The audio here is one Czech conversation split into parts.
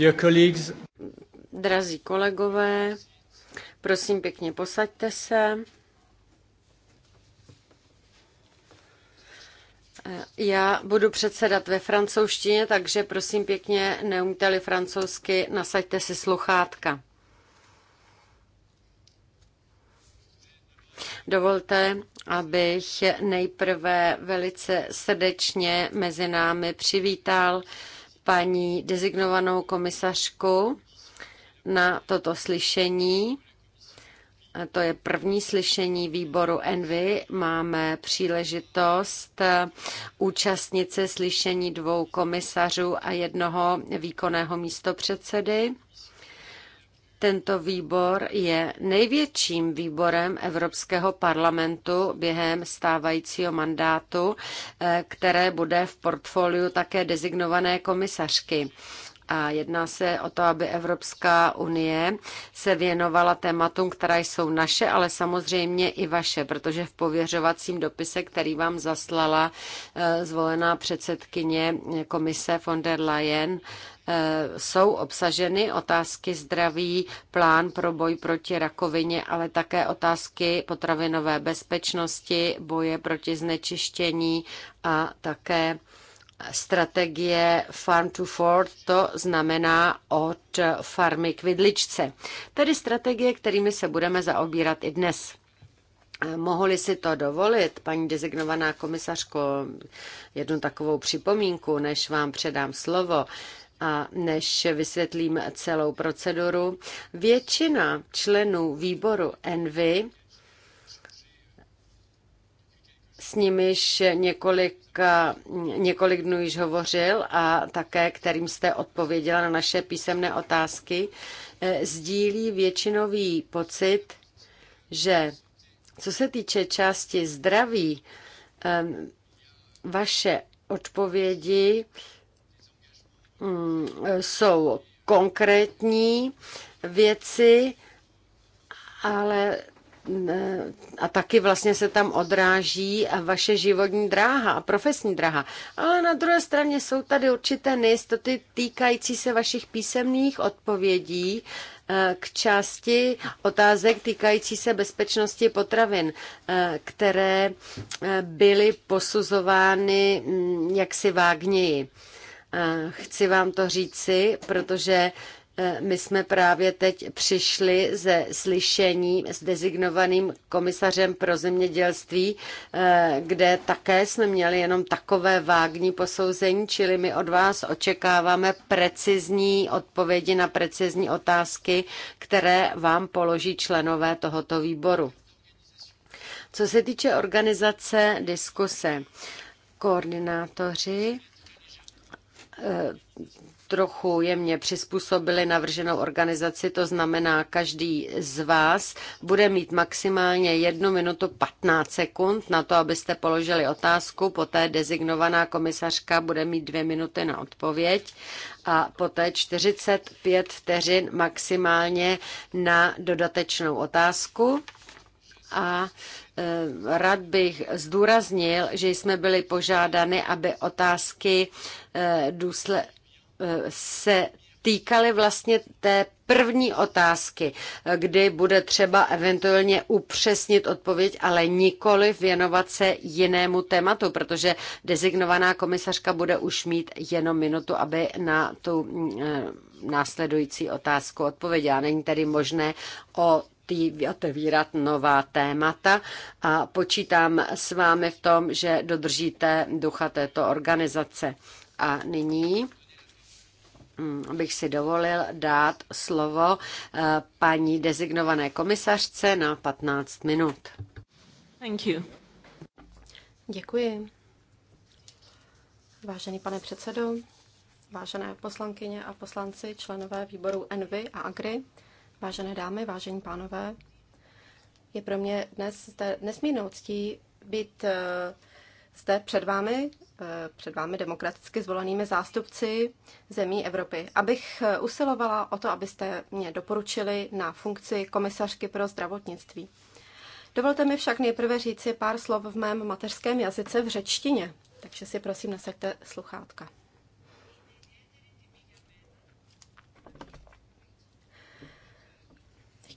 Dear colleagues. Drazí kolegové, prosím pěkně posaďte se. Já budu předsedat ve francouzštině, takže prosím pěkně, neumíte-li francouzsky, nasaďte si sluchátka. Dovolte, abych nejprve velice srdečně mezi námi přivítal uh, paní dezignovanou komisařku na toto slyšení. A to je první slyšení výboru Envy. Máme příležitost eh, účastnit se slyšení dvou komisařů a jednoho výkonného místopředsedy. Tento výbor je největším výborem Evropského parlamentu během stávajícího mandátu, eh, které bude v portfoliu také designované komisařky. A jedná se o to, aby Evropská unie se věnovala tématům, která jsou naše, ale samozřejmě i vaše, protože v pověřovacím dopise, který vám zaslala eh, zvolená předsedkyně komise von der Leyen, eh, jsou obsaženy otázky zdraví, plán pro boj proti rakovině, ale také otázky potravinové bezpečnosti, boje proti znečištění a také strategie Farm to Ford, to znamená od farmy k vidličce. Tedy strategie, kterými se budeme zaobírat i dnes. Mohli si to dovolit, paní dezignovaná komisařko, jednu takovou připomínku, než vám předám slovo a než vysvětlím celou proceduru. Většina členů výboru Envy s nimiž několik, eh, několik dnů již hovořil a také kterým jste odpověděla na naše písemné otázky, eh, sdílí většinový pocit, že co se týče části zdraví, ehm, vaše odpovědi mm, jsou konkrétní věci, ale a taky vlastně se tam odráží vaše životní dráha a profesní dráha. Ale na druhé straně jsou tady určité nejistoty týkající se vašich písemných odpovědí eh, k části otázek týkající se bezpečnosti potravin, eh, které eh, byly posuzovány mm, jaksi vágněji. Chci vám to říci, protože Eh, my jsme právě teď přišli ze slyšení s designovaným komisařem pro zemědělství, eh, kde také jsme měli jenom takové vágní posouzení, čili my od vás očekáváme precizní odpovědi na precizní otázky, které vám položí členové tohoto výboru. Co se týče organizace diskuse, koordinátoři eh, trochu jemně přizpůsobili navrženou organizaci, to znamená, každý z vás bude mít maximálně 1 minutu 15 sekund na to, abyste položili otázku, poté dezignovaná komisařka bude mít 2 minuty na odpověď a poté 45 vteřin maximálně na dodatečnou otázku. A e, rád bych zdůraznil, že jsme byli požádany, aby otázky e, důsledky se týkaly vlastně té první otázky, kdy bude třeba eventuálně upřesnit odpověď, ale nikoli věnovat se jinému tématu, protože designovaná komisařka bude už mít jenom minutu, aby na tu eh, následující otázku odpověděla. Není tedy možné o otevírat nová témata a počítám s vámi v tom, že dodržíte ducha této organizace. A nyní Mm, bych si dovolil dát slovo eh, paní dezignované komisařce na 15 minut. Thank you. Děkuji. Vážený pane předsedo, vážené poslankyně a poslanci, členové výboru Envy a Agri, vážené dámy, vážení pánové, je pro mě dnes nesmírnou ctí být uh, Jste před vámi, eh, před vámi demokraticky zvolenými zástupci zemí Evropy. Abych eh, usilovala o to, abyste mě doporučili na funkci komisařky pro zdravotnictví. Dovolte mi však nejprve říci pár slov v mém mateřském jazyce v řečtině, takže si prosím nasaďte sluchátka.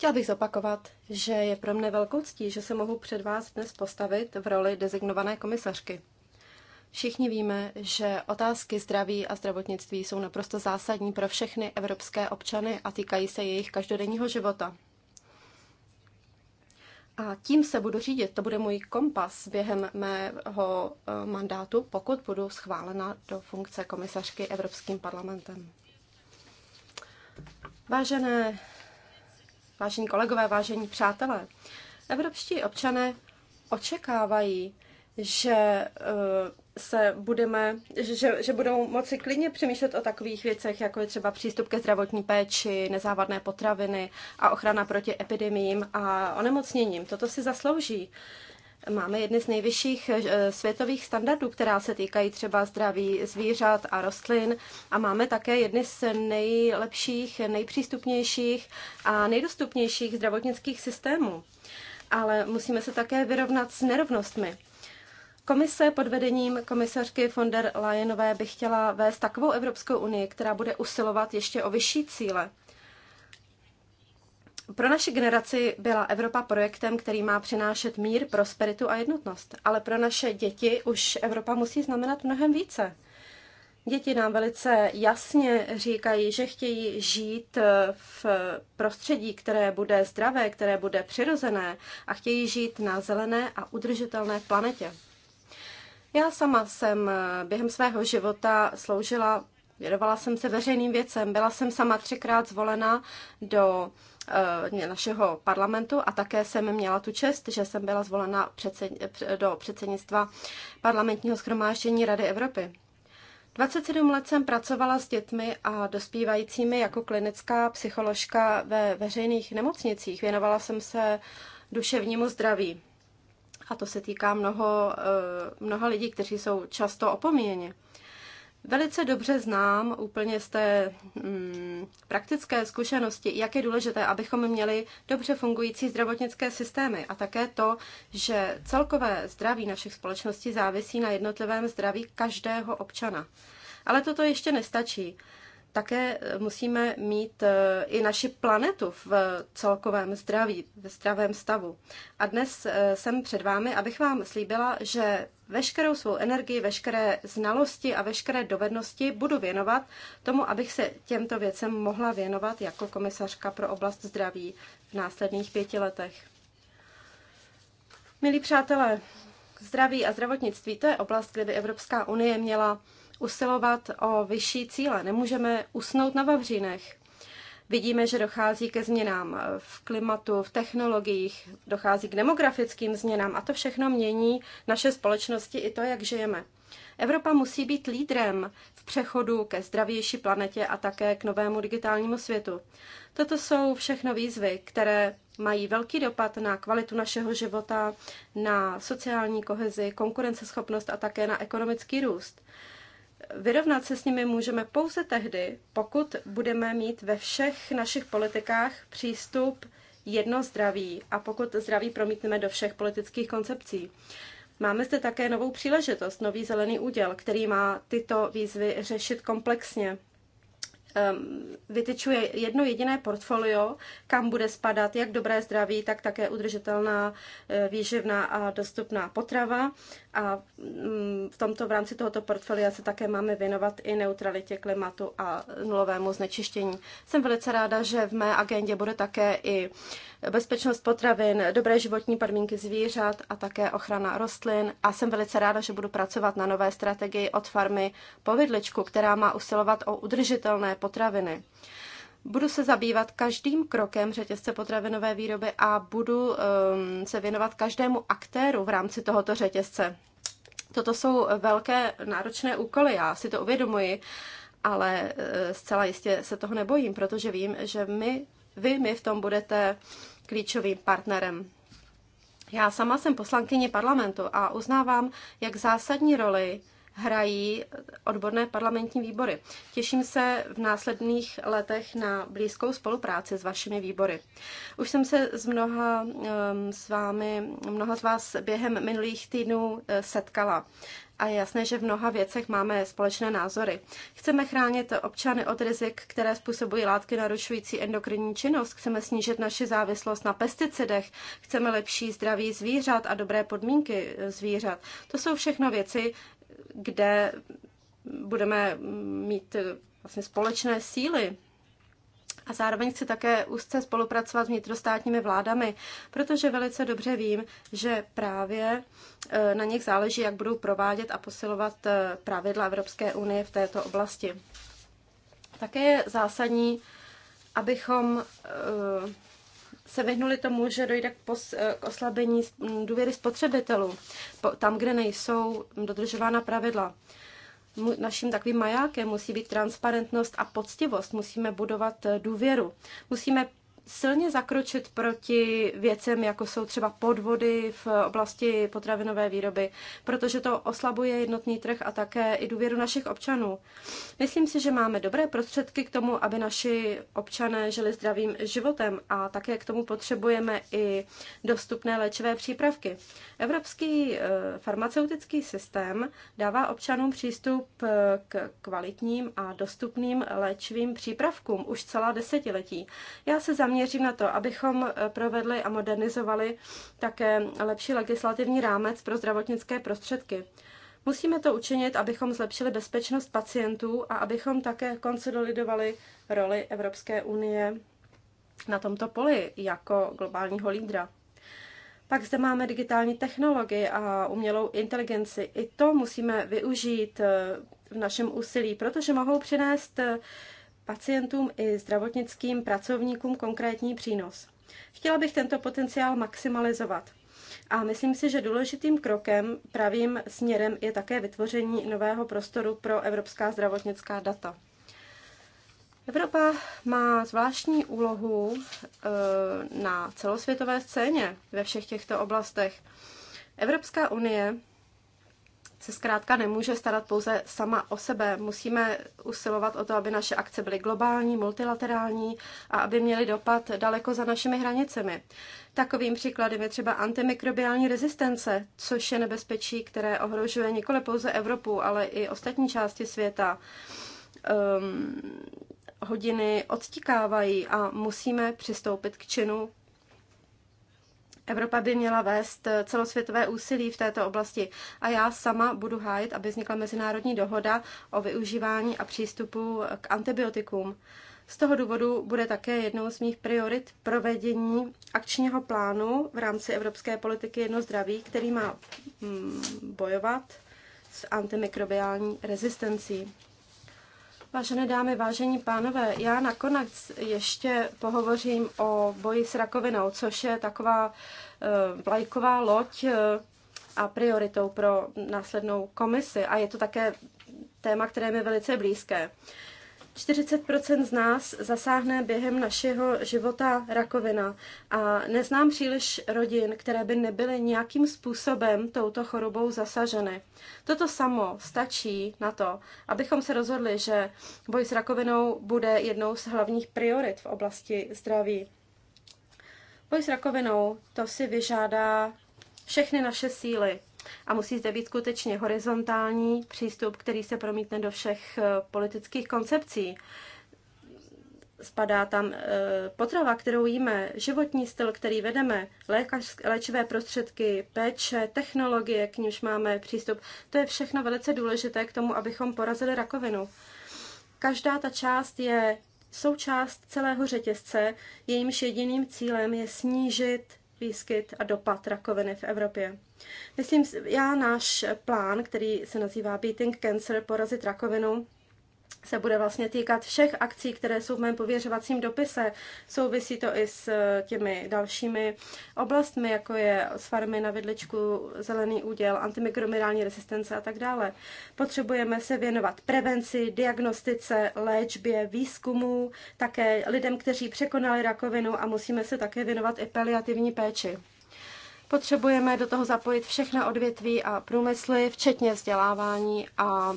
Chtěla bych zopakovat, že je pro mne velkou ctí, že se mohu před vás dnes postavit v roli dezignované komisařky. Všichni víme, že otázky zdraví a zdravotnictví jsou naprosto zásadní pro všechny evropské občany a týkají se jejich každodenního života. A tím se budu řídit, to bude můj kompas během mého eh, mandátu, pokud budu schválena do funkce komisařky Evropským parlamentem. Vážené vážení kolegové, vážení přátelé, evropští občané očekávají, že eh, se budeme, že, že budou moci klidně přemýšlet o takových věcech, jako je třeba přístup ke zdravotní péči, nezávadné potraviny a ochrana proti epidemiím a onemocněním. Toto si zaslouží. Máme jedny z nejvyšších eh, světových standardů, která se týkají třeba zdraví zvířat a rostlin a máme také jedny z nejlepších, nejpřístupnějších a nejdostupnějších zdravotnických systémů. Ale musíme se také vyrovnat s nerovnostmi. Komise pod vedením komisařky von der Leyenové by chtěla vést takovou Evropskou unii, která bude usilovat ještě o vyšší cíle. Pro naši generaci byla Evropa projektem, který má přinášet mír, prosperitu a jednotnost, ale pro naše děti už Evropa musí znamenat mnohem více. Děti nám velice jasně říkají, že chtějí žít eh, v prostředí, které bude zdravé, které bude přirozené a chtějí žít na zelené a udržitelné planetě. Já sama jsem eh, během svého života sloužila, věnovala jsem se veřejným věcem, byla jsem sama třikrát zvolena do Eh, našeho parlamentu a také jsem měla tu čest, že jsem byla zvolena do předsednictva parlamentního schromáždění Rady Evropy. 27 let jsem pracovala s dětmi a dospívajícími jako klinická psycholožka ve veřejných nemocnicích. Věnovala jsem se duševnímu zdraví. A to se týká mnoho, eh, mnoha lidí, kteří jsou často opomíjeni. Velice dobře znám úplně z té mm, praktické zkušenosti, jak je důležité, abychom měli dobře fungující zdravotnické systémy a také to, že celkové zdraví našich společností závisí na jednotlivém zdraví každého občana. Ale toto ještě nestačí také eh, musíme mít eh, i naši planetu v celkovém zdraví, ve zdravém stavu. A dnes eh, jsem před vámi, abych vám slíbila, že veškerou svou energii, veškeré znalosti a veškeré dovednosti budu věnovat tomu, abych se těmto věcem mohla věnovat jako komisařka pro oblast zdraví v následných pěti letech. Milí přátelé, zdraví a zdravotnictví to je oblast, kde by Evropská unie měla usilovat o vyšší cíle. Nemůžeme usnout na vavřínech. Vidíme, že dochází ke změnám v klimatu, v technologiích, dochází k demografickým změnám a to všechno mění naše společnosti i to, jak žijeme. Evropa musí být lídrem v přechodu ke zdravější planetě a také k novému digitálnímu světu. Toto jsou všechno výzvy, které mají velký dopad na kvalitu našeho života, na sociální kohezi, konkurenceschopnost a také na ekonomický růst. Vyrovnat se s nimi můžeme pouze tehdy, pokud budeme mít ve všech našich politikách přístup jedno zdraví a pokud zdraví promítneme do všech politických koncepcí. Máme zde také novou příležitost, nový zelený úděl, který má tyto výzvy řešit komplexně. Ehm, vytyčuje jedno jediné portfolio, kam bude spadat jak dobré zdraví, tak také udržitelná eh, výživná a dostupná potrava. A mm, v tomto v rámci tohoto portfolia se také máme věnovat i neutralitě klimatu a nulovému znečištění. Jsem velice ráda, že v mé agendě bude také i bezpečnost potravin, dobré životní podmínky zvířat a také ochrana rostlin. A jsem velice ráda, že budu pracovat na nové strategii od farmy Povidličku, která má usilovat o udržitelné potraviny. Budu se zabývat každým krokem řetězce potravinové výroby a budu um, se věnovat každému aktéru v rámci tohoto řetězce. Toto jsou velké náročné úkoly, já si to uvědomuji, ale eh, zcela jistě se toho nebojím, protože vím, že my, vy mi v tom budete klíčovým partnerem. Já sama jsem poslankyně parlamentu a uznávám, jak zásadní roli hrají odborné parlamentní výbory. Těším se v následných letech na blízkou spolupráci s vašimi výbory. Už jsem se s mnoha s vámi, mnoha z vás během minulých týdnů eh, setkala a je jasné, že v mnoha věcech máme společné názory. Chceme chránit občany od rizik, které způsobují látky narušující endokrinní činnost, chceme snížit naši závislost na pesticidech, chceme lepší zdraví zvířat a dobré podmínky eh, zvířat. To jsou všechno věci, kde budeme mít vlastně společné síly. A zároveň chci také úzce spolupracovat s vnitrostátními vládami, protože velice dobře vím, že právě e, na nich záleží, jak budou provádět a posilovat e, pravidla Evropské unie v této oblasti. Také je zásadní, abychom e, se vyhnuli tomu, že dojde k, pos, eh, k oslabení důvěry spotřebitelů tam, kde nejsou dodržována pravidla. Naším takovým majákem musí být transparentnost a poctivost. Musíme budovat eh, důvěru. Musíme silně zakročit proti věcem, jako jsou třeba podvody v oblasti potravinové výroby, protože to oslabuje jednotný trh a také i důvěru našich občanů. Myslím si, že máme dobré prostředky k tomu, aby naši občané žili zdravým životem a také k tomu potřebujeme i dostupné léčivé přípravky. Evropský eh, farmaceutický systém dává občanům přístup eh, k kvalitním a dostupným léčivým přípravkům už celá desetiletí. Já se zaměřím zaměřím na to, abychom eh, provedli a modernizovali také lepší legislativní rámec pro zdravotnické prostředky. Musíme to učinit, abychom zlepšili bezpečnost pacientů a abychom také konsolidovali roli Evropské unie na tomto poli jako globálního lídra. Pak zde máme digitální technologie a umělou inteligenci. I to musíme využít eh, v našem úsilí, protože mohou přinést eh, pacientům i zdravotnickým pracovníkům konkrétní přínos. Chtěla bych tento potenciál maximalizovat. A myslím si, že důležitým krokem pravým směrem je také vytvoření nového prostoru pro evropská zdravotnická data. Evropa má zvláštní úlohu eh, na celosvětové scéně ve všech těchto oblastech. Evropská unie se zkrátka nemůže starat pouze sama o sebe. Musíme usilovat o to, aby naše akce byly globální, multilaterální a aby měly dopad daleko za našimi hranicemi. Takovým příkladem je třeba antimikrobiální rezistence, což je nebezpečí, které ohrožuje nikoli pouze Evropu, ale i ostatní části světa. Um, hodiny odtikávají a musíme přistoupit k činu Evropa by měla vést celosvětové úsilí v této oblasti a já sama budu hájit, aby vznikla mezinárodní dohoda o využívání a přístupu k antibiotikům. Z toho důvodu bude také jednou z mých priorit provedení akčního plánu v rámci Evropské politiky jedno zdraví, který má mm, bojovat s antimikrobiální rezistencí. Vážené dámy, vážení pánové, já nakonec ještě pohovořím o boji s rakovinou, což je taková eh, vlajková loď eh, a prioritou pro následnou komisi a je to také téma, které mi velice blízké. 40 z nás zasáhne během našeho života rakovina a neznám příliš rodin, které by nebyly nějakým způsobem touto chorobou zasaženy. Toto samo stačí na to, abychom se rozhodli, že boj s rakovinou bude jednou z hlavních priorit v oblasti zdraví. Boj s rakovinou to si vyžádá všechny naše síly, a musí zde být skutečně horizontální přístup, který se promítne do všech eh, politických koncepcí. Spadá tam eh, potrava, kterou jíme, životní styl, který vedeme, léčivé prostředky, péče, technologie, k nímž máme přístup. To je všechno velice důležité k tomu, abychom porazili rakovinu. Každá ta část je součást celého řetězce, jejímž jediným cílem je snížit výskyt a dopad rakoviny v Evropě. Myslím, já náš plán, který se nazývá Beating Cancer, porazit rakovinu, se bude vlastně týkat všech akcí, které jsou v mém pověřovacím dopise. Souvisí to i s eh, těmi dalšími oblastmi, jako je s farmy na vidličku, zelený úděl, antimikromirální rezistence a tak dále. Potřebujeme se věnovat prevenci, diagnostice, léčbě, výzkumu, také lidem, kteří překonali rakovinu a musíme se také věnovat i paliativní péči. Potřebujeme do toho zapojit všechna odvětví a průmysly, včetně vzdělávání a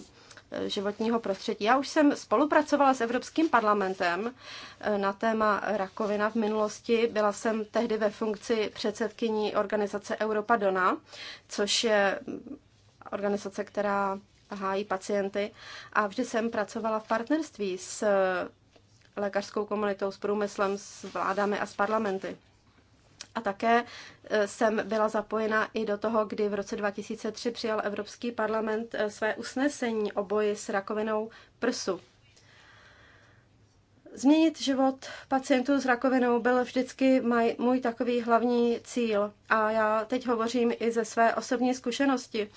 e, životního prostředí. Já už jsem spolupracovala s Evropským parlamentem e, na téma rakovina v minulosti. Byla jsem tehdy ve funkci předsedkyní organizace Europa Dona, což je organizace, která hájí pacienty. A vždy jsem pracovala v partnerství s lékařskou komunitou, s průmyslem, s vládami a s parlamenty a také e, jsem byla zapojena i do toho, kdy v roce 2003 přijal Evropský parlament e, své usnesení o boji s rakovinou prsu. Změnit život pacientů s rakovinou byl vždycky můj takový hlavní cíl a já teď hovořím i ze své osobní zkušenosti.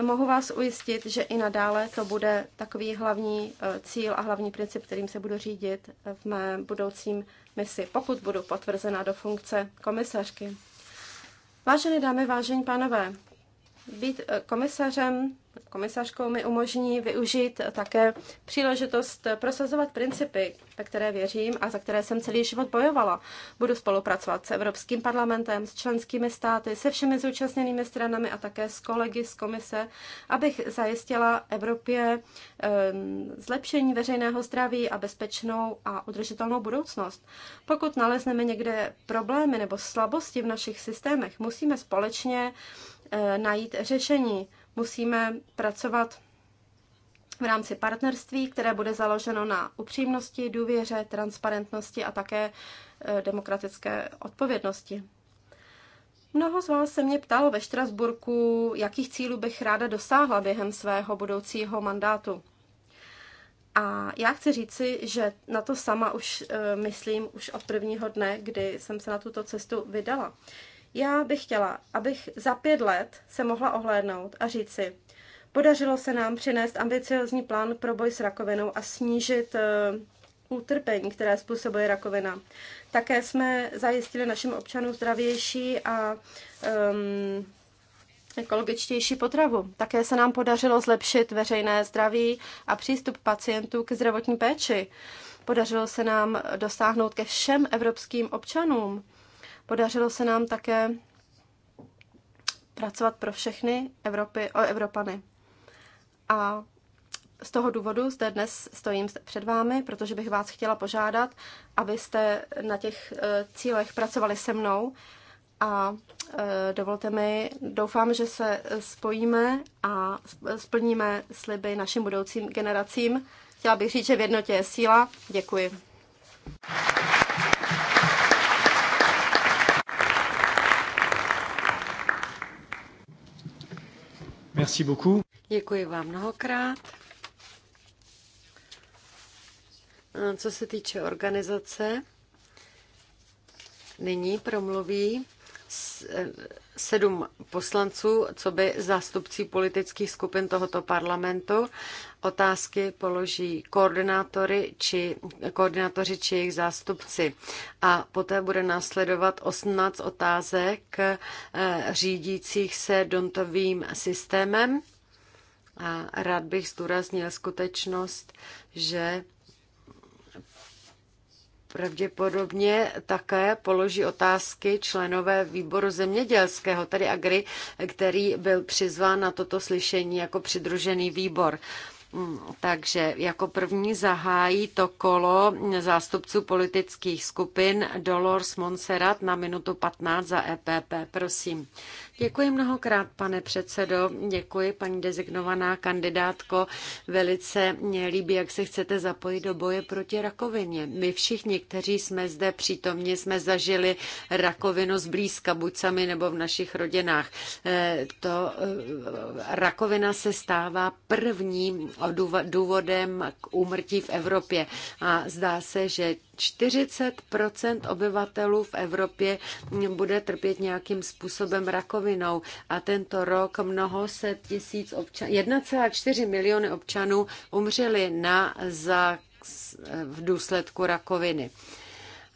Mohu vás ujistit, že i nadále to bude takový hlavní eh, cíl a hlavní princip, kterým se budu řídit eh, v mé budoucím misi, pokud budu potvrzena do funkce komisařky. Vážené dámy, vážení pánové, být eh, komisařem, komisařkou mi umožní využít také příležitost prosazovat principy, ve které věřím a za které jsem celý život bojovala. Budu spolupracovat s Evropským parlamentem, s členskými státy, se všemi zúčastněnými stranami a také s kolegy z komise, abych zajistila Evropě ehm, zlepšení veřejného zdraví a bezpečnou a udržitelnou budoucnost. Pokud nalezneme někde problémy nebo slabosti v našich systémech, musíme společně Eh, najít řešení. Musíme pracovat v rámci partnerství, které bude založeno na upřímnosti, důvěře, transparentnosti a také eh, demokratické odpovědnosti. Mnoho z vás se mě ptalo ve Štrasburku, jakých cílů bych ráda dosáhla během svého budoucího mandátu. A já chci říci, že na to sama už eh, myslím už od prvního dne, kdy jsem se na tuto cestu vydala. Já bych chtěla, abych za pět let se mohla ohlédnout a říct si, podařilo se nám přinést ambiciozní plán pro boj s rakovinou a snížit eh, utrpení, které způsobuje rakovina. Také jsme zajistili našim občanům zdravější a um, ekologičtější potravu. Také se nám podařilo zlepšit veřejné zdraví a přístup pacientů ke zdravotní péči. Podařilo se nám dosáhnout ke všem evropským občanům. Podařilo se nám také pracovat pro všechny Evropy, o Evropany. A z toho důvodu zde dnes stojím před vámi, protože bych vás chtěla požádat, abyste na těch e, cílech pracovali se mnou a e, dovolte mi, doufám, že se spojíme a splníme sliby našim budoucím generacím. Chtěla bych říct, že v jednotě je síla. Děkuji. Merci beaucoup. Děkuji vám mnohokrát. Co se týče organizace, nyní promluví sedm poslanců, co by zástupcí politických skupin tohoto parlamentu. Otázky položí koordinátory či, koordinátoři či jejich zástupci. A poté bude následovat 18 otázek eh, řídících se dontovým systémem. A rád bych zdůraznil skutečnost, že Pravděpodobně také položí otázky členové výboru zemědělského, tedy Agri, který byl přizván na toto slyšení jako přidružený výbor. Mm, takže jako první zahájí to kolo zástupců politických skupin Dolores Monserrat na minutu 15 za EPP. Prosím. Děkuji mnohokrát, pane předsedo. Děkuji, paní dezignovaná kandidátko. Velice mě líbí, jak se chcete zapojit do boje proti rakovině. My všichni, kteří jsme zde přítomni, jsme zažili rakovinu zblízka, buď sami nebo v našich rodinách. Eh, to eh, rakovina se stává prvním důvodem k úmrtí v Evropě a zdá se, že 40 obyvatelů v Evropě bude trpět nějakým způsobem rakovinou a tento rok mnoho set tisíc občanů, 1,4 miliony občanů umřeli na za v důsledku rakoviny.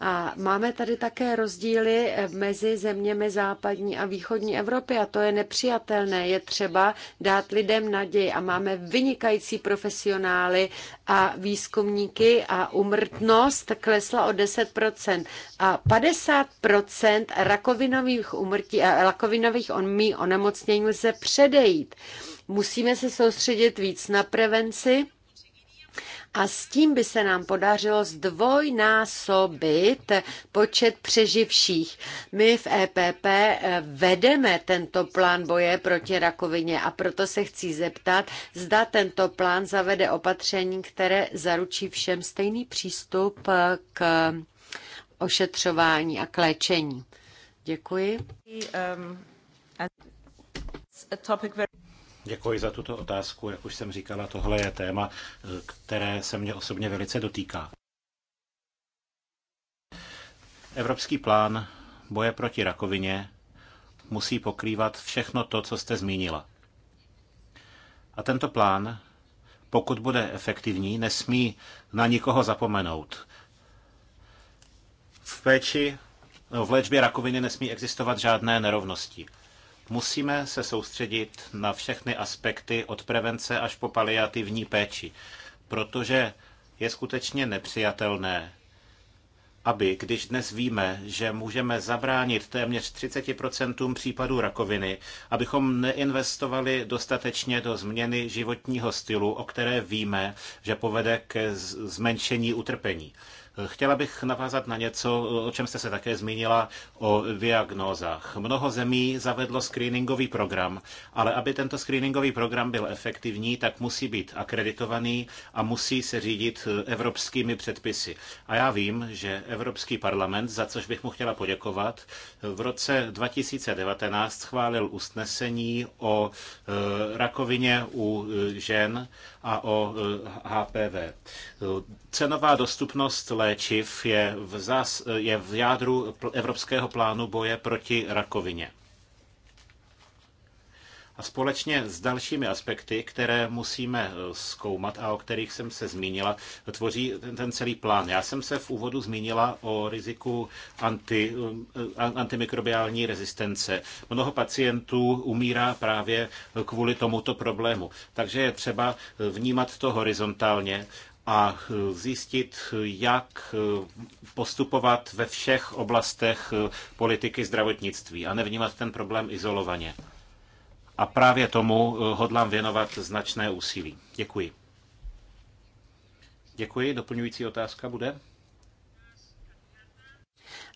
A máme tady také rozdíly eh, mezi zeměmi západní a východní Evropy a to je nepřijatelné. Je třeba dát lidem naději a máme vynikající profesionály a výzkumníky a umrtnost klesla o 10% a 50% rakovinových umrtí a eh, rakovinových onemocnění lze předejít. Musíme se soustředit víc na prevenci a s tím by se nám podařilo zdvojnásobit počet přeživších. My v EPP eh, vedeme tento plán boje proti rakovině a proto se chci zeptat, zda tento plán zavede opatření, které zaručí všem stejný přístup eh, k ošetřování a k léčení. Děkuji. Um, Děkuji za tuto otázku. Jak už jsem říkala, tohle je téma, které se mě osobně velice dotýká. Evropský plán boje proti rakovině musí pokrývat všechno to, co jste zmínila. A tento plán, pokud bude efektivní, nesmí na nikoho zapomenout. V péči, no, v léčbě rakoviny nesmí existovat žádné nerovnosti. Musíme se soustředit na všechny aspekty od prevence až po paliativní péči, protože je skutečně nepřijatelné, aby, když dnes víme, že můžeme zabránit téměř 30% případů rakoviny, abychom neinvestovali dostatečně do změny životního stylu, o které víme, že povede ke zmenšení utrpení. Chtěla bych navázat na něco, o čem jste se také zmínila, o diagnózách. Mnoho zemí zavedlo screeningový program, ale aby tento screeningový program byl efektivní, tak musí být akreditovaný a musí se řídit eh, evropskými předpisy. A já vím, že Evropský parlament, za což bych mu chtěla poděkovat, v roce 2019 schválil usnesení o eh, rakovině u eh, žen a o HPV. Cenová dostupnost léčiv je v, zás, je v jádru Evropského plánu boje proti rakovině. A společně s dalšími aspekty, které musíme eh, zkoumat a o kterých jsem se zmínila, tvoří ten, ten celý plán. Já jsem se v úvodu zmínila o riziku anti, eh, antimikrobiální rezistence. Mnoho pacientů umírá právě kvůli tomuto problému. Takže je třeba eh, vnímat to horizontálně a zjistit, jak postupovat ve všech oblastech politiky zdravotnictví a nevnímat ten problém izolovaně. A právě tomu eh, hodlám věnovat značné úsilí. Děkuji. Děkuji. Doplňující otázka bude?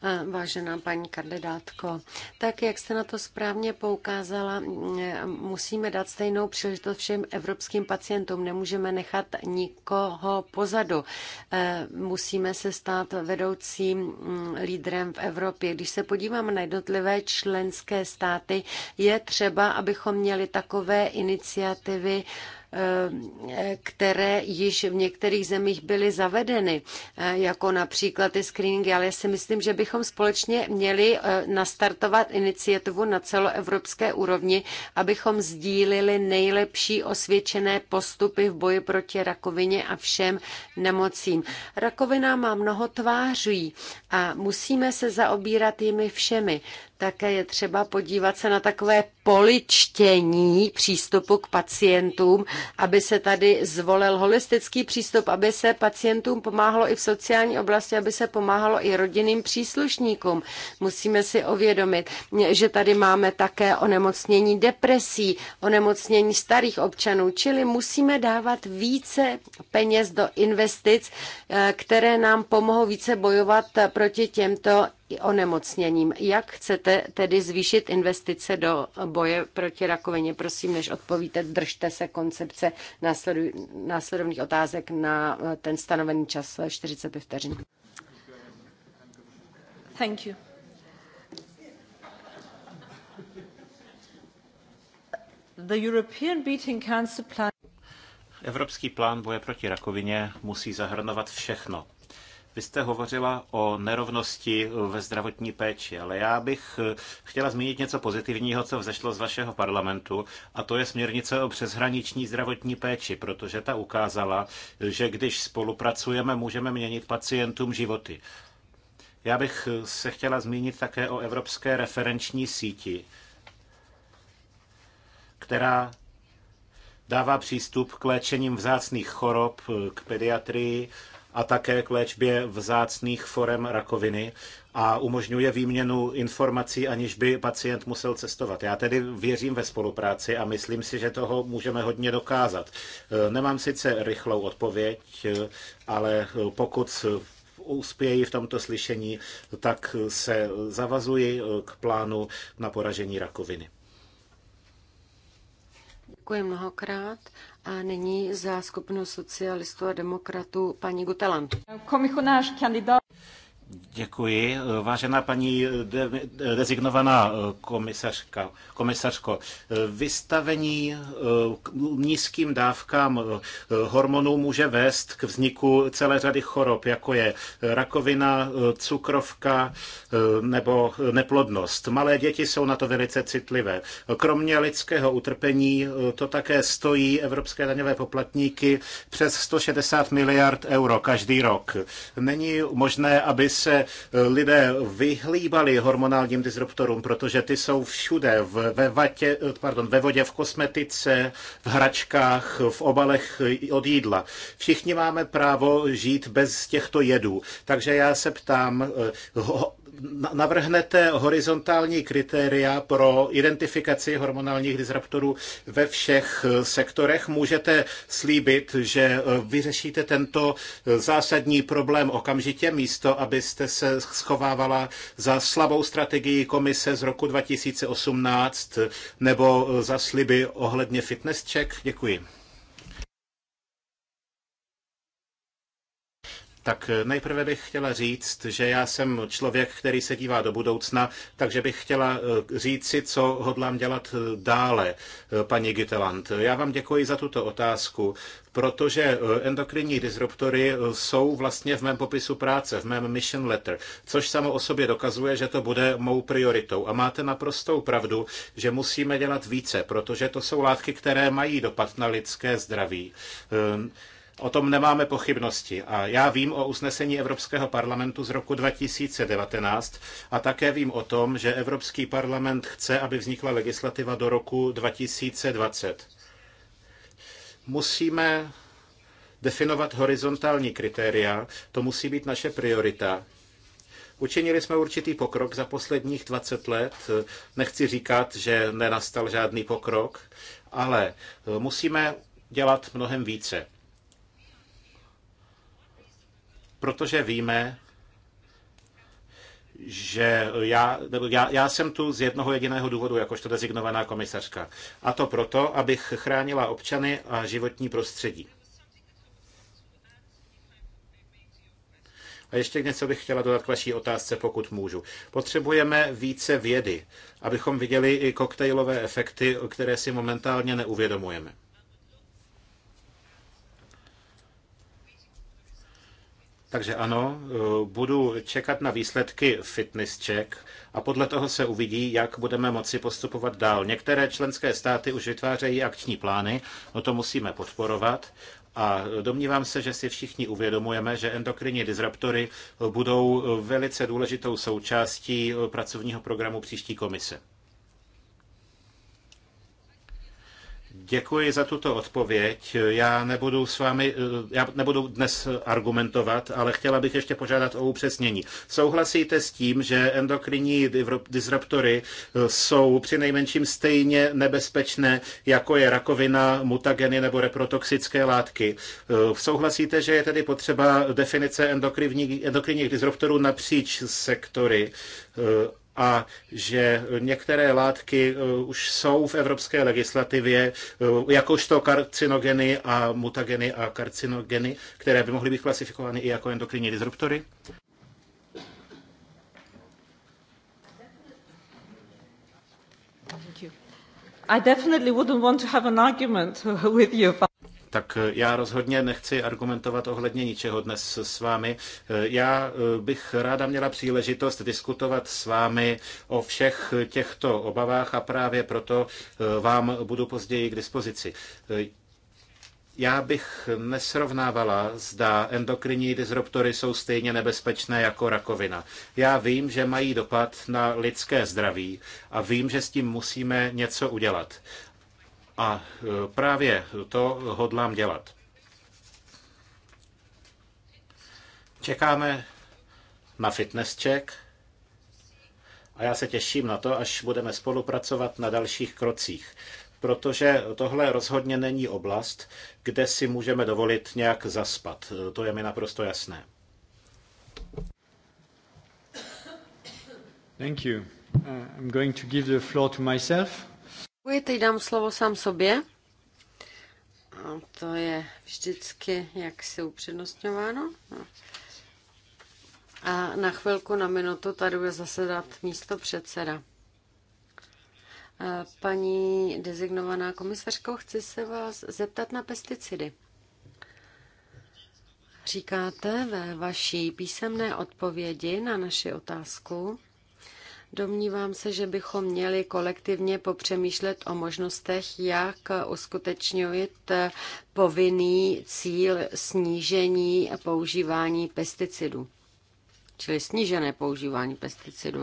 Eh, vážená paní kandidátko, tak jak jste na to správně poukázala, eh, musíme dát stejnou příležitost všem evropským pacientům. Nemůžeme nechat nikoho pozadu. Eh, musíme se stát vedoucím mm, lídrem v Evropě. Když se podíváme na jednotlivé členské státy, je třeba, abychom měli takové iniciativy, Eh, které již v některých zemích byly zavedeny, eh, jako například ty screeningy, ale já si myslím, že bychom společně měli eh, nastartovat iniciativu na celoevropské úrovni, abychom sdílili nejlepší osvědčené postupy v boji proti rakovině a všem nemocím. Rakovina má mnoho tváří a musíme se zaobírat jimi všemi. Také je třeba podívat se na takové poličtění přístupu k pacientům, aby se tady zvolil holistický přístup, aby se pacientům pomáhalo i v sociální oblasti, aby se pomáhalo i rodinným příslušníkům. Musíme si ovědomit, že tady máme také onemocnění depresí, onemocnění starých občanů, čili musíme dávat více peněz do investic, eh, které nám pomohou více bojovat proti těmto onemocněním. Jak chcete tedy zvýšit investice do boje proti rakovině? Prosím, než odpovíte, držte se koncepce následovných otázek na ten stanovený čas 45 vteřin. Thank you. The European Beating Cancer Plan Evropský plán boje proti rakovině musí zahrnovat všechno. Vy jste hovořila o nerovnosti ve zdravotní péči, ale já bych eh, chtěla zmínit něco pozitivního, co vzešlo z vašeho parlamentu, a to je směrnice o přeshraniční zdravotní péči, protože ta ukázala, že když spolupracujeme, můžeme měnit pacientům životy. Já bych eh, se chtěla zmínit také o Evropské referenční síti, která dává přístup k léčením vzácných chorob, eh, k pediatrii, a také k léčbě vzácných forem rakoviny a umožňuje výměnu informací, aniž by pacient musel cestovat. Já tedy věřím ve spolupráci a myslím si, že toho můžeme hodně dokázat. E, nemám sice rychlou odpověď, e, ale e, pokud uspějí v tomto slyšení, tak se zavazuji k plánu na poražení rakoviny. Děkuji mnohokrát. A nyní za skupinu socialistů a demokratů paní Gutelant. náš kandidát. Děkuji. Vážená paní de, designovaná komisařka, komisařko, vystavení eh, nízkým dávkám eh, hormonů může vést k vzniku celé řady chorob, jako je rakovina, eh, cukrovka nebo neplodnost. Malé děti jsou na to velice citlivé. Kromě lidského utrpení to také stojí evropské daňové poplatníky přes 160 miliard euro každý rok. Není možné, aby se eh, lidé vyhlíbali hormonálním disruptorům, protože ty jsou všude, v, ve, vatě, eh, pardon, ve vodě, v kosmetice, v hračkách, v obalech eh, od jídla. Všichni máme právo žít bez těchto jedů. Takže já se ptám, navrhnete horizontální kritéria pro identifikaci hormonálních disruptorů ve všech sektorech. Můžete slíbit, že vyřešíte tento zásadní problém okamžitě, místo aby jste se schovávala za slabou strategii komise z roku 2018 nebo za sliby ohledně fitness check? Děkuji. Tak nejprve bych chtěla říct, že já jsem člověk, který se dívá do budoucna, takže bych chtěla eh, říct si, co hodlám dělat eh, dále, eh, paní Gitelant. Já vám děkuji za tuto otázku protože endokrinní disruptory jsou vlastně v mém popisu práce, v mém mission letter, což samo o sobě dokazuje, že to bude mou prioritou. A máte naprostou pravdu, že musíme dělat více, protože to jsou látky, které mají dopad na lidské zdraví. Ehm, O tom nemáme pochybnosti. A já vím o usnesení Evropského parlamentu z roku 2019 a také vím o tom, že Evropský parlament chce, aby vznikla legislativa do roku 2020. Musíme definovat horizontální kritéria, to musí být naše priorita. Učinili jsme určitý pokrok za posledních 20 let. Nechci říkat, že nenastal žádný pokrok, ale musíme dělat mnohem více protože víme, že já, já, já jsem tu z jednoho jediného důvodu, jakožto dezignovaná komisařka. A to proto, abych chránila občany a životní prostředí. A ještě něco bych chtěla dodat k vaší otázce, pokud můžu. Potřebujeme více vědy, abychom viděli i koktejlové efekty, které si momentálně neuvědomujeme. Takže ano, eh, budu čekat na výsledky fitness check a podle toho se uvidí, jak budeme moci postupovat dál. Některé členské státy už vytvářejí akční plány, no to musíme podporovat. A domnívám se, že si všichni uvědomujeme, že endokrinní disruptory budou eh, velice důležitou součástí eh, pracovního programu příští komise. Děkuji za tuto odpověď. Já nebudu s vámi, eh, já nebudu dnes argumentovat, ale chtěla bych ještě požádat o upřesnění. Souhlasíte s tím, že endokrinní disruptory eh, jsou při nejmenším stejně nebezpečné, jako je rakovina, mutageny nebo reprotoxické látky? Eh, souhlasíte, že je tedy potřeba definice endokrinních, endokrinních disruptorů napříč sektory a že některé látky eh, už jsou v evropské legislativě, eh, jakožto karcinogeny a mutageny a karcinogeny, které by mohly být klasifikovány i jako endokrinní disruptory? I definitely wouldn't want to have an argument with you tak eh, já rozhodně nechci argumentovat ohledně ničeho dnes s vámi. Eh, já eh, bych ráda měla příležitost diskutovat s vámi o všech těchto obavách a právě proto vám budu později k dispozici. Já bych nesrovnávala, zda endokrinní disruptory jsou stejně nebezpečné jako rakovina. Já vím, že mají dopad na lidské zdraví a vím, že s tím musíme něco udělat. A e, právě to hodlám dělat. Čekáme na fitness check a já se těším na to, až budeme spolupracovat na dalších krocích, protože tohle rozhodně není oblast, kde si můžeme dovolit nějak zaspat. E, to je mi naprosto jasné. Thank you. Uh, I'm going to give the floor to myself. Děkuji, teď dám slovo sám sobě. A to je vždycky jak si upřednostňováno. A na chvilku, na minutu tady bude zasedat místo předseda. Paní dezignovaná komisařko, chci se vás zeptat na pesticidy. Říkáte ve vaší písemné odpovědi na naši otázku, Domnívám se, že bychom měli kolektivně popřemýšlet o možnostech, jak uskutečňovat povinný cíl snížení používání pesticidů čili snížené používání pesticidů.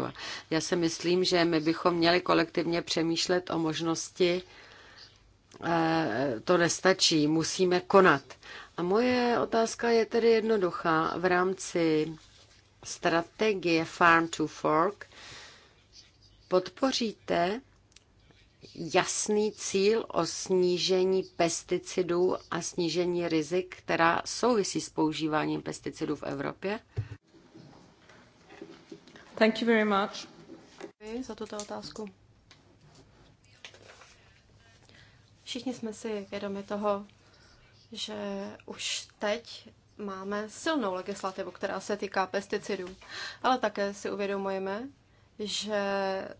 Já si myslím, že my bychom měli kolektivně přemýšlet o možnosti, eh, to nestačí, musíme konat. A moje otázka je tedy jednoduchá. V rámci strategie Farm to Fork podpoříte jasný cíl o snížení pesticidů a snížení rizik, která souvisí s používáním pesticidů v Evropě? Thank you very much. Děkuji za tuto otázku. Všichni jsme si vědomi toho, že už teď máme silnou legislativu, která se týká pesticidů, ale také si uvědomujeme, že,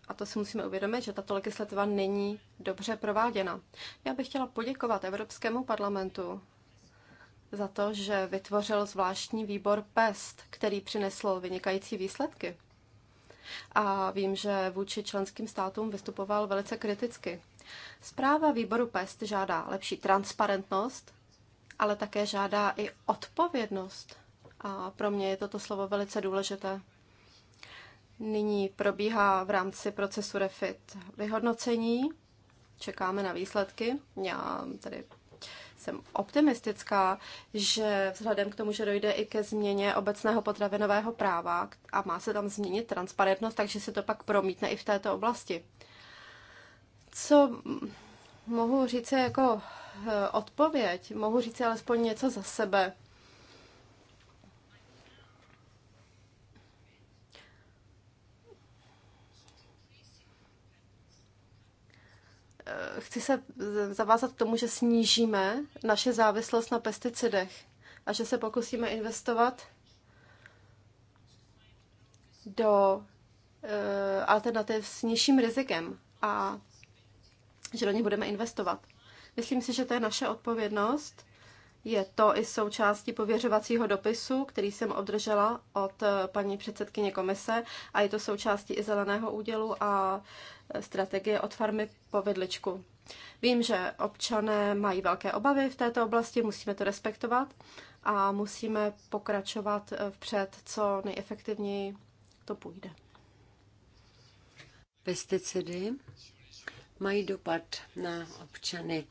a to si musíme uvědomit, že tato legislativa není dobře prováděna. Já bych chtěla poděkovat Evropskému parlamentu za to, že vytvořil zvláštní výbor PEST, který přinesl vynikající výsledky. A vím, že vůči členským státům vystupoval velice kriticky. Zpráva výboru PEST žádá lepší transparentnost, ale také žádá i odpovědnost. A pro mě je toto slovo velice důležité. Nyní probíhá v rámci procesu REFIT vyhodnocení. Čekáme na výsledky. Já tady jsem optimistická, že vzhledem k tomu, že dojde i ke změně obecného potravinového práva a má se tam změnit transparentnost, takže se to pak promítne i v této oblasti. Co mohu říct jako eh, odpověď? Mohu říct alespoň něco za sebe. Eh, chci se zavázat k tomu, že snížíme naše závislost na pesticidech a že se pokusíme investovat do eh, alternativ s nižším rizikem a že do ně budeme investovat. Myslím si, že to je naše odpovědnost. Je to i součástí pověřovacího dopisu, který jsem obdržela od eh, paní předsedkyně komise a je to součástí i zeleného údělu a strategie od farmy po vidličku. Vím, že občané mají velké obavy v této oblasti, musíme to respektovat a musíme pokračovat vpřed, co nejefektivněji to půjde. Pesticidy mají dopad na občany.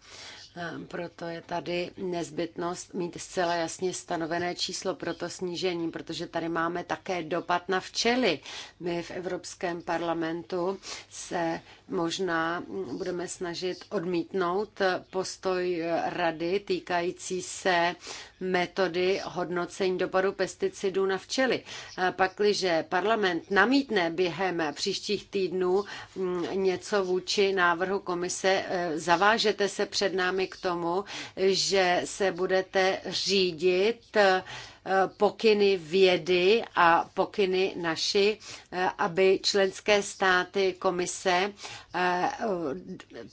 Ehm, proto je tady nezbytnost mít zcela jasně stanovené číslo pro to snížení, protože tady máme také dopad na včely. My v Evropském parlamentu se možná budeme snažit odmítnout postoj rady týkající se metody hodnocení dopadu pesticidů na včely. Pakliže parlament namítne během příštích týdnů mm, něco vůči návrhu komise, e, zavážete se před námi k tomu, že se budete řídit e, Eh, pokyny vědy a pokyny naši, eh, aby členské státy komise eh,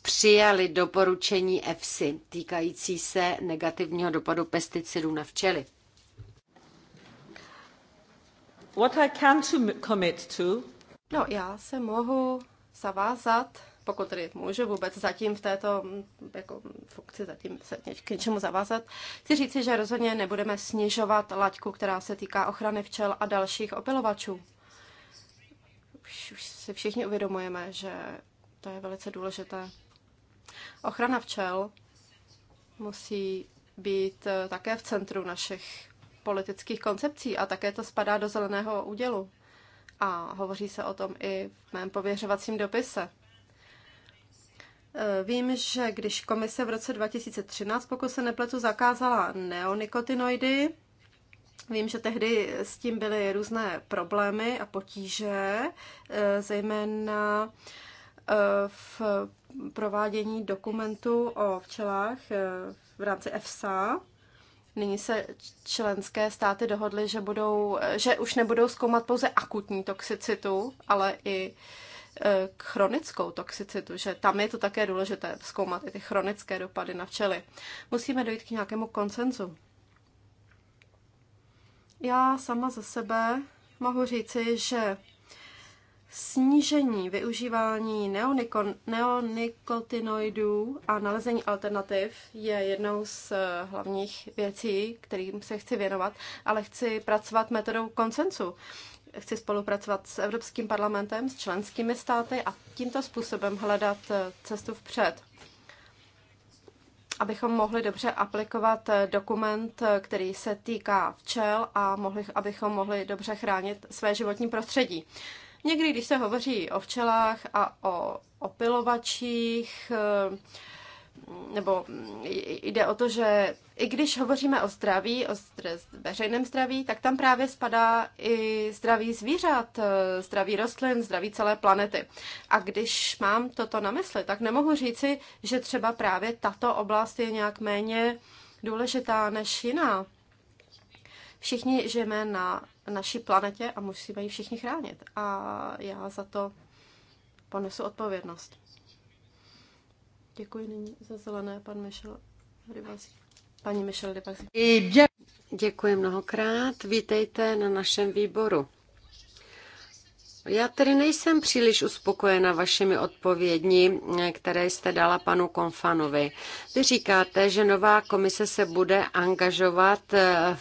přijali doporučení EFSI týkající se negativního dopadu pesticidů na včely. What I can to commit to. No, já se mohu zavázat pokud tedy můžu vůbec zatím v této jako, funkci zatím se k něčemu zavázat, chci říci, že rozhodně nebudeme snižovat laťku, která se týká ochrany včel a dalších opilovačů. Už, už si všichni uvědomujeme, že to je velice důležité. Ochrana včel musí být e, také v centru našich politických koncepcí a také to spadá do zeleného údělu. A hovoří se o tom i v mém pověřovacím dopise. Eh, vím, že když komise v roce 2013, pokud se nepletu, zakázala neonikotinoidy, vím, že tehdy s tím byly různé problémy a potíže, eh, zejména eh, v provádění dokumentu o včelách v rámci EFSA. Nyní se členské státy dohodly, že, budou, že už nebudou zkoumat pouze akutní toxicitu, ale i uh, E, chronickou toxicitu, že tam je to také důležité zkoumat i ty chronické dopady na včely. Musíme dojít k nějakému koncenzu. Já sama za sebe mohu říci, že snížení využívání neonikotinoidů a nalezení alternativ je jednou z eh, hlavních věcí, kterým se chci věnovat, ale chci pracovat metodou koncensu. Chci spolupracovat s Evropským parlamentem, s členskými státy a tímto způsobem hledat eh, cestu vpřed. Abychom mohli dobře aplikovat eh, dokument, který se týká včel a mohli, abychom mohli dobře chránit své životní prostředí. Někdy, když se hovoří o včelách a o opilovačích, eh, nebo jde o to, že i když hovoříme o zdraví, o veřejném zdraví, tak tam právě spadá i zdraví zvířat, eh, zdraví rostlin, zdraví celé planety. A když mám toto na mysli, tak nemohu říci, že třeba právě tato oblast je nějak méně důležitá než jiná. Všichni žijeme na naší planetě a musíme ji všichni chránit. A já za to ponesu odpovědnost. Děkuji nyní za zelené, pan Michel Rybazí. Paní Michel Rybazí. Děkuji mnohokrát. Vítejte na našem výboru. Já tedy nejsem příliš uspokojena vašimi odpovědmi, které jste dala panu Konfanovi. Vy říkáte, že nová komise se bude angažovat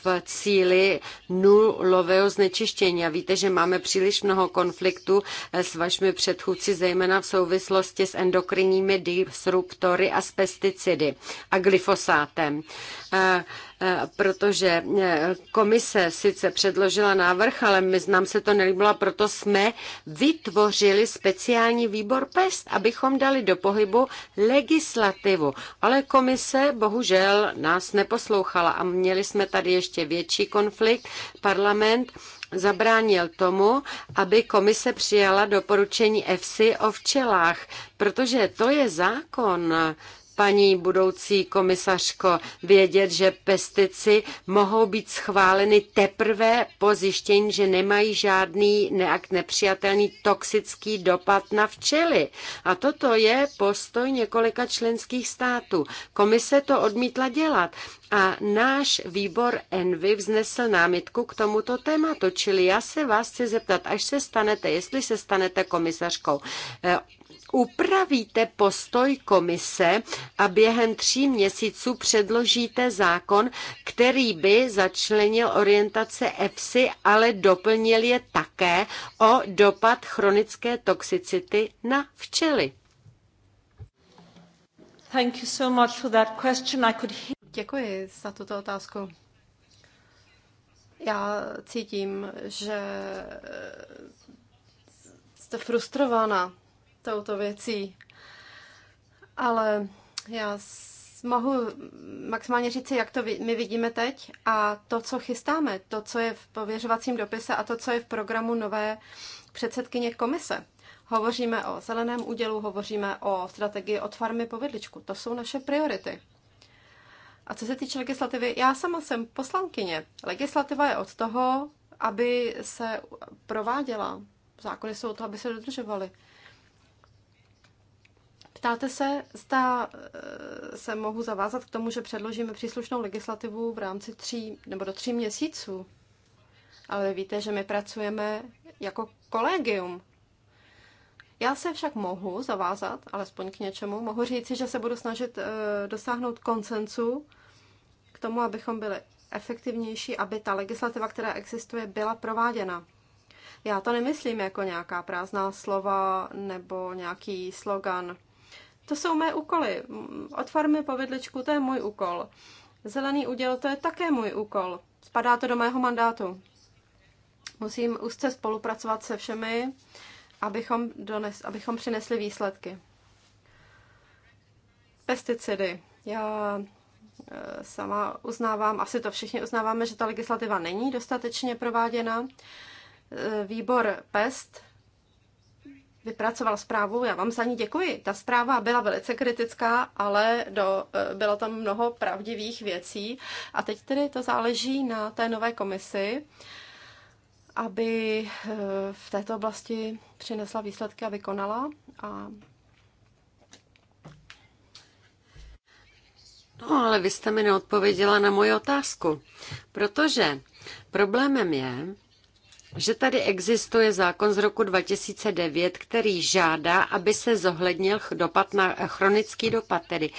v cíli nulového znečištění. A víte, že máme příliš mnoho konfliktů s vašimi předchůdci, zejména v souvislosti s endokrinními disruptory a s pesticidy a glyfosátem. Eh, protože eh, komise sice předložila návrh, ale my nám se to nelíbilo, proto jsme vytvořili speciální výbor PEST, abychom dali do pohybu legislativu. Ale komise bohužel nás neposlouchala a měli jsme tady ještě větší konflikt. Parlament zabránil tomu, aby komise přijala doporučení EFSI o včelách, protože to je zákon, paní budoucí komisařko, vědět, že pestici mohou být schváleny teprve po zjištění, že nemají žádný nejak nepřijatelný toxický dopad na včely. A toto je postoj několika členských států. Komise to odmítla dělat. A náš výbor Envy vznesl námitku k tomuto tématu, čili já se vás chci zeptat, až se stanete, jestli se stanete komisařkou, upravíte postoj komise a během tří měsíců předložíte zákon, který by začlenil orientace EFSI, ale doplnil je také o dopad chronické toxicity na včely. Thank you so much for that question. I could hear... Děkuji za tuto otázku. Já cítím, že jste frustrovaná touto věcí. Ale já mohu maximálně říct, jak to my vidíme teď a to, co chystáme, to, co je v pověřovacím dopise a to, co je v programu nové předsedkyně komise. Hovoříme o zeleném údělu, hovoříme o strategii od farmy po vidličku. To jsou naše priority. A co se týče legislativy, já sama jsem poslankyně. Legislativa je od toho, aby se prováděla. Zákony jsou od toho, aby se dodržovaly. Ptáte se, zda eh, se mohu zavázat k tomu, že předložíme příslušnou legislativu v rámci tří nebo do tří měsíců. Ale víte, že my pracujeme jako kolegium. Já se však mohu zavázat, alespoň k něčemu, mohu říci, že se budu snažit eh, dosáhnout konsensu k tomu, abychom byli efektivnější, aby ta legislativa, která existuje, byla prováděna. Já to nemyslím jako nějaká prázdná slova nebo nějaký slogan. To jsou mé úkoly. Od farmy po vidličku, to je můj úkol. Zelený uděl, to je také můj úkol. Spadá to do mého mandátu. Musím úzce spolupracovat se všemi, abychom, dones, abychom přinesli výsledky. Pesticidy. Já e, sama uznávám, asi to všichni uznáváme, že ta legislativa není dostatečně prováděna. E, výbor PEST vypracoval zprávu, já vám za ní děkuji. Ta zpráva byla velice kritická, ale do, e, bylo tam mnoho pravdivých věcí. A teď tedy to záleží na té nové komisi, aby e, v této oblasti přinesla výsledky a vykonala. A No, ale vy jste mi neodpověděla na moji otázku, protože problémem je, že tady existuje zákon z roku 2009, který žádá, aby se zohlednil dopad na eh, chronický dopad tedy.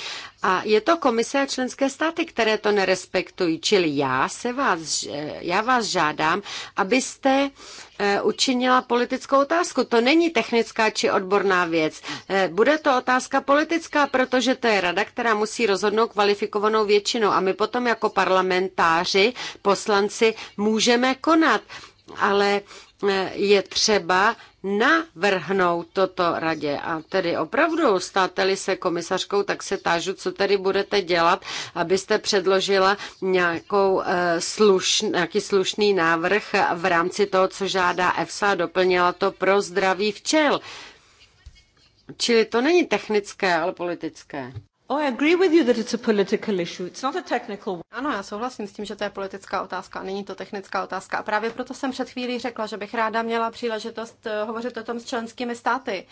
A je to komise a členské státy, které to nerespektují. Čili já, se vás, eh, já vás žádám, abyste eh, učinila politickou otázku. To není technická či odborná věc. Bude to otázka politická, protože to je rada, která musí rozhodnout kvalifikovanou většinou a my potom jako parlamentáři, poslanci, můžeme konat ale eh, je třeba navrhnout toto radě. A tedy opravdu státeli se komisařkou, tak se tážu, co tedy budete dělat, abyste předložila nějakou eh, sluš, nějaký slušný návrh v rámci toho, co žádá EFSA a doplnila to pro zdraví včel. Čili to není technické, ale politické. Oh, I agree with you that it's a political issue. It's not a technical one. Ano, já souhlasím s tím, že to je politická otázka, není to technická otázka. A právě proto jsem před chvílí řekla, že bych ráda měla příležitost eh, hovořit o tom s členskými státy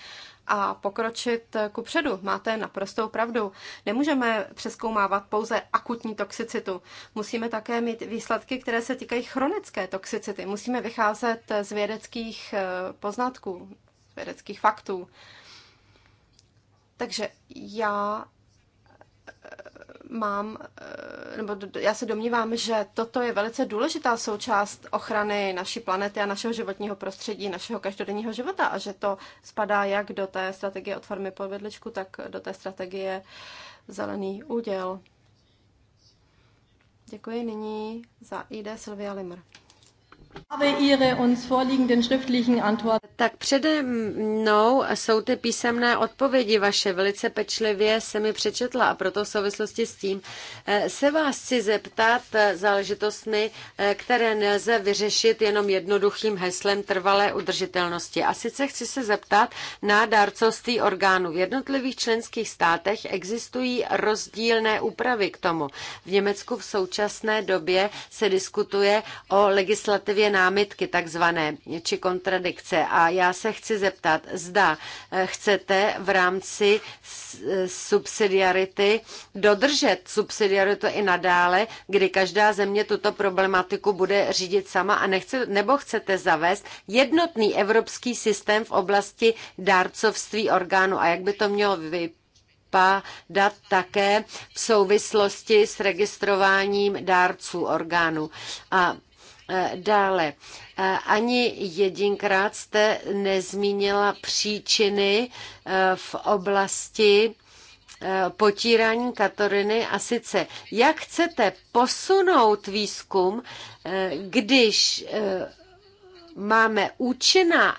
a pokročit eh, ku předu. Máte naprostou pravdu. Nemůžeme přeskoumávat pouze akutní toxicitu. Musíme také mít výsledky, které se týkají chronické toxicity. Musíme vycházet eh, z vědeckých poznatků, z vědeckých faktů. Takže já mám, eh, nebo já se domnívám, že toto je velice důležitá součást ochrany naší planety a našeho životního prostředí, našeho každodenního života a že to spadá jak do té strategie od farmy po vedličku, tak do té strategie zelený úděl. Děkuji nyní za ID Sylvia Limr. Tak přede mnou jsou ty písemné odpovědi vaše. Velice pečlivě se mi přečetla a proto v souvislosti s tím eh, se vás chci zeptat eh, záležitostmi, eh, které nelze vyřešit jenom jednoduchým heslem trvalé udržitelnosti. A sice chci se zeptat na dárcovství orgánů. V jednotlivých členských státech existují rozdílné úpravy k tomu. V Německu v současné době se diskutuje o legislativě dvě námitky takzvané či kontradikce a já se chci zeptat, zda eh, chcete v rámci eh, subsidiarity dodržet subsidiaritu i nadále, kdy každá země tuto problematiku bude řídit sama a nechce, nebo chcete zavést jednotný evropský systém v oblasti dárcovství orgánů a jak by to mělo vypadat? dat také v souvislosti s registrováním dárců orgánů. A Eh, dále, eh, ani jedinkrát jste nezmínila příčiny eh, v oblasti potírání Katoriny a sice, jak chcete posunout výzkum, když máme účinná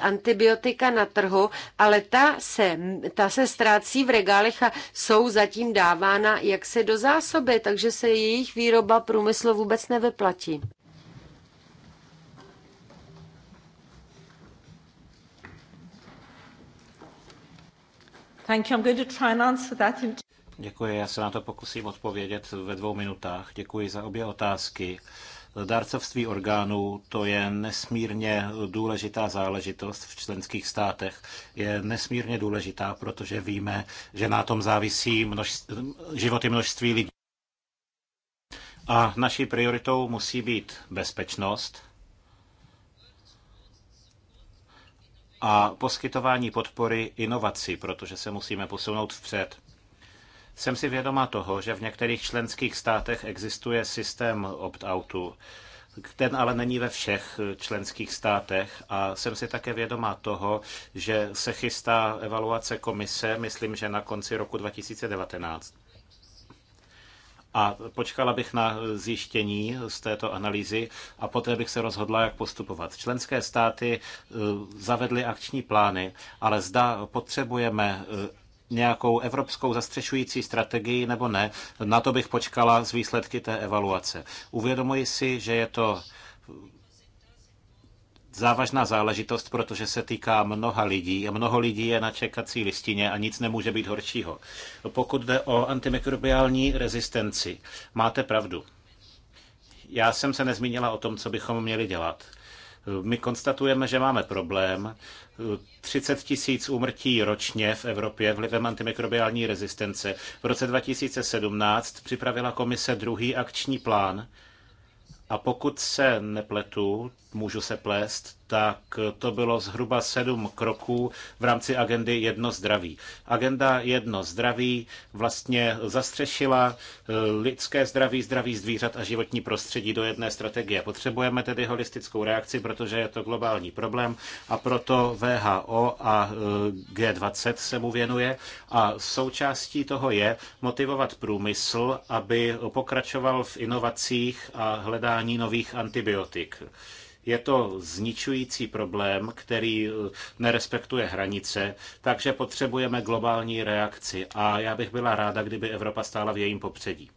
antibiotika na trhu, ale ta se, ta se ztrácí v regálech a jsou zatím dávána jak se do zásoby, takže se jejich výroba průmyslu vůbec nevyplatí. Thank you. I'm going to try and answer that in... Děkuji, já se na to pokusím odpovědět ve dvou minutách. Děkuji za obě otázky. Dárcovství orgánů to je nesmírně důležitá záležitost v členských státech. Je nesmírně důležitá, protože víme, že na tom závisí množství, životy množství lidí. A naší prioritou musí být bezpečnost a poskytování podpory inovací, protože se musíme posunout vpřed. Jsem si vědoma toho, že v některých členských státech existuje systém opt-outu, ten ale není ve všech členských státech a jsem si také vědoma toho, že se chystá evaluace komise, myslím, že na konci roku 2019. A počkala bych na zjištění z této analýzy a poté bych se rozhodla, jak postupovat. Členské státy eh, zavedly akční plány, ale zda potřebujeme eh, nějakou evropskou zastřešující strategii nebo ne. Na to bych počkala z výsledky té evaluace. Uvědomuji si, že je to závažná záležitost, protože se týká mnoha lidí a mnoho lidí je na čekací listině a nic nemůže být horšího. Pokud jde o antimikrobiální rezistenci, máte pravdu. Já jsem se nezmínila o tom, co bychom měli dělat. My konstatujeme, že máme problém. 30 tisíc úmrtí ročně v Evropě vlivem antimikrobiální rezistence. V roce 2017 připravila komise druhý akční plán, a pokud se nepletu, můžu se plést, tak to bylo zhruba sedm kroků v rámci agendy Jedno zdraví. Agenda Jedno zdraví vlastně zastřešila eh, lidské zdraví, zdraví zvířat a životní prostředí do jedné strategie. Potřebujeme tedy holistickou reakci, protože je to globální problém a proto VHO a eh, G20 se mu věnuje a součástí toho je motivovat průmysl, aby pokračoval v inovacích a hledání užívání nových antibiotik. Je to zničující problém, který eh, nerespektuje hranice, takže potřebujeme globální reakci a já bych byla ráda, kdyby Evropa stála v jejím popředí.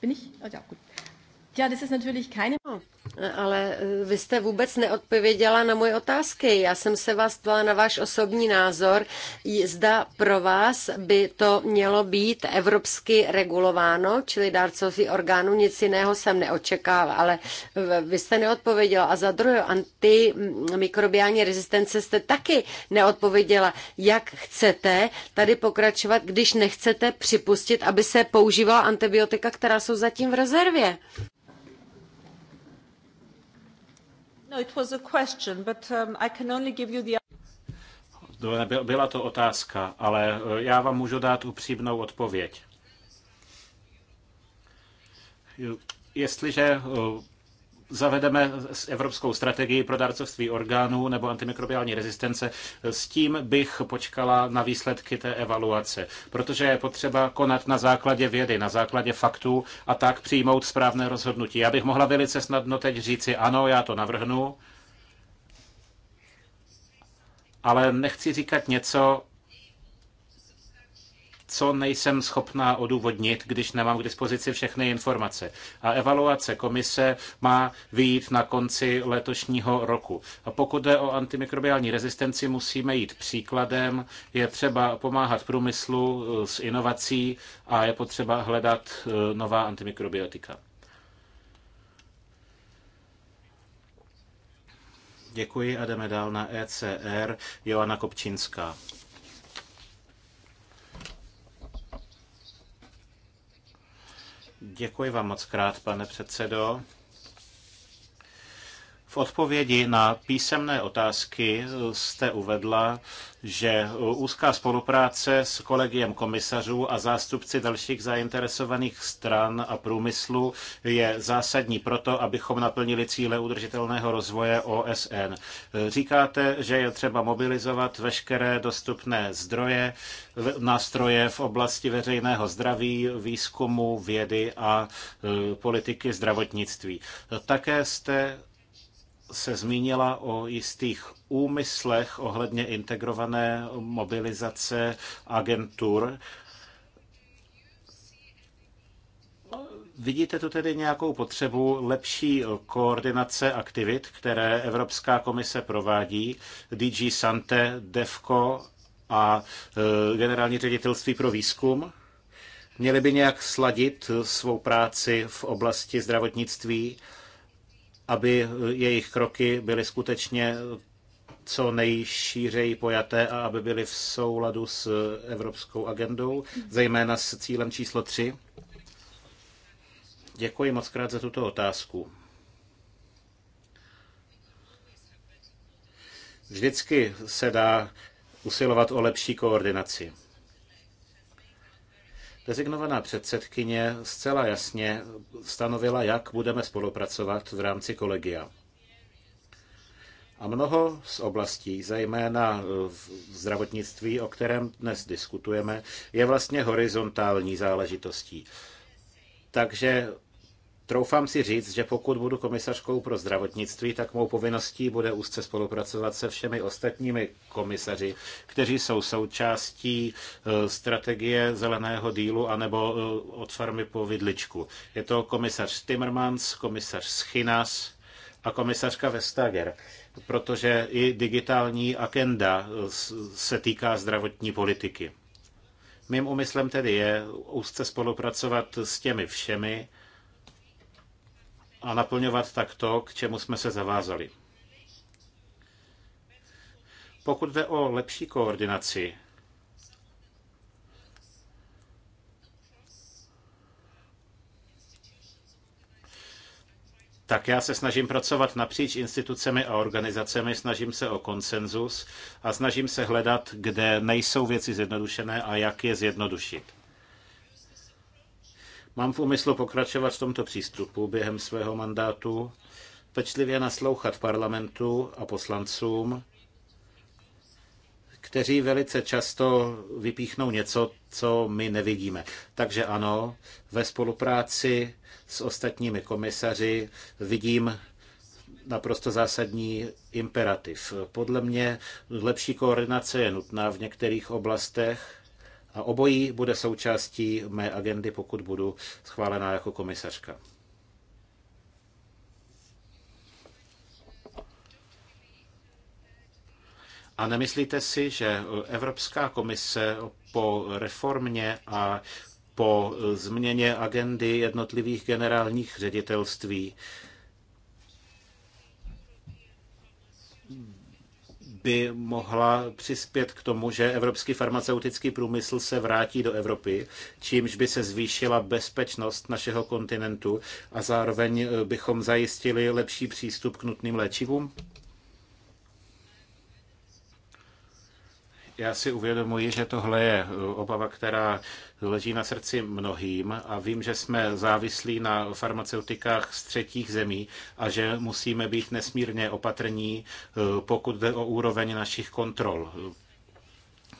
Bin ich? Oh ja, gut. Ja, das ist natürlich keine... No. Ale eh, vy jste vůbec neodpověděla na moje otázky. Já jsem se vás ptala na váš osobní názor. Zda pro vás by to mělo být evropsky regulováno, čili dárcovství orgánů, nic jiného jsem neočekával, ale eh, vy jste neodpověděla. A za druhé, antimikrobiální rezistence jste taky neodpověděla. Jak chcete tady pokračovat, když nechcete připustit, aby se používala antibiotika, která jsou zatím v rezervě? byla to otázka, ale eh, já vám můžu dát upřímnou odpověď. Jestliže eh, zavedeme evropskou strategii pro dárcovství orgánů nebo antimikrobiální rezistence, s tím bych počkala na výsledky té evaluace, protože je potřeba konat na základě vědy, na základě faktů a tak přijmout správné rozhodnutí. Já bych mohla velice snadno teď říci, ano, já to navrhnu, ale nechci říkat něco, co nejsem schopná odůvodnit, když nemám k dispozici všechny informace. A evaluace komise má vyjít na konci letošního roku. A pokud jde o antimikrobiální rezistenci, musíme jít příkladem. Je třeba pomáhat průmyslu eh, s inovací a je potřeba hledat eh, nová antimikrobiotika. Děkuji a jdeme dál na ECR. Joana Kopčinská. Děkuji vám moc krát, pane předsedo. V odpovědi na písemné otázky jste uvedla, že úzká spolupráce s kolegiem komisařů a zástupci dalších zainteresovaných stran a průmyslu je zásadní proto, abychom naplnili cíle udržitelného rozvoje OSN. Říkáte, že je třeba mobilizovat veškeré dostupné zdroje, nástroje v oblasti veřejného zdraví, výzkumu, vědy a e, politiky zdravotnictví. Také jste se zmínila o jistých úmyslech ohledně integrované mobilizace agentur. Vidíte tu tedy nějakou potřebu lepší koordinace aktivit, které Evropská komise provádí, DG Sante, DEFCO a e, Generální ředitelství pro výzkum? Měli by nějak sladit svou práci v oblasti zdravotnictví aby jejich kroky byly skutečně co nejšířeji pojaté a aby byly v souladu s evropskou agendou, zejména s cílem číslo 3? Děkuji moc krát za tuto otázku. Vždycky se dá usilovat o lepší koordinaci. Designovaná předsedkyně zcela jasně stanovila, jak budeme spolupracovat v rámci kolegia. A mnoho z oblastí, zejména v zdravotnictví, o kterém dnes diskutujeme, je vlastně horizontální záležitostí. Takže Troufám si říct, že pokud budu komisařkou pro zdravotnictví, tak mou povinností bude úzce spolupracovat se všemi ostatními komisaři, kteří jsou součástí e, strategie zeleného dílu anebo e, od farmy po vidličku. Je to komisař Timmermans, komisař Schinas a komisařka Vestager, protože i digitální agenda e, se týká zdravotní politiky. Mým úmyslem tedy je úzce spolupracovat s těmi všemi, a naplňovat tak to, k čemu jsme se zavázali. Pokud jde o lepší koordinaci, tak já se snažím pracovat napříč institucemi a organizacemi, snažím se o konsenzus a snažím se hledat, kde nejsou věci zjednodušené a jak je zjednodušit. Mám v úmyslu pokračovat v tomto přístupu během svého mandátu, pečlivě naslouchat parlamentu a poslancům, kteří velice často vypíchnou něco, co my nevidíme. Takže ano, ve spolupráci s ostatními komisaři vidím naprosto zásadní imperativ. Podle mě lepší koordinace je nutná v některých oblastech, a obojí bude součástí mé agendy, pokud budu schválená jako komisařka. A nemyslíte si, že Evropská komise po reformě a po změně agendy jednotlivých generálních ředitelství by mohla přispět k tomu, že evropský farmaceutický průmysl se vrátí do Evropy, čímž by se zvýšila bezpečnost našeho kontinentu a zároveň bychom zajistili lepší přístup k nutným léčivům? Já si uvědomuji, že tohle je eh, obava, která leží na srdci mnohým a vím, že jsme závislí na farmaceutikách z třetích zemí a že musíme být nesmírně opatrní, eh, pokud jde o úroveň našich kontrol eh,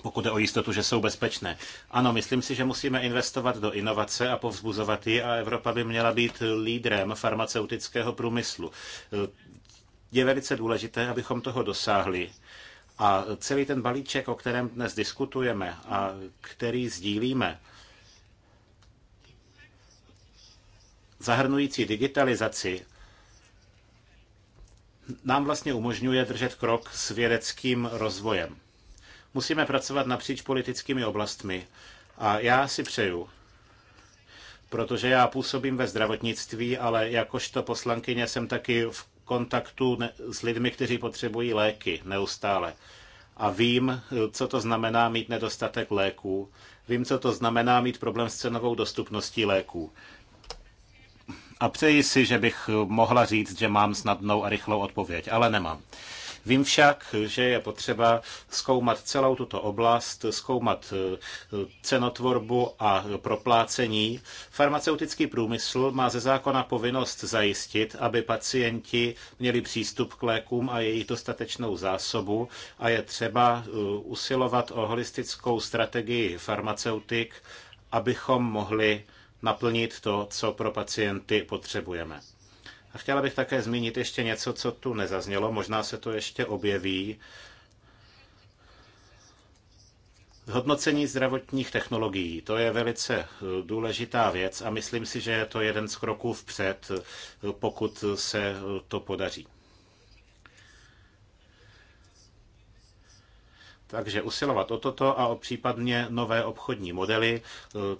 pokud jde o jistotu, že jsou bezpečné. Ano, myslím si, že musíme investovat do inovace a povzbuzovat ji a Evropa by měla být lídrem farmaceutického průmyslu. Je velice důležité, abychom toho dosáhli a celý ten balíček, o kterém dnes diskutujeme a který sdílíme, zahrnující digitalizaci, nám vlastně umožňuje držet krok s vědeckým rozvojem. Musíme pracovat napříč politickými oblastmi a já si přeju, protože já působím ve zdravotnictví, ale jakožto poslankyně jsem taky v kontaktu s lidmi, kteří potřebují léky neustále. A vím, co to znamená mít nedostatek léků. Vím, co to znamená mít problém s cenovou dostupností léků. A přeji si, že bych mohla říct, že mám snadnou a rychlou odpověď, ale nemám. Vím však, že je potřeba zkoumat celou tuto oblast, zkoumat eh, cenotvorbu a proplácení. Farmaceutický průmysl má ze zákona povinnost zajistit, aby pacienti měli přístup k lékům a jejich dostatečnou zásobu a je třeba eh, usilovat o holistickou strategii farmaceutik, abychom mohli naplnit to, co pro pacienty potřebujeme. A chtěla bych také zmínit ještě něco, co tu nezaznělo, možná se to ještě objeví. Hodnocení zdravotních technologií, to je velice eh, důležitá věc a myslím si, že je to jeden z kroků vpřed, eh, pokud se eh, to podaří. Takže usilovat o toto a o případně nové obchodní modely,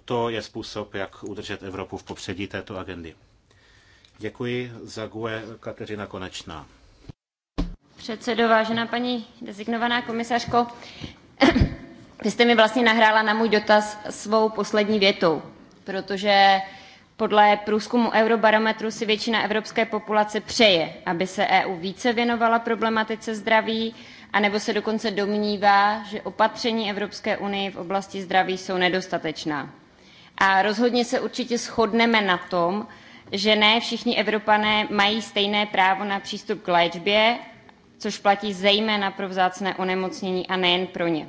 to je způsob, jak udržet Evropu v popředí této agendy. Děkuji. Zague Kateřina Konečná. Předsedo, vážená paní designovaná komisařko, vy jste mi vlastně nahrála na můj dotaz svou poslední větou, protože podle průzkumu Eurobarometru si většina evropské populace přeje, aby se EU více věnovala problematice zdraví, anebo se dokonce domnívá, že opatření Evropské unie v oblasti zdraví jsou nedostatečná. A rozhodně se určitě shodneme na tom, že ne všichni Evropané mají stejné právo na přístup k léčbě, což platí zejména pro vzácné onemocnění a nejen pro ně.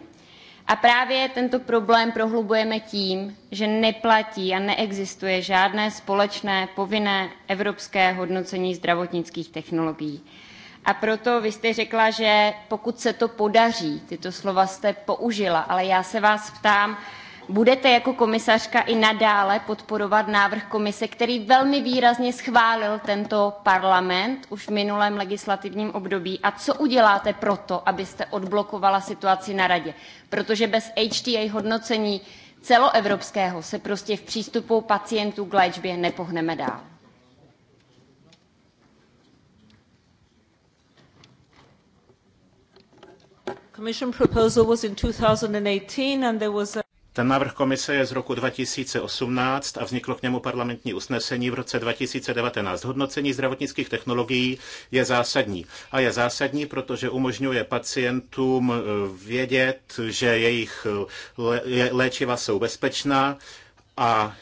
A právě tento problém prohlubujeme tím, že neplatí a neexistuje žádné společné povinné evropské hodnocení zdravotnických technologií. A proto vy jste řekla, že pokud se to podaří, tyto slova jste použila, ale já se vás ptám, Budete jako komisařka i nadále podporovat návrh komise, který velmi výrazně schválil tento parlament už v minulém legislativním období? A co uděláte proto, abyste odblokovala situaci na radě? Protože bez HTA hodnocení celoevropského se prostě v přístupu pacientů k léčbě nepohneme dál. Commission proposal was in 2018 and there was a ten návrh komise je z roku 2018 a vzniklo k němu parlamentní usnesení v roce 2019. Hodnocení zdravotnických technologií je zásadní. A je zásadní, protože umožňuje pacientům eh, vědět, že jejich léčiva jsou bezpečná a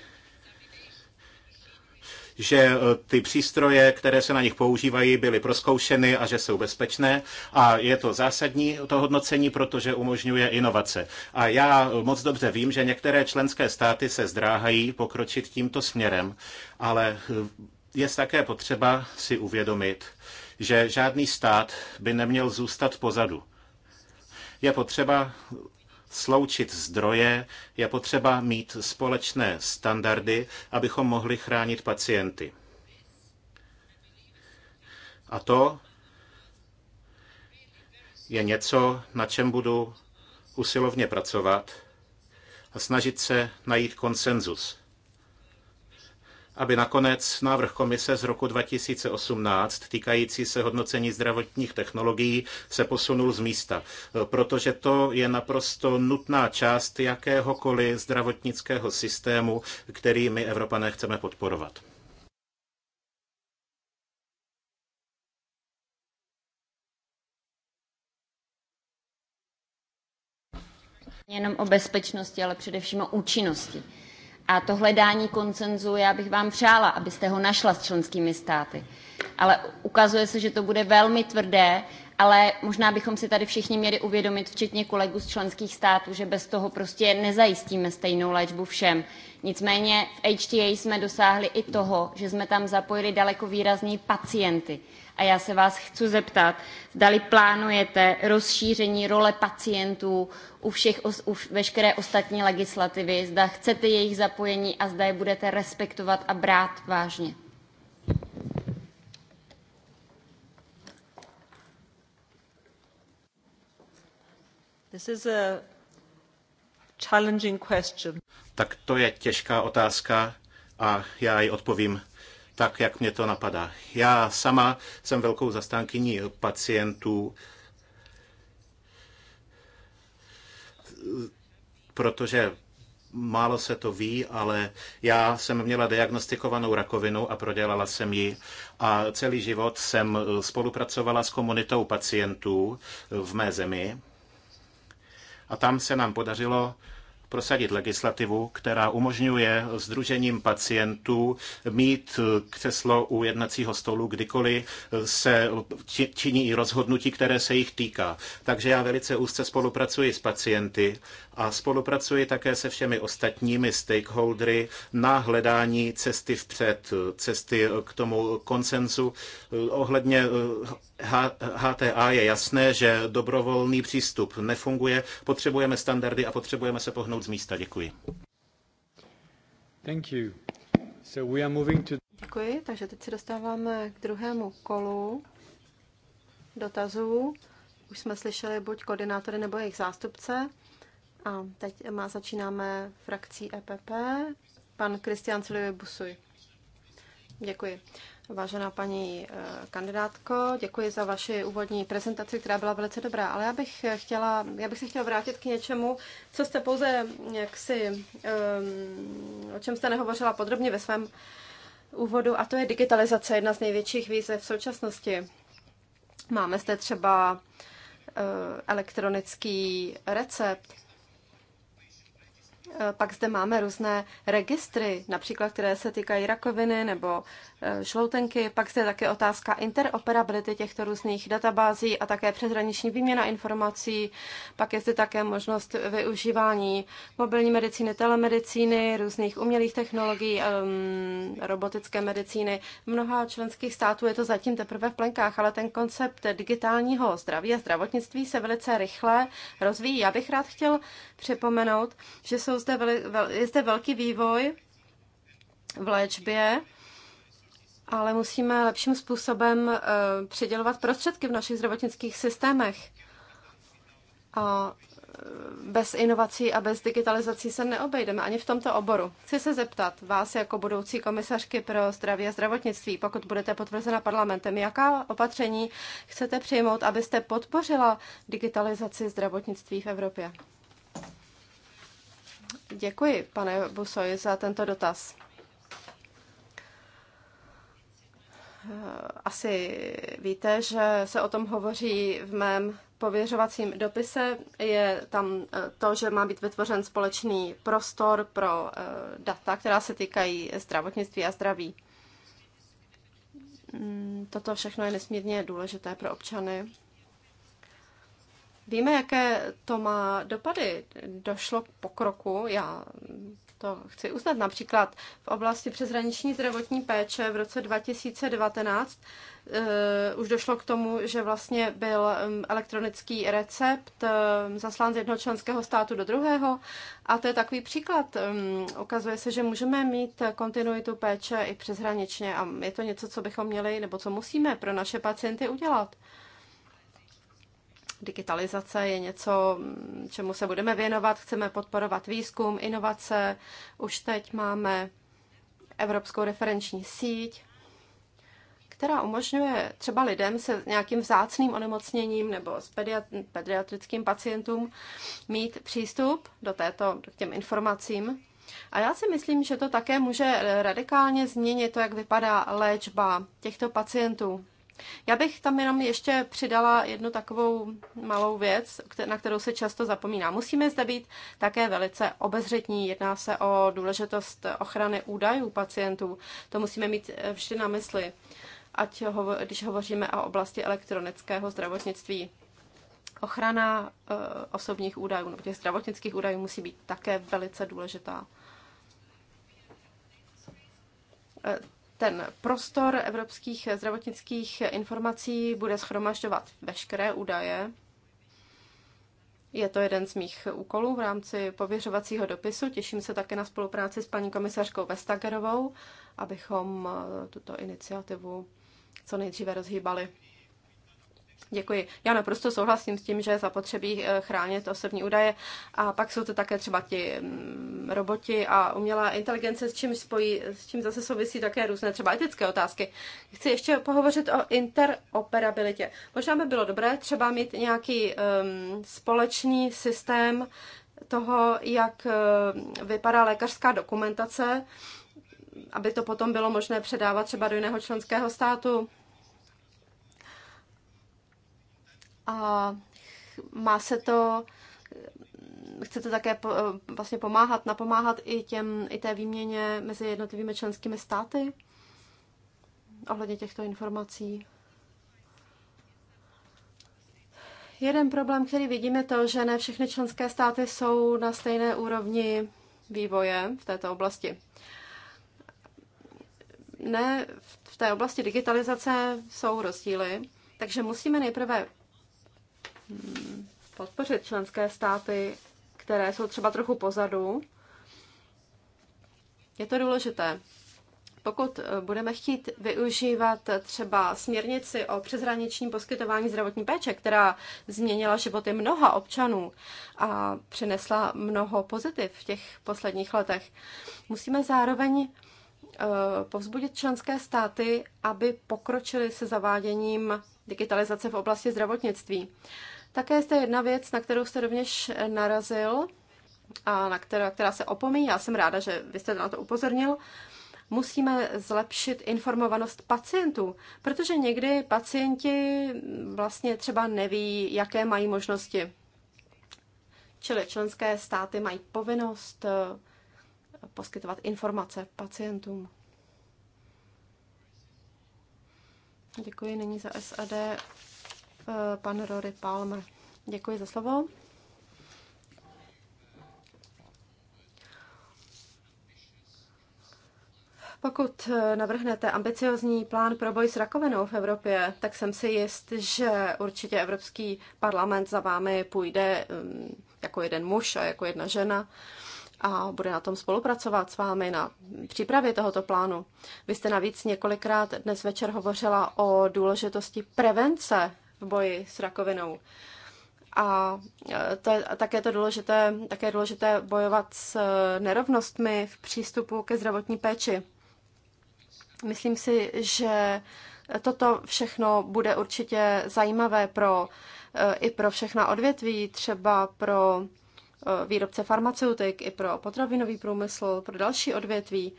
že e, ty přístroje, které se na nich používají, byly proskoušeny a že jsou bezpečné. A je to zásadní to hodnocení, protože umožňuje inovace. A já e, moc dobře vím, že některé členské státy se zdráhají pokročit tímto směrem, ale e, je také potřeba si uvědomit, že žádný stát by neměl zůstat pozadu. Je potřeba sloučit zdroje, je potřeba mít společné standardy, abychom mohli chránit pacienty. A to je něco, na čem budu usilovně pracovat a snažit se najít konsenzus aby nakonec návrh komise z roku 2018 týkající se hodnocení zdravotních technologií se posunul z místa, protože to je naprosto nutná část jakéhokoliv zdravotnického systému, který my Evropané chceme podporovat. Jenom o bezpečnosti, ale především o účinnosti a to hledání koncenzu, já bych vám přála, abyste ho našla s členskými státy. Ale ukazuje se, že to bude velmi tvrdé, ale možná bychom si tady všichni měli uvědomit, včetně kolegů z členských států, že bez toho prostě nezajistíme stejnou léčbu všem. Nicméně v HTA jsme dosáhli i toho, že jsme tam zapojili daleko výrazněji pacienty a já se vás chci zeptat, zdali plánujete rozšíření role pacientů u, všech, u veškeré ostatní legislativy, zda chcete jejich zapojení a zda je budete respektovat a brát vážně. This is a challenging question. Tak to je těžká otázka a já ji odpovím tak, jak mě to napadá. Já sama jsem velkou zastánkyní pacientů, protože málo se to ví, ale já jsem měla diagnostikovanou rakovinu a prodělala jsem ji. A celý život jsem spolupracovala s komunitou pacientů v mé zemi. A tam se nám podařilo prosadit legislativu, která umožňuje združením pacientů mít křeslo u jednacího stolu, kdykoliv se činí i rozhodnutí, které se jich týká. Takže já velice úzce spolupracuji s pacienty a spolupracuji také se všemi ostatními stakeholdery na hledání cesty vpřed, cesty k tomu konsenzu ohledně HTA je jasné, že dobrovolný přístup nefunguje. Potřebujeme standardy a potřebujeme se pohnout z místa. Děkuji. Thank you. So we are moving to... Děkuji, takže teď se dostáváme k druhému kolu dotazů. Už jsme slyšeli buď koordinátory nebo jejich zástupce. A teď má, začínáme frakcí EPP. Pan Kristian Cilivi Busuj. Děkuji. Vážená paní eh, kandidátko, děkuji za vaši úvodní prezentaci, která byla velice dobrá, ale já bych, chtěla, já bych se chtěla vrátit k něčemu, co jste pouze jaksi, si, ehm, o čem jste nehovořila podrobně ve svém úvodu, a to je digitalizace, jedna z největších výzev v současnosti. Máme zde třeba eh, elektronický recept, Eh, pak zde máme různé registry, například které se týkají rakoviny nebo šloutenky. Eh, pak zde také otázka interoperability těchto různých databází a také přeshraniční výměna informací. Pak je zde také možnost využívání mobilní medicíny, telemedicíny, různých umělých technologií, ehm, robotické medicíny. mnoha členských států je to zatím teprve v plenkách, ale ten koncept digitálního zdraví a zdravotnictví se velice rychle rozvíjí. Já bych rád chtěl připomenout, že jsou zde veli, vel, je zde velký vývoj v léčbě, ale musíme lepším způsobem eh, přidělovat prostředky v našich zdravotnických systémech. A eh, bez inovací a bez digitalizací se neobejdeme ani v tomto oboru. Chci se zeptat vás jako budoucí komisařky pro zdraví a zdravotnictví, pokud budete potvrzena parlamentem, jaká opatření chcete přijmout, abyste podpořila digitalizaci zdravotnictví v Evropě? Děkuji, pane Busoji, za tento dotaz. Asi víte, že se o tom hovoří v mém pověřovacím dopise. Je tam eh, to, že má být vytvořen společný prostor pro eh, data, která se týkají zdravotnictví a zdraví. Mm, toto všechno je nesmírně důležité pro občany. Víme, jaké to má dopady. Došlo k pokroku, já to chci uznat. Například v oblasti přeshraniční zdravotní péče v roce 2019 uh, eh, už došlo k tomu, že vlastně byl um, elektronický recept um, zaslán z jednoho členského státu do druhého. A to je takový příklad. Um, ukazuje se, že můžeme mít kontinuitu péče i přeshraničně a je to něco, co bychom měli nebo co musíme pro naše pacienty udělat. Digitalizace je něco, čemu se budeme věnovat. Chceme podporovat výzkum, inovace. Už teď máme Evropskou referenční síť, která umožňuje třeba lidem se nějakým vzácným onemocněním nebo s pediatrickým pacientům mít přístup do této, k těm informacím. A já si myslím, že to také může radikálně změnit to, jak vypadá léčba těchto pacientů. Já bych tam jenom ještě přidala jednu takovou malou věc, na kterou se často zapomíná. Musíme zde být také velice obezřetní. Jedná se o důležitost ochrany údajů pacientů. To musíme mít eh, vždy na mysli, ať hovo, když hovoříme o oblasti elektronického zdravotnictví. Ochrana uh, osobních údajů, nebo těch zdravotnických údajů musí být také velice důležitá. Eh, ten prostor evropských zdravotnických informací bude schromažďovat veškeré údaje. Je to jeden z mých úkolů v rámci pověřovacího dopisu. Těším se také na spolupráci s paní komisařkou Vestagerovou, abychom tuto iniciativu co nejdříve rozhýbali. Děkuji. Já naprosto souhlasím s tím, že je zapotřebí eh, chránit osobní údaje. A pak jsou to také třeba ti mm, roboti a umělá inteligence, s čím spojí, s čím zase souvisí také různé třeba etické otázky. Chci ještě pohovořit o interoperabilitě. Možná by bylo dobré třeba mít nějaký um, společný systém toho, jak eh, vypadá lékařská dokumentace, aby to potom bylo možné předávat třeba do jiného členského státu a má se to, chcete také po, vlastně pomáhat, napomáhat i, těm, i té výměně mezi jednotlivými členskými státy ohledně těchto informací. Jeden problém, který vidím, je to, že ne všechny členské státy jsou na stejné úrovni vývoje v této oblasti. Ne, v té oblasti digitalizace jsou rozdíly, takže musíme nejprve podpořit členské státy, které jsou třeba trochu pozadu. Je to důležité. Pokud eh, budeme chtít využívat třeba směrnici o přeshraničním poskytování zdravotní péče, která změnila životy mnoha občanů a přinesla mnoho pozitiv v těch posledních letech, musíme zároveň eh, povzbudit členské státy, aby pokročili se zaváděním digitalizace v oblasti zdravotnictví. Také je zde jedna věc, na kterou jste rovněž eh, narazil a na která, která se opomíjí. Já jsem ráda, že vy jste na to upozornil. Musíme zlepšit informovanost pacientů, protože někdy pacienti vlastně třeba neví, jaké mají možnosti. Čili členské státy mají povinnost eh, poskytovat informace pacientům. Děkuji, není za SAD Eh, pan Rory Palmer. Děkuji za slovo. Pokud navrhnete ambiciozní plán pro boj s rakovinou v Evropě, tak jsem si jist, že určitě Evropský parlament za vámi půjde jako jeden muž a jako jedna žena a bude na tom spolupracovat s vámi na přípravě tohoto plánu. Vy jste navíc několikrát dnes večer hovořila o důležitosti prevence v boji s rakovinou. A e, to je také to důležité, také je důležité bojovat s e, nerovnostmi v přístupu ke zdravotní péči. Myslím si, že toto všechno bude určitě zajímavé pro, e, i pro všechna odvětví, třeba pro výrobce farmaceutik, i pro potravinový průmysl, pro další odvětví.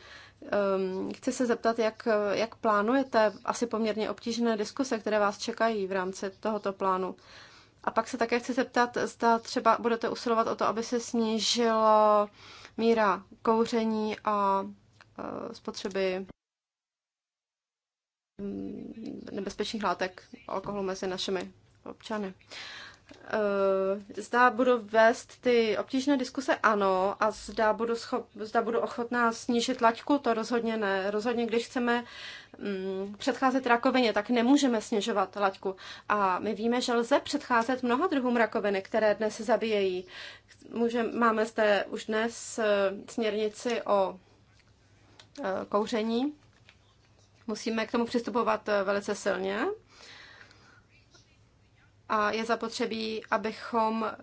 Ehm, chci se zeptat, jak, jak plánujete asi poměrně obtížné diskuse, které vás čekají v rámci tohoto plánu. A pak se také chci zeptat, zda třeba budete usilovat o to, aby se snížila míra kouření a e, spotřeby mm, nebezpečných látek alkoholu mezi našimi občany. Eh, zda budu vést ty obtížné diskuse, ano, a zda budu, schop, zda budu ochotná snížit laťku, to rozhodně ne. Rozhodně, když chceme um, předcházet rakovině, tak nemůžeme snižovat laťku. A my víme, že lze předcházet mnoha druhům rakoviny, které dnes se zabíjejí. Můžem, máme zde už dnes eh, směrnici o eh, kouření. Musíme k tomu přistupovat velice silně a je zapotřebí, abychom eh,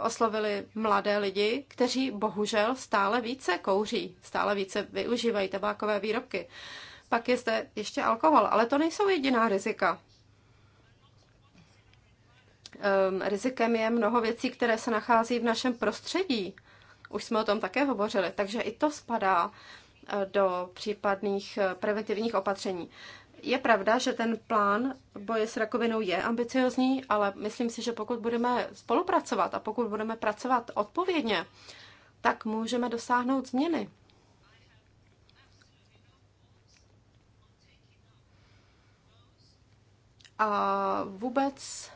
oslovili mladé lidi, kteří bohužel stále více kouří, stále více využívají tabákové výrobky. Pak je zde ještě alkohol, ale to nejsou jediná rizika. Ehm, rizikem je mnoho věcí, které se nachází v našem prostředí. Už jsme o tom také hovořili, takže i to spadá eh, do případných eh, preventivních opatření. Je pravda, že ten plán boje s rakovinou je ambiciozní, ale myslím si, že pokud budeme spolupracovat a pokud budeme pracovat odpovědně, tak můžeme dosáhnout změny. A vůbec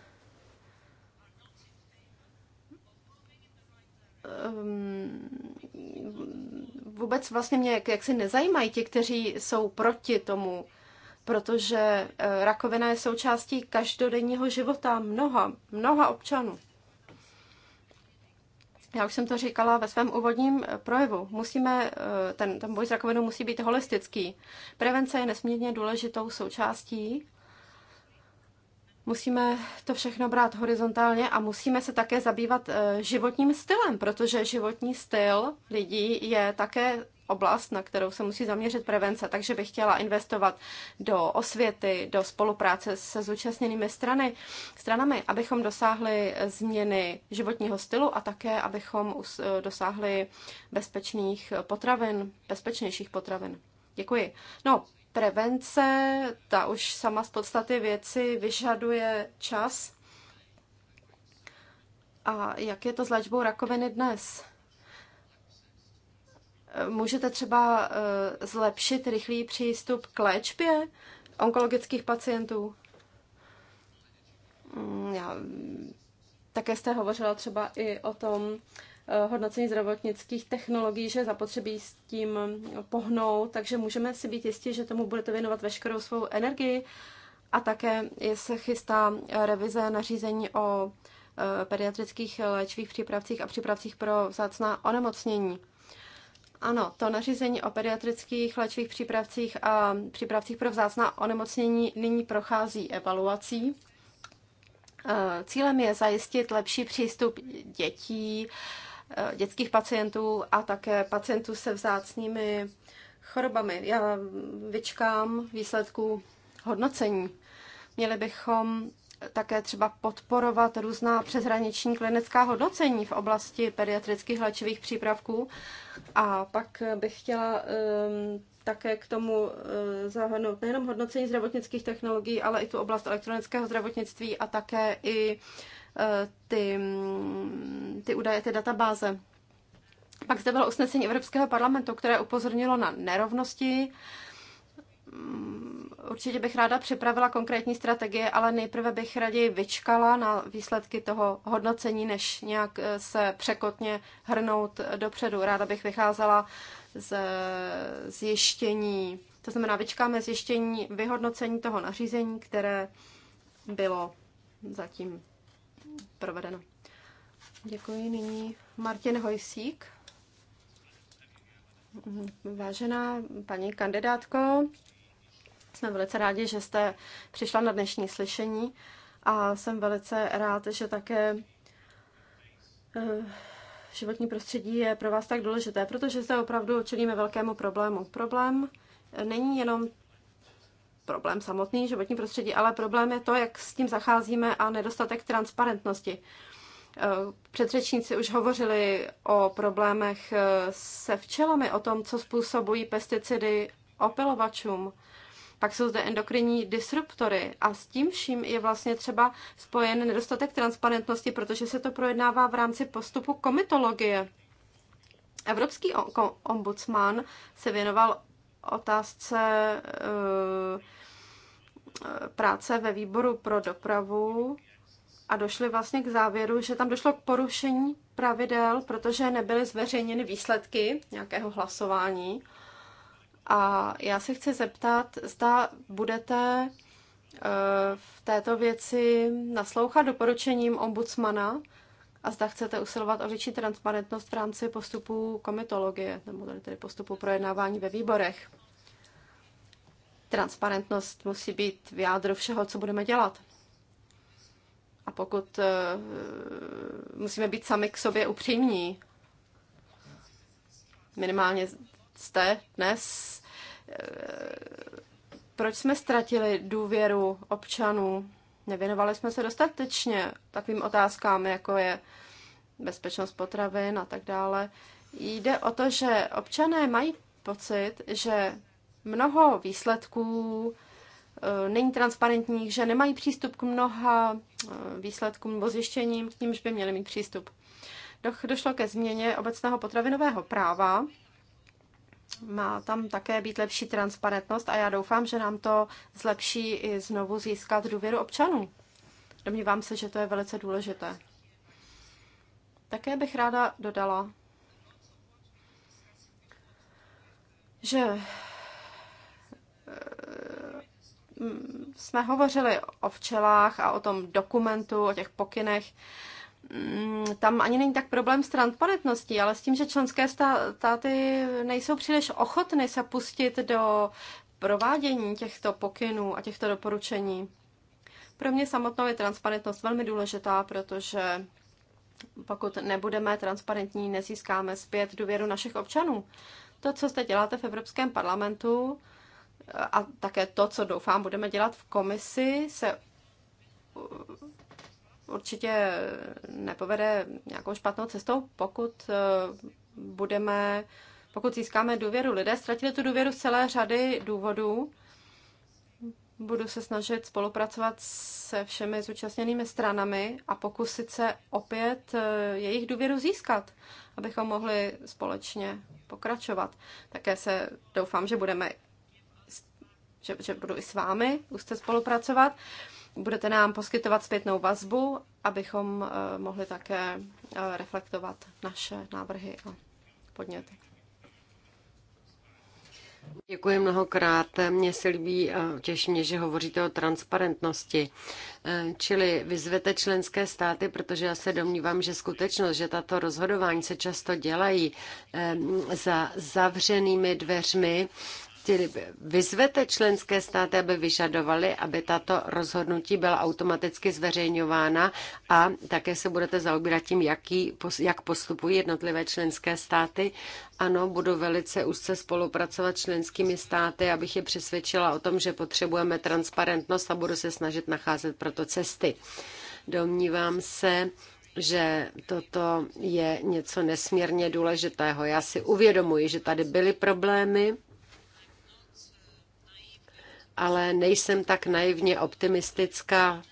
ehm, vůbec vlastně mě jaksi nezajímají ti, kteří jsou proti tomu protože eh, rakovina je součástí každodenního života mnoha, mnoha občanů. Já už jsem to říkala ve svém úvodním eh, projevu. Musíme, eh, ten, ten boj s rakovinou musí být holistický. Prevence je nesmírně důležitou součástí. Musíme to všechno brát horizontálně a musíme se také zabývat životním stylem, protože životní styl lidí je také oblast, na kterou se musí zaměřit prevence, takže bych chtěla investovat do osvěty, do spolupráce se zúčastněnými strany, stranami, abychom dosáhli změny životního stylu a také, abychom eh, dosáhli bezpečných potravin, bezpečnějších potravin. Děkuji. No, prevence, ta už sama z podstaty věci vyžaduje čas. A jak je to s léčbou rakoviny dnes? Můžete třeba eh, zlepšit rychlý přístup k léčbě onkologických pacientů? Mm, já, také jste hovořila třeba i o tom eh, hodnocení zdravotnických technologií, že zapotřebí s tím pohnout, takže můžeme si být jistí, že tomu budete věnovat veškerou svou energii a také se chystá revize nařízení o eh, pediatrických léčivých přípravcích a přípravcích pro vzácná onemocnění. Ano, to nařízení o pediatrických léčivých přípravcích a přípravcích pro vzácná onemocnění nyní prochází evaluací. Eh, cílem je zajistit lepší přístup dětí, eh, dětských pacientů a také pacientů se vzácnými chorobami. Já vyčkám výsledků hodnocení. Měli bychom také třeba podporovat různá přeshraniční klinická hodnocení v oblasti pediatrických léčivých přípravků. A pak bych chtěla um, také k tomu uh, zahrnout nejenom hodnocení zdravotnických technologií, ale i tu oblast elektronického zdravotnictví a také i uh, ty, ty údaje, ty databáze. Pak zde bylo usnesení Evropského parlamentu, které upozornilo na nerovnosti uh, určitě bych ráda připravila konkrétní strategie, ale nejprve bych raději vyčkala na výsledky toho hodnocení, než nějak eh, se překotně hrnout dopředu. Ráda bych vycházela z zjištění, to znamená vyčkáme zjištění vyhodnocení toho nařízení, které bylo zatím provedeno. Děkuji. Nyní Martin Hojsík. Vážená paní kandidátko, jsme velice rádi, že jste přišla na dnešní slyšení a jsem velice rád, že také eh, životní prostředí je pro vás tak důležité, protože zde opravdu čelíme velkému problému. Problém není jenom problém samotný, životní prostředí, ale problém je to, jak s tím zacházíme a nedostatek transparentnosti. Eh, předřečníci už hovořili o problémech eh, se včelami, o tom, co způsobují pesticidy opilovačům. Pak jsou zde endokrinní disruptory a s tím vším je vlastně třeba spojen nedostatek transparentnosti, protože se to projednává v rámci postupu komitologie. Evropský ombudsman se věnoval otázce eh, eh, práce ve výboru pro dopravu a došli vlastně k závěru, že tam došlo k porušení pravidel, protože nebyly zveřejněny výsledky nějakého hlasování. A já se chci zeptat, zda budete eh, v této věci naslouchat doporučením ombudsmana a zda chcete usilovat o větší transparentnost v rámci postupu komitologie, nebo tedy postupu projednávání ve výborech. Transparentnost musí být v jádru všeho, co budeme dělat. A pokud eh, musíme být sami k sobě upřímní, minimálně jste dnes, eh, proč jsme ztratili důvěru občanů? Nevěnovali jsme se dostatečně takovým otázkám, jako je bezpečnost potravin a tak dále. Jde o to, že občané mají pocit, že mnoho výsledků eh, není transparentních, že nemají přístup k mnoha eh, výsledkům nebo zjištěním, k nímž by měli mít přístup. Došlo ke změně obecného potravinového práva, má tam také být lepší transparentnost a já doufám, že nám to zlepší i znovu získat důvěru občanů. Domnívám se, že to je velice důležité. Také bych ráda dodala, že eh, jsme hovořili o včelách a o tom dokumentu, o těch pokynech. Mm, tam ani není tak problém s transparentností, ale s tím, že členské státy nejsou příliš ochotny se pustit do provádění těchto pokynů a těchto doporučení. Pro mě samotnou je transparentnost velmi důležitá, protože pokud nebudeme transparentní, nezískáme zpět důvěru našich občanů. To, co jste děláte v Evropském parlamentu a také to, co doufám budeme dělat v komisi, se určitě nepovede nějakou špatnou cestou, pokud eh, budeme, pokud získáme důvěru. Lidé ztratili tu důvěru z celé řady důvodů. Budu se snažit spolupracovat se všemi zúčastněnými stranami a pokusit se opět eh, jejich důvěru získat, abychom mohli společně pokračovat. Také se doufám, že budeme, že, že budu i s vámi už spolupracovat. Uh, budete nám poskytovat zpětnou vazbu, abychom eh, mohli také eh, reflektovat naše návrhy a podněty. Děkuji mnohokrát. Mně se líbí a eh, těší mě, že hovoříte o transparentnosti. Čili vyzvete členské státy, protože já se domnívám, že skutečnost, že tato rozhodování se často dělají za zavřenými dveřmi, Čili vyzvete členské státy, aby vyžadovali, aby tato rozhodnutí byla automaticky zveřejňována a také se budete zaobírat tím, jaký, jak postupují jednotlivé členské státy. Ano, budu velice úzce spolupracovat s členskými státy, abych je přesvědčila o tom, že potřebujeme transparentnost a budu se snažit nacházet proto cesty. Domnívám se, že toto je něco nesmírně důležitého. Já si uvědomuji, že tady byly problémy, ale nejsem tak naivně optimistická,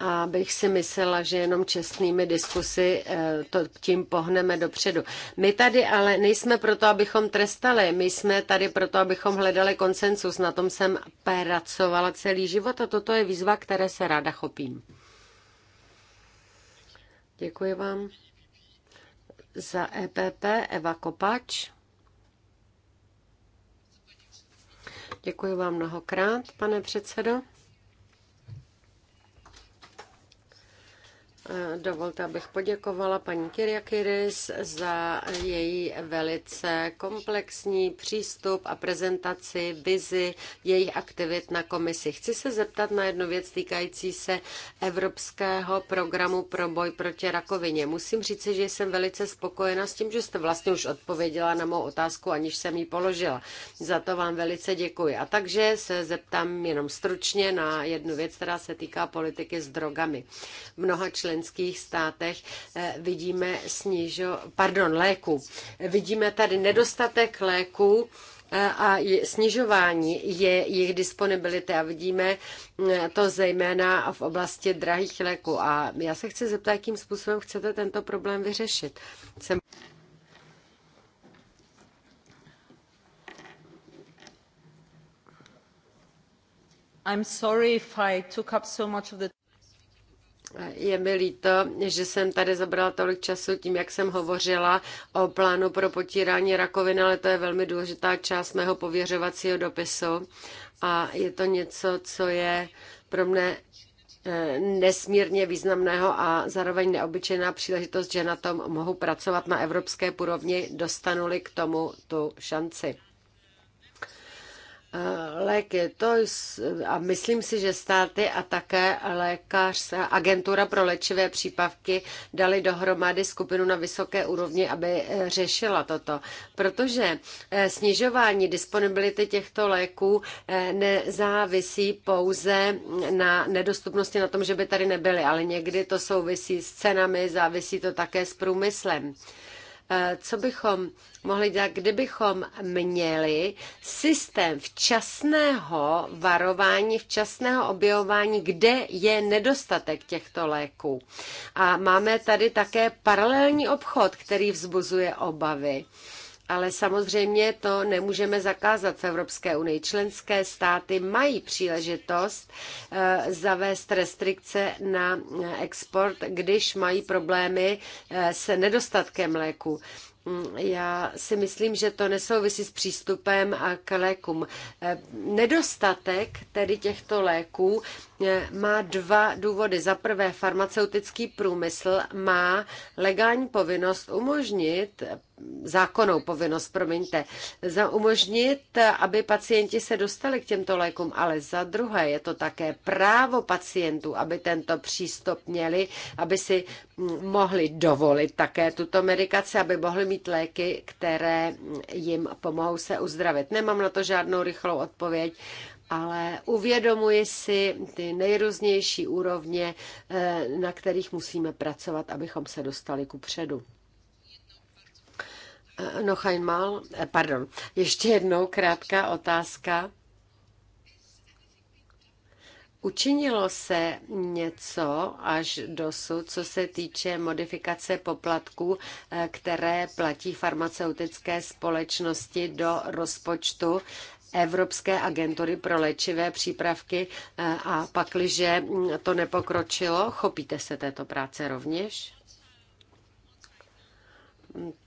abych si myslela, že jenom čestnými diskusy eh, to tím pohneme dopředu. My tady ale nejsme proto, abychom trestali, my jsme tady proto, abychom hledali konsensus. Na tom jsem pracovala celý život a toto je výzva, které se ráda chopím. Děkuji vám. Za EPP Eva Kopač. Děkuji vám mnohokrát, pane předsedo. Eh, dovolte, abych poděkovala paní Kyriakiris za její velice komplexní přístup a prezentaci, vizi jejich aktivit na komisi. Chci se zeptat na jednu věc týkající se Evropského programu pro boj proti rakovině. Musím říct, že jsem velice spokojena s tím, že jste vlastně už odpověděla na mou otázku, aniž jsem ji položila. Za to vám velice děkuji. A takže se zeptám jenom stručně na jednu věc, která se týká politiky s drogami. Mnoha člen členských státech eh, vidíme snižo, pardon, léku. Vidíme tady nedostatek léků, eh, a snižování je jejich disponibility a vidíme eh, to zejména v oblasti drahých léků. A já se chci zeptat, jakým způsobem chcete tento problém vyřešit. Jsem... I'm sorry if I took up so much of the je mi líto, že jsem tady zabrala tolik času tím, jak jsem hovořila o plánu pro potírání rakoviny, ale to je velmi důležitá část mého pověřovacího dopisu a je to něco, co je pro mne eh, nesmírně významného a zároveň neobyčejná příležitost, že na tom mohu pracovat na evropské úrovni, dostanu-li k tomu tu šanci. Eh, léky. To a myslím si, že státy a také lékař, agentura pro léčivé přípavky dali dohromady skupinu na vysoké úrovni, aby eh, řešila toto. Protože eh, snižování disponibility těchto léků nezávisí pouze na nedostupnosti, na tom, že by tady nebyly, ale někdy to souvisí s cenami, závisí to také s průmyslem. Eh, co bychom mohli dělat, kdybychom měli systém včasného varování, včasného objevování, kde je nedostatek těchto léků. A máme tady také paralelní obchod, který vzbuzuje obavy. Ale samozřejmě to nemůžeme zakázat v Evropské unii. Členské státy mají příležitost eh, zavést restrikce na export, když mají problémy eh, s nedostatkem léku. Mm, já si myslím, že to nesouvisí s přístupem k lékům. Eh, nedostatek tedy těchto léků E, má dva důvody. Za prvé, farmaceutický průmysl má legální povinnost umožnit zákonnou povinnost, promiňte, za umožnit, aby pacienti se dostali k těmto lékům, ale za druhé je to také právo pacientů, aby tento přístup měli, aby si mohli dovolit také tuto medikaci, aby mohli mít léky, které jim pomohou se uzdravit. Nemám na to žádnou rychlou odpověď ale uvědomuji si ty nejrůznější úrovně, eh, na kterých musíme pracovat, abychom se dostali ku předu. Eh, no, Mal, eh, pardon, ještě jednou krátká otázka. Učinilo se něco až dosud, co se týče modifikace poplatků, které platí farmaceutické společnosti do rozpočtu Evropské agentury pro léčivé přípravky eh, a pakliže mm, to nepokročilo, chopíte se této práce rovněž?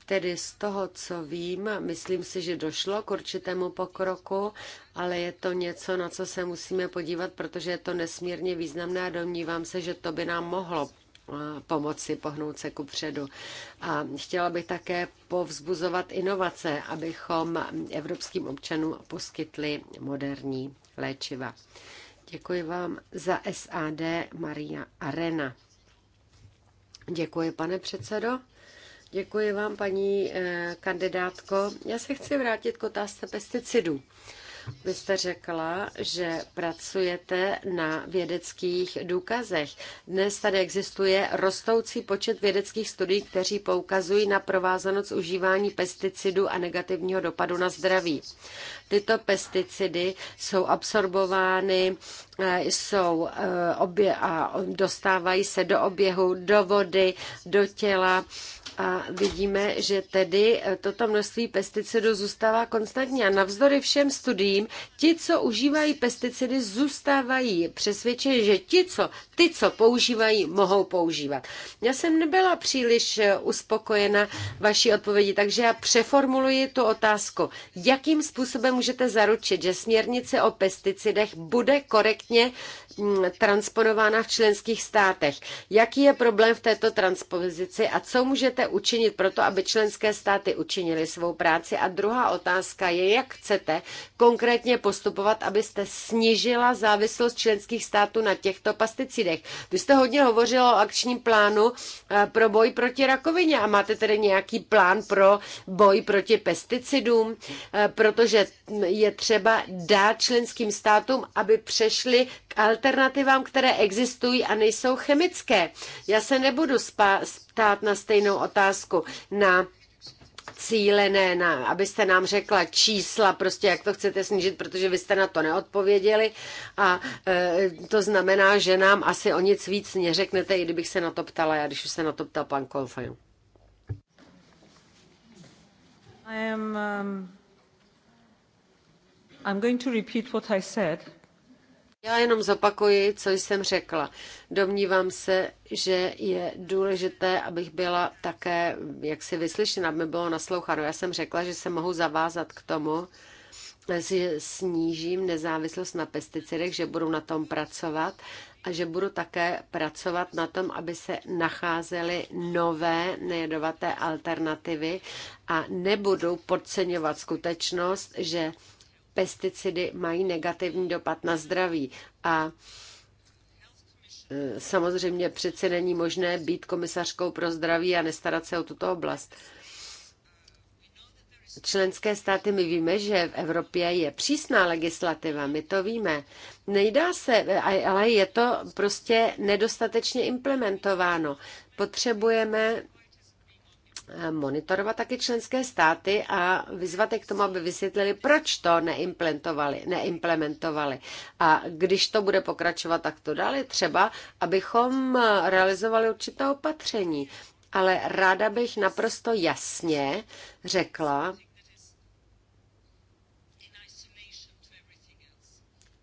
Tedy z toho, co vím, myslím si, že došlo k určitému pokroku, ale je to něco, na co se musíme podívat, protože je to nesmírně významné a domnívám se, že to by nám mohlo Eh, pomoci pohnout se ku předu. A chtěla bych také povzbuzovat inovace, abychom evropským občanům poskytli moderní léčiva. Děkuji vám za SAD Maria Arena. Děkuji, pane předsedo. Děkuji vám, paní eh, kandidátko. Já se chci vrátit k otázce pesticidů. Vy jste řekla, že pracujete na vědeckých důkazech. Dnes tady existuje rostoucí počet vědeckých studií, kteří poukazují na provázanost užívání pesticidů a negativního dopadu na zdraví. Tyto pesticidy jsou absorbovány eh, jsou eh, obě a dostávají se do oběhu, do vody, do těla a vidíme, že tedy eh, toto množství pesticidů zůstává konstantní. A navzdory všem studiím, ti, co užívají pesticidy, zůstávají přesvědčeni, že ti, co, ty, co používají, mohou používat. Já jsem nebyla příliš eh, uspokojena vaší odpovědi, takže já přeformuluji tu otázku. Jakým způsobem můžete zaručit, že směrnice o pesticidech bude korektně mm, transponována v členských státech? Jaký je problém v této transpozici a co můžete učinit pro to, aby členské státy učinili svou práci? A druhá otázka je, jak chcete konkrétně postupovat, abyste snížila závislost členských států na těchto pesticidech. Vy jste hodně hovořila o akčním plánu eh, pro boj proti rakovině a máte tedy nějaký plán pro boj proti pesticidům, eh, protože je třeba dát členským státům, aby přešli alternativám, které existují a nejsou chemické. Já se nebudu ptát na stejnou otázku na cílené, na, abyste nám řekla čísla, prostě jak to chcete snížit, protože vy jste na to neodpověděli a e, to znamená, že nám asi o nic víc neřeknete, i kdybych se na to ptala já, když už se na to ptal pan Kolfajn. I am, um, I'm going to repeat what I said. Já jenom zopakuji, co jsem řekla. Domnívám se, že je důležité, abych byla také jaksi vyslyšena, aby bylo nasloucháno. Já jsem řekla, že se mohu zavázat k tomu, že snížím nezávislost na pesticidech, že budu na tom pracovat a že budu také pracovat na tom, aby se nacházely nové nejedovaté alternativy a nebudu podceňovat skutečnost, že pesticidy mají negativní dopad na zdraví. A e, samozřejmě přece není možné být komisařkou pro zdraví a nestarat se o tuto oblast. Členské státy, my víme, že v Evropě je přísná legislativa, my to víme. Nejdá se, ale je to prostě nedostatečně implementováno. Potřebujeme monitorovat taky členské státy a vyzvat je k tomu, aby vysvětlili, proč to neimplementovali, neimplementovali. A když to bude pokračovat tak to dále, třeba, abychom realizovali určitá opatření. Ale ráda bych naprosto jasně řekla,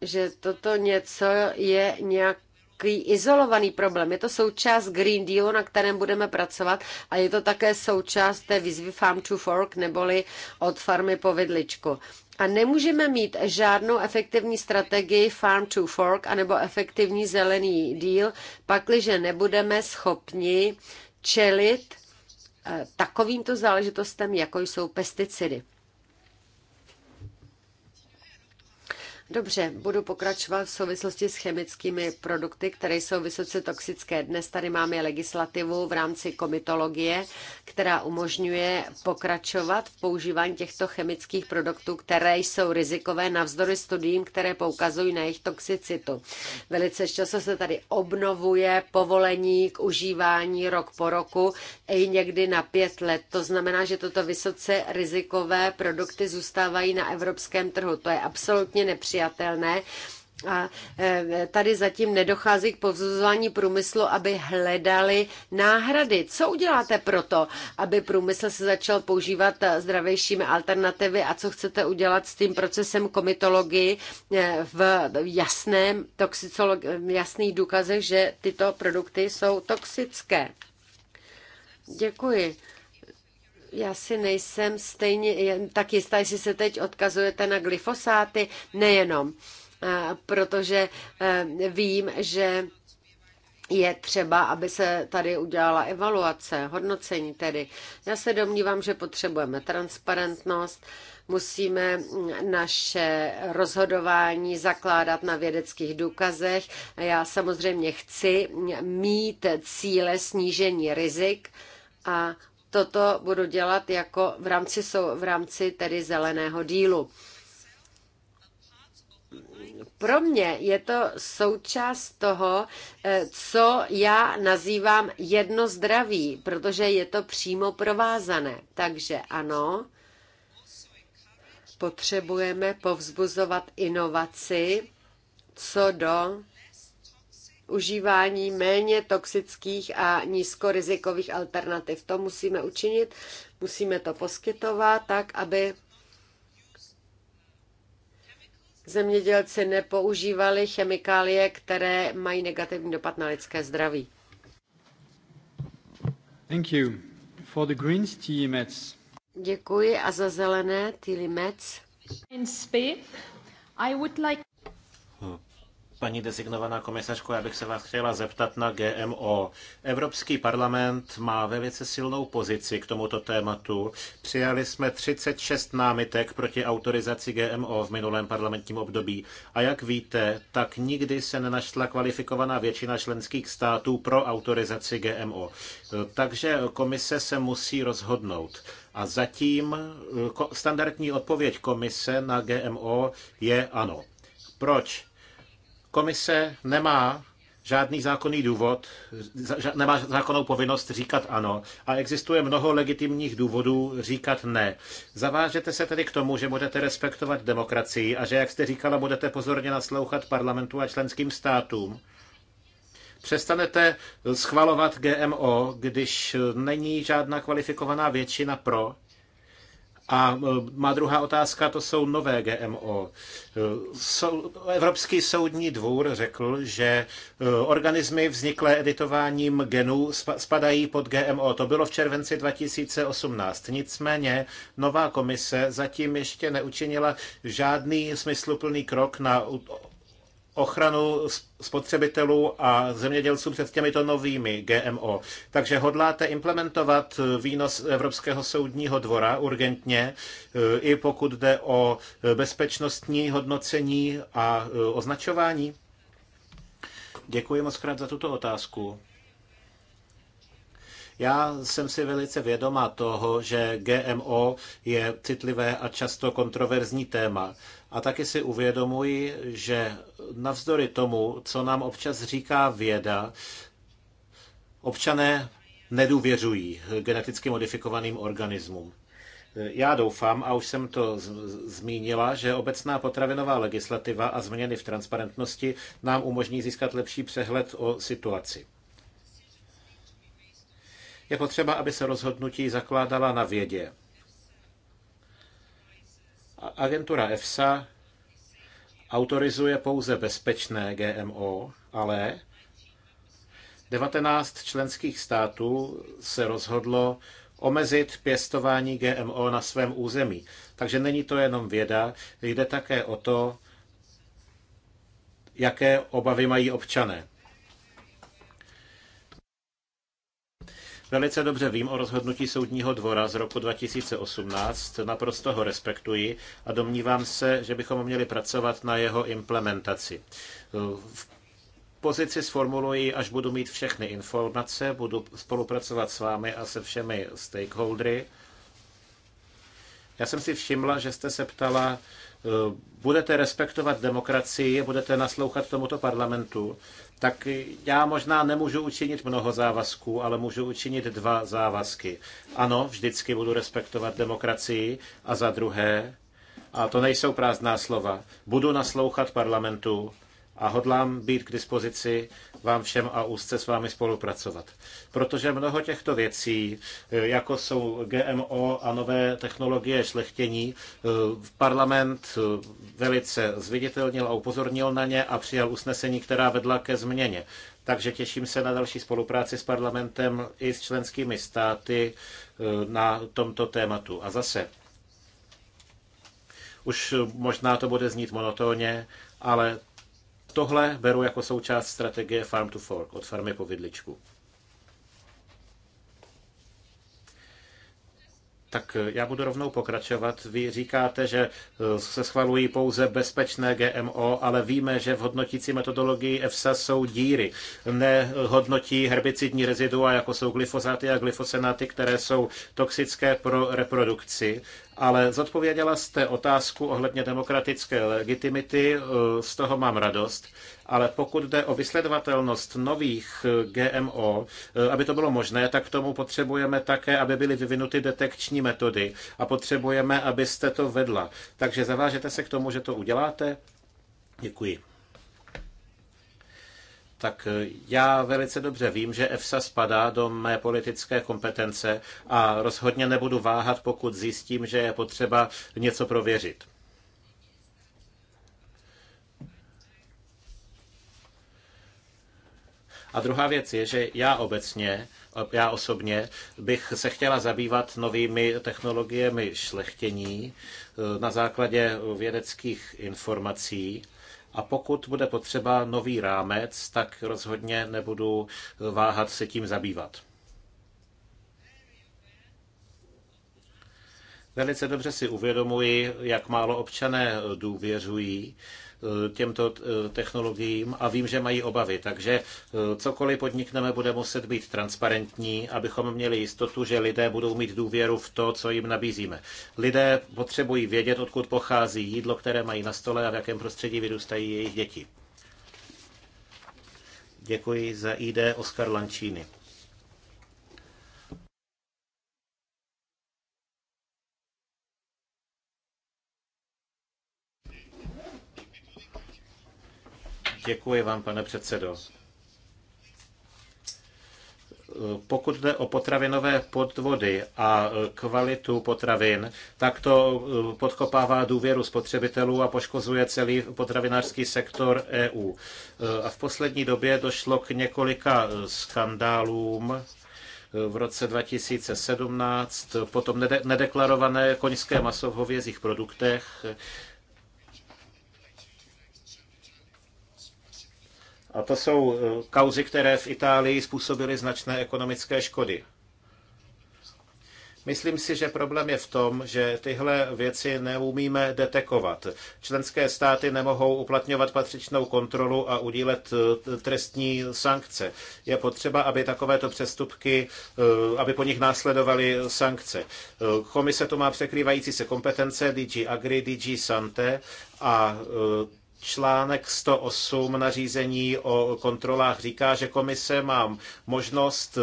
že toto něco je nějak takový izolovaný problém. Je to součást Green deal na kterém budeme pracovat a je to také součást té výzvy Farm to Fork, neboli od farmy po vidličku. A nemůžeme mít žádnou efektivní strategii Farm to Fork anebo efektivní zelený deal pakliže nebudeme schopni čelit eh, takovýmto záležitostem, jako jsou pesticidy. Dobře, budu pokračovat v souvislosti s chemickými produkty, které jsou vysoce toxické. Dnes tady máme legislativu v rámci komitologie, která umožňuje pokračovat v používání těchto chemických produktů, které jsou rizikové navzdory studiím, které poukazují na jejich toxicitu. Velice často se tady obnovuje povolení k užívání rok po roku, i někdy na pět let. To znamená, že toto vysoce rizikové produkty zůstávají na evropském trhu. To je absolutně nepřijatelné přijatelné. A e, tady zatím nedochází k povzbuzování průmyslu, aby hledali náhrady. Co uděláte proto, aby průmysl se začal používat zdravějšími alternativy a co chcete udělat s tím procesem komitologii e, v jasném toxicolog- jasných důkazech, že tyto produkty jsou toxické? Děkuji. Já si nejsem stejně tak jistá, jestli se teď odkazujete na glyfosáty, nejenom, protože e, vím, že je třeba, aby se tady udělala evaluace, hodnocení tedy. Já se domnívám, že potřebujeme transparentnost, musíme naše rozhodování zakládat na vědeckých důkazech. Já samozřejmě chci mít cíle snížení rizik a toto budu dělat jako v rámci, v rámci tedy zeleného dílu. Pro mě je to součást toho, eh, co já nazývám jedno zdraví, protože je to přímo provázané. Takže ano, potřebujeme povzbuzovat inovaci co do užívání méně toxických a nízkorizikových alternativ. To musíme učinit, musíme to poskytovat tak, aby zemědělci nepoužívali chemikálie, které mají negativní dopad na lidské zdraví. Thank you. For the Greens, Metz. Děkuji a za zelené Tilly Metz. I would like... Paní designovaná komisařko, já bych se vás chtěla zeptat na GMO. Evropský parlament má velice silnou pozici k tomuto tématu. Přijali jsme 36 námitek proti autorizaci GMO v minulém parlamentním období. A jak víte, tak nikdy se nenašla kvalifikovaná většina členských států pro autorizaci GMO. Takže komise se musí rozhodnout. A zatím eh, standardní odpověď komise na GMO je ano. Proč? Komise nemá žádný zákonný důvod, nemá zákonnou povinnost říkat ano a existuje mnoho legitimních důvodů říkat ne. Zavážete se tedy k tomu, že budete respektovat demokracii a že, jak jste říkala, budete pozorně naslouchat parlamentu a členským státům. Přestanete schvalovat GMO, když není žádná kvalifikovaná většina pro a e, má druhá otázka, to jsou nové GMO. Evropský soudní dvůr řekl, že e, organismy vzniklé editováním genů spadají pod GMO. To bylo v červenci 2018. Nicméně nová komise zatím ještě neučinila žádný smysluplný krok na ochranu spotřebitelů a zemědělců před těmito novými GMO. Takže hodláte implementovat výnos Evropského soudního dvora urgentně, e, i pokud jde o bezpečnostní hodnocení a e, označování? Děkuji moc krát za tuto otázku. Já jsem si velice vědoma toho, že GMO je citlivé a často kontroverzní téma. A taky si uvědomuji, že navzdory tomu, co nám občas říká věda, občané nedůvěřují geneticky modifikovaným organismům. Já doufám, a už jsem to zmínila, že obecná potravinová legislativa a změny v transparentnosti nám umožní získat lepší přehled o situaci. Je potřeba, aby se rozhodnutí zakládala na vědě. Agentura EFSA autorizuje pouze bezpečné GMO, ale 19 členských států se rozhodlo omezit pěstování GMO na svém území. Takže není to jenom věda, jde také o to, jaké obavy mají občané. Velice dobře vím o rozhodnutí Soudního dvora z roku 2018, naprosto ho respektuji a domnívám se, že bychom měli pracovat na jeho implementaci. V pozici sformuluji, až budu mít všechny informace, budu spolupracovat s vámi a se všemi stakeholdery. Já jsem si všimla, že jste se ptala, eh, budete respektovat demokracii, budete naslouchat tomuto parlamentu tak já možná nemůžu učinit mnoho závazků, ale můžu učinit dva závazky. Ano, vždycky budu respektovat demokracii a za druhé, a to nejsou prázdná slova, budu naslouchat parlamentu a hodlám být k dispozici vám všem a úzce s vámi spolupracovat. Protože mnoho těchto věcí, jako jsou GMO a nové technologie šlechtění, parlament velice zviditelnil a upozornil na ně a přijal usnesení, která vedla ke změně. Takže těším se na další spolupráci s parlamentem i s členskými státy eh, na tomto tématu. A zase, už možná to bude znít monotónně, ale Tohle beru jako součást strategie Farm to Fork, od farmy po vidličku. Tak eh, já budu rovnou pokračovat. Vy říkáte, že eh, se schvalují pouze bezpečné GMO, ale víme, že v hodnotící metodologii EFSA jsou díry. Nehodnotí herbicidní rezidua, jako jsou glyfosáty a glyfosenáty, které jsou toxické pro reprodukci ale zodpověděla jste otázku ohledně demokratické legitimity, eh, z toho mám radost, ale pokud jde o vysledovatelnost nových eh, GMO, eh, aby to bylo možné, tak k tomu potřebujeme také, aby byly vyvinuty detekční metody a potřebujeme, abyste to vedla. Takže zavážete se k tomu, že to uděláte? Děkuji tak eh, já velice dobře vím, že EFSA spadá do mé politické kompetence a rozhodně nebudu váhat, pokud zjistím, že je potřeba něco prověřit. A druhá věc je, že já obecně, já osobně bych se chtěla zabývat novými technologiemi šlechtění eh, na základě vědeckých informací a pokud bude potřeba nový rámec, tak rozhodně nebudu váhat se tím zabývat. Velice dobře si uvědomuji, jak málo občané důvěřují Eh, těmto eh, technologiím a vím, že mají obavy. Takže eh, cokoliv podnikneme, bude muset být transparentní, abychom měli jistotu, že lidé budou mít důvěru v to, co jim nabízíme. Lidé potřebují vědět, odkud pochází jídlo, které mají na stole a v jakém prostředí vyrůstají jejich děti. Děkuji za ID Oskar Lančíny. Děkuji vám, pane předsedo. Pokud jde o potravinové podvody a kvalitu potravin, tak to eh, podkopává důvěru spotřebitelů a poškozuje celý potravinářský sektor EU. Eh, a v poslední době došlo k několika eh, skandálům v roce 2017, potom nedeklarované koňské maso v hovězích produktech, A to jsou eh, kauzy, které v Itálii způsobily značné ekonomické škody. Myslím si, že problém je v tom, že tyhle věci neumíme detekovat. Členské státy nemohou uplatňovat patřičnou kontrolu a udílet eh, trestní sankce. Je potřeba, aby takovéto přestupky, eh, aby po nich následovaly sankce. Komise to má překrývající se kompetence DG Agri, DG Sante a Článek 108 nařízení o kontrolách říká, že komise má možnost eh,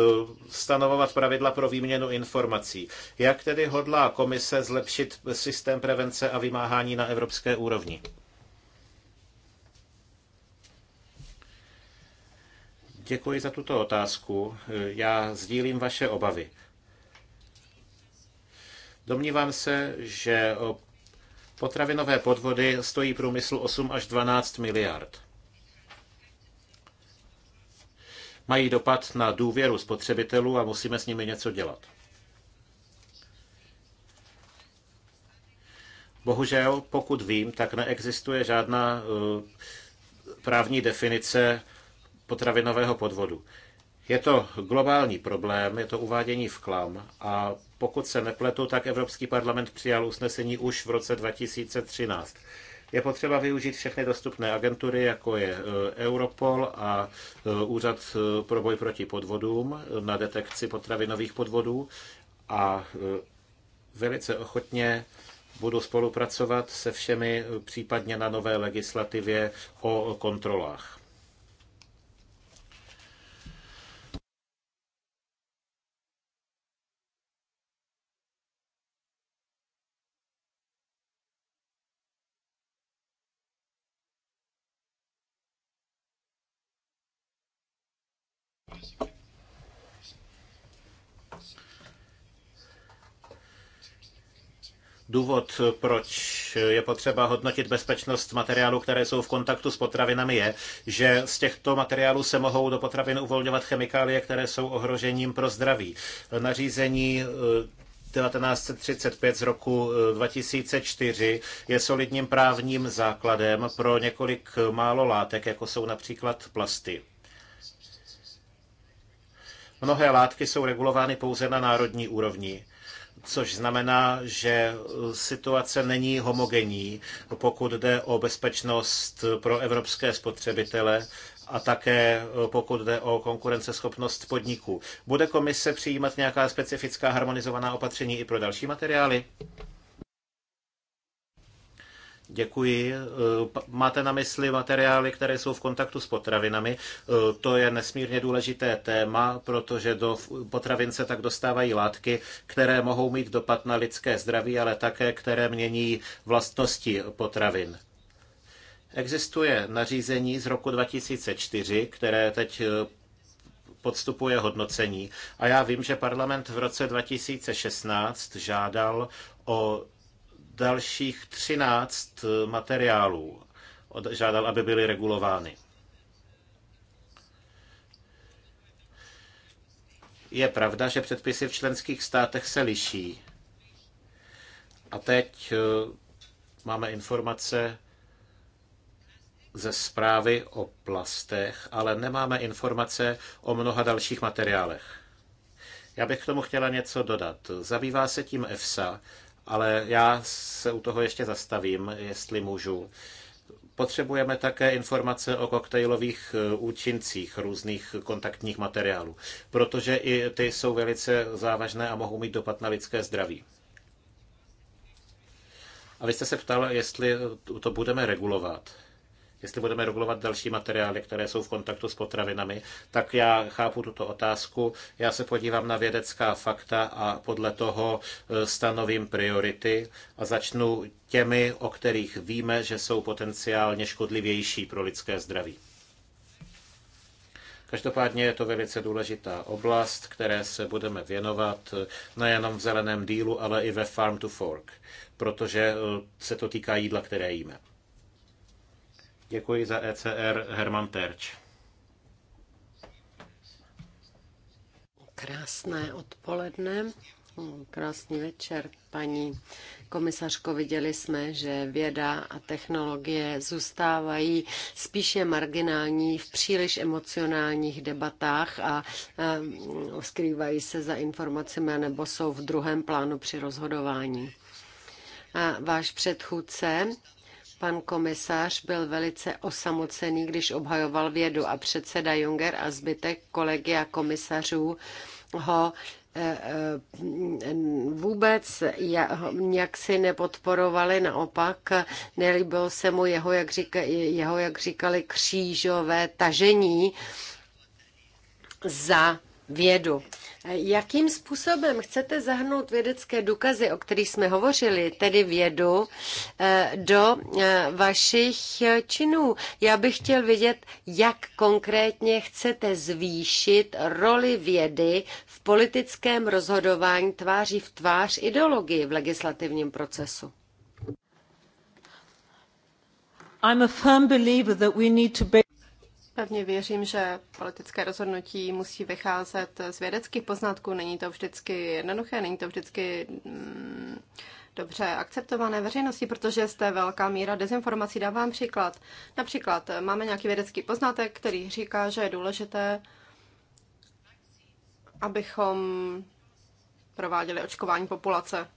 stanovovat pravidla pro výměnu informací. Jak tedy hodlá komise zlepšit systém prevence a vymáhání na evropské úrovni? Děkuji za tuto otázku. Eh, já sdílím vaše obavy. Domnívám se, že Potravinové podvody stojí průmysl 8 až 12 miliard. Mají dopad na důvěru spotřebitelů a musíme s nimi něco dělat. Bohužel, pokud vím, tak neexistuje žádná eh, právní definice potravinového podvodu. Je to globální problém, je to uvádění v klam a pokud se nepletu, tak Evropský parlament přijal usnesení už v roce 2013. Je potřeba využít všechny dostupné agentury, jako je e, Europol a e, Úřad e, pro boj proti podvodům na detekci potravinových podvodů a velice ochotně budu spolupracovat se všemi případně na nové legislativě o kontrolách. důvod, proč je potřeba hodnotit bezpečnost materiálů, které jsou v kontaktu s potravinami, je, že z těchto materiálů se mohou do potravin uvolňovat chemikálie, které jsou ohrožením pro zdraví. Nařízení 1935 eh, z roku 2004 eh, je solidním právním základem pro několik málo látek, jako jsou například plasty. Mnohé látky jsou regulovány pouze na národní úrovni což znamená, že eh, situace není homogenní, pokud jde o bezpečnost pro evropské spotřebitele a také eh, pokud jde o konkurenceschopnost podniků. Bude komise přijímat nějaká specifická harmonizovaná opatření i pro další materiály? Děkuji. E, máte na mysli materiály, které jsou v kontaktu s potravinami. E, to je nesmírně důležité téma, protože do potravin se tak dostávají látky, které mohou mít dopad na lidské zdraví, ale také které mění vlastnosti potravin. Existuje nařízení z roku 2004, které teď e, podstupuje hodnocení. A já vím, že parlament v roce 2016 žádal o dalších 13 eh, materiálů žádal, aby byly regulovány. Je pravda, že předpisy v členských státech se liší. A teď eh, máme informace ze zprávy o plastech, ale nemáme informace o mnoha dalších materiálech. Já bych k tomu chtěla něco dodat. Zabývá se tím EFSA ale já se u toho ještě zastavím, jestli můžu. Potřebujeme také informace o koktejlových e, účincích různých kontaktních materiálů, protože i ty jsou velice závažné a mohou mít dopad na lidské zdraví. A vy jste se ptala, jestli to budeme regulovat jestli budeme regulovat další materiály, které jsou v kontaktu s potravinami, tak já chápu tuto otázku. Já se podívám na vědecká fakta a podle toho e, stanovím priority a začnu těmi, o kterých víme, že jsou potenciálně škodlivější pro lidské zdraví. Každopádně je to velice důležitá oblast, které se budeme věnovat e, nejenom v zeleném dílu, ale i ve Farm to Fork, protože e, se to týká jídla, které jíme. Děkuji za ECR Herman Terč. Krásné odpoledne. Krásný večer, paní komisařko. Viděli jsme, že věda a technologie zůstávají spíše marginální v příliš emocionálních debatách a skrývají se za informacemi nebo jsou v druhém plánu při rozhodování. A váš předchůdce Pan komisář byl velice osamocený, když obhajoval vědu a předseda Junger a zbytek kolegy a komisařů ho eh, eh, vůbec nějak si nepodporovali, naopak nelíbilo se mu jeho, jak, říka, jeho, jak říkali, křížové tažení za vědu. Jakým způsobem chcete zahrnout vědecké důkazy, o kterých jsme hovořili, tedy vědu, eh, do eh, vašich eh, činů? Já bych chtěl vědět, jak konkrétně chcete zvýšit roli vědy v politickém rozhodování tváří v tvář ideologii v legislativním procesu. I'm a firm believer that we need to be Pevně věřím, že politické rozhodnutí musí vycházet z vědeckých poznatků. Není to vždycky jednoduché, není to vždycky mm, dobře akceptované veřejnosti, protože jste velká míra dezinformací. Dávám příklad. Například eh, máme nějaký vědecký poznatek, který říká, že je důležité, abychom prováděli očkování populace.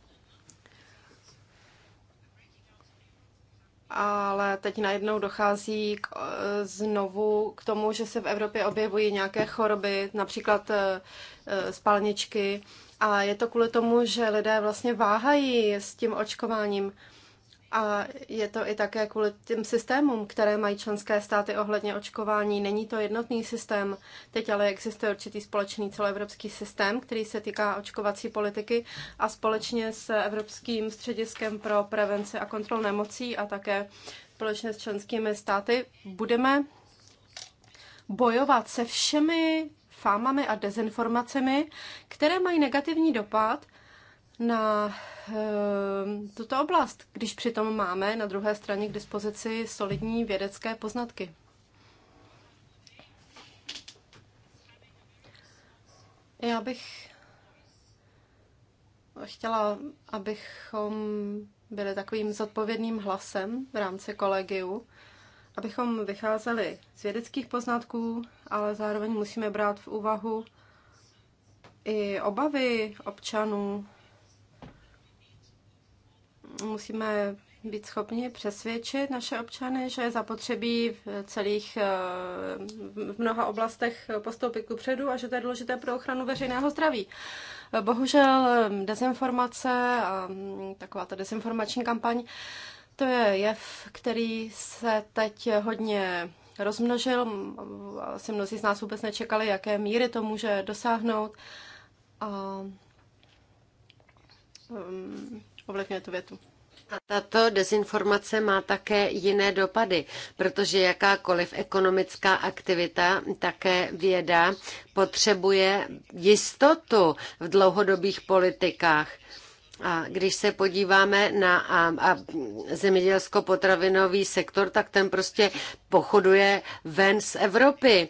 ale teď najednou dochází k, e, znovu k tomu, že se v Evropě objevují nějaké choroby, například e, e, spalničky. A je to kvůli tomu, že lidé vlastně váhají s tím očkováním. A je to i také kvůli těm systémům, které mají členské státy ohledně očkování. Není to jednotný systém, teď ale existuje určitý společný celoevropský systém, který se týká očkovací politiky a společně s Evropským střediskem pro prevenci a kontrol nemocí a také společně s členskými státy budeme bojovat se všemi fámami a dezinformacemi, které mají negativní dopad na ehm, tuto oblast, když přitom máme na druhé straně k dispozici solidní vědecké poznatky. Já bych chtěla, abychom byli takovým zodpovědným hlasem v rámci kolegiu, abychom vycházeli z vědeckých poznatků, ale zároveň musíme brát v úvahu i obavy občanů, musíme být schopni přesvědčit naše občany, že je zapotřebí v celých, eh, v mnoha oblastech postoupit ku předu a že to je důležité pro ochranu veřejného zdraví. Eh, bohužel eh, dezinformace a mm, taková ta dezinformační kampaň, to je jev, který se teď hodně rozmnožil. Asi mnozí z nás vůbec nečekali, jaké míry to může dosáhnout. A um, ovlivňuje tu větu. Tato dezinformace má také jiné dopady, protože jakákoliv ekonomická aktivita, také věda, potřebuje jistotu v dlouhodobých politikách. A když se podíváme na a, a zemědělsko-potravinový sektor, tak ten prostě pochoduje ven z Evropy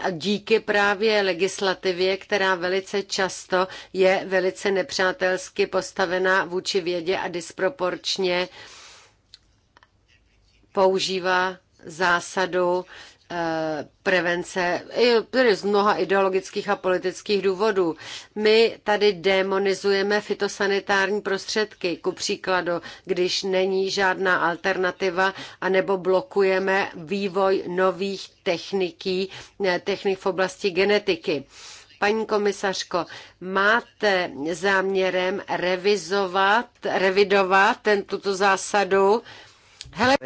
a díky právě legislativě, která velice často je velice nepřátelsky postavená vůči vědě a disproporčně používá zásadu Eh, prevence tedy z mnoha ideologických a politických důvodů. My tady demonizujeme fitosanitární prostředky, ku příkladu, když není žádná alternativa, anebo blokujeme vývoj nových techniky, eh, technik v oblasti genetiky. Paní komisařko, máte záměrem revizovat, revidovat tento tuto zásadu? Hele...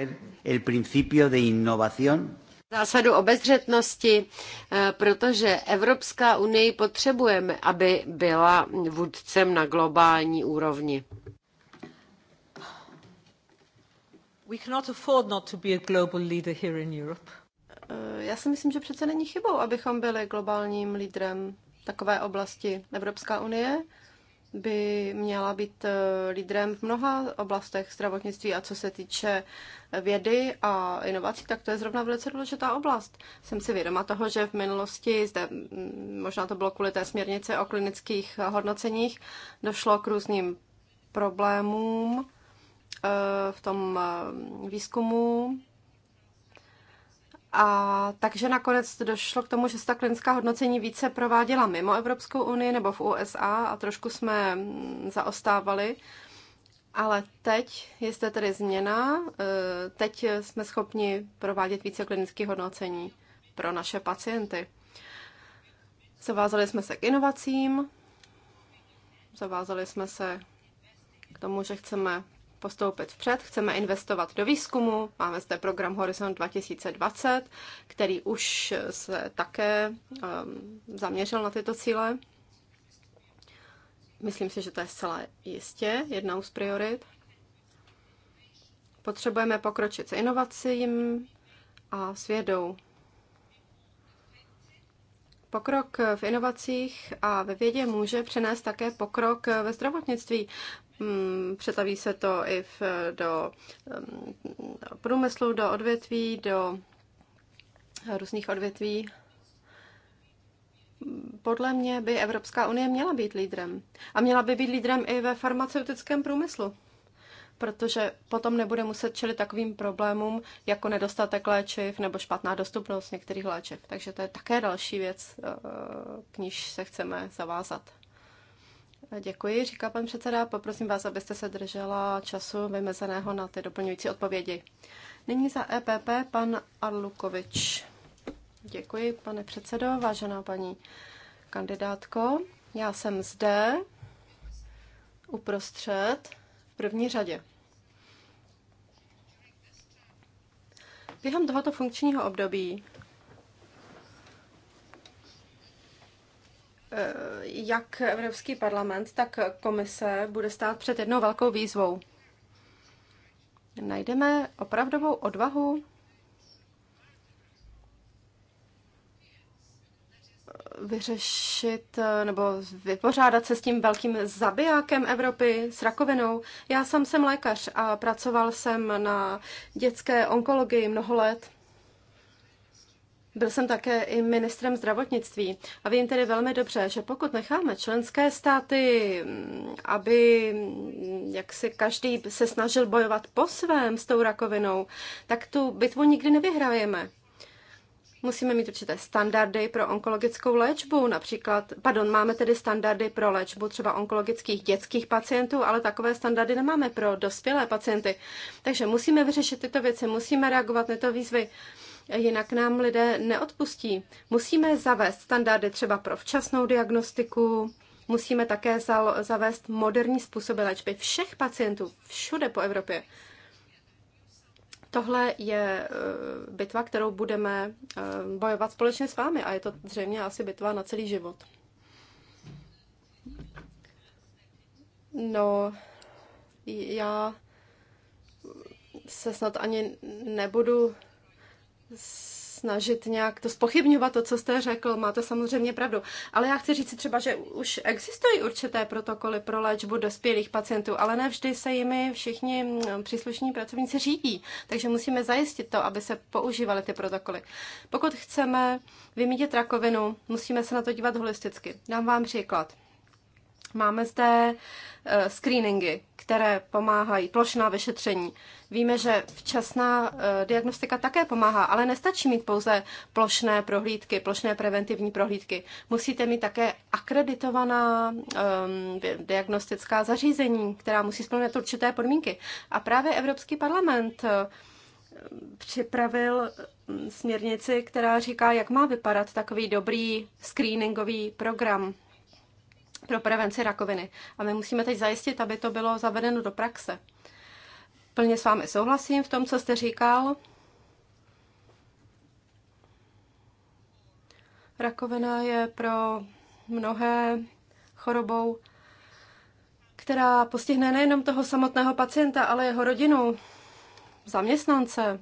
El principio de innovación zásadu obezřetnosti, eh, protože Evropská unii potřebujeme, aby byla vůdcem na globální úrovni. We cannot afford not to be a global leader here in Europe. Eh, já si myslím, že přece není chybou, abychom byli globálním lídrem takové oblasti Evropská unie by měla být eh, lídrem v mnoha oblastech zdravotnictví a co se týče vědy a inovací, tak to je zrovna velice důležitá oblast. Jsem si vědoma toho, že v minulosti, zde, mm, možná to bylo kvůli té směrnice o klinických hodnoceních, došlo k různým problémům eh, v tom eh, výzkumu a takže nakonec došlo k tomu, že se ta klinická hodnocení více prováděla mimo Evropskou unii nebo v USA a trošku jsme zaostávali. Ale teď je zde tedy změna, eh, teď jsme schopni provádět více klinických hodnocení pro naše pacienty. Zavázali jsme se k inovacím, zavázali jsme se k tomu, že chceme postoupit vpřed, chceme investovat do výzkumu, máme zde program Horizont 2020, který už se také um, zaměřil na tyto cíle. Myslím si, že to je zcela jistě jednou z priorit. Potřebujeme pokročit s inovacím a s vědou. Pokrok v inovacích a ve vědě může přinést také pokrok ve zdravotnictví. Mm, přetaví se to i v, do mm, průmyslu, do odvětví, do různých odvětví. Podle mě by Evropská unie měla být lídrem. A měla by být lídrem i ve farmaceutickém průmyslu, protože potom nebude muset čelit takovým problémům jako nedostatek léčiv nebo špatná dostupnost některých léčiv. Takže to je také další věc, eh, k níž se chceme zavázat. Děkuji, říká pan předseda. Poprosím vás, abyste se držela času vymezeného na ty doplňující odpovědi. Nyní za EPP pan Arlukovič. Děkuji, pane předsedo, vážená paní kandidátko. Já jsem zde uprostřed v první řadě. Během tohoto funkčního období Eh, jak Evropský parlament, tak komise bude stát před jednou velkou výzvou. Najdeme opravdovou odvahu vyřešit eh, nebo vypořádat se s tím velkým zabijákem Evropy, s rakovinou. Já sám jsem lékař a pracoval jsem na dětské onkologii mnoho let. Byl jsem také i ministrem zdravotnictví a vím tedy velmi dobře, že pokud necháme členské státy, mm, aby mm, jak si každý se snažil bojovat po svém s tou rakovinou, tak tu bitvu nikdy nevyhrajeme. Musíme mít určité standardy pro onkologickou léčbu, například, pardon, máme tedy standardy pro léčbu třeba onkologických dětských pacientů, ale takové standardy nemáme pro dospělé pacienty. Takže musíme vyřešit tyto věci, musíme reagovat na tyto výzvy jinak nám lidé neodpustí. Musíme zavést standardy třeba pro včasnou diagnostiku, musíme také zavést moderní způsoby léčby všech pacientů všude po Evropě. Tohle je e, bitva, kterou budeme e, bojovat společně s vámi a je to zřejmě asi bitva na celý život. No, já se snad ani nebudu snažit nějak to spochybňovat, to, co jste řekl, máte samozřejmě pravdu. Ale já chci říct třeba, že už existují určité protokoly pro léčbu dospělých pacientů, ale ne vždy se jimi všichni mm, příslušní pracovníci řídí. Takže musíme zajistit to, aby se používaly ty protokoly. Pokud chceme vymítit rakovinu, musíme se na to dívat holisticky. Dám vám příklad. Máme zde eh, screeningy, které pomáhají, plošná vyšetření. Víme, že včasná eh, diagnostika také pomáhá, ale nestačí mít pouze plošné prohlídky, plošné preventivní prohlídky. Musíte mít také akreditovaná um, diagnostická zařízení, která musí splnit určité podmínky. A právě Evropský parlament eh, připravil mm, směrnici, která říká, jak má vypadat takový dobrý screeningový program pro prevenci rakoviny. A my musíme teď zajistit, aby to bylo zavedeno do praxe. Plně s vámi souhlasím v tom, co jste říkal. Rakovina je pro mnohé chorobou, která postihne nejenom toho samotného pacienta, ale jeho rodinu, zaměstnance,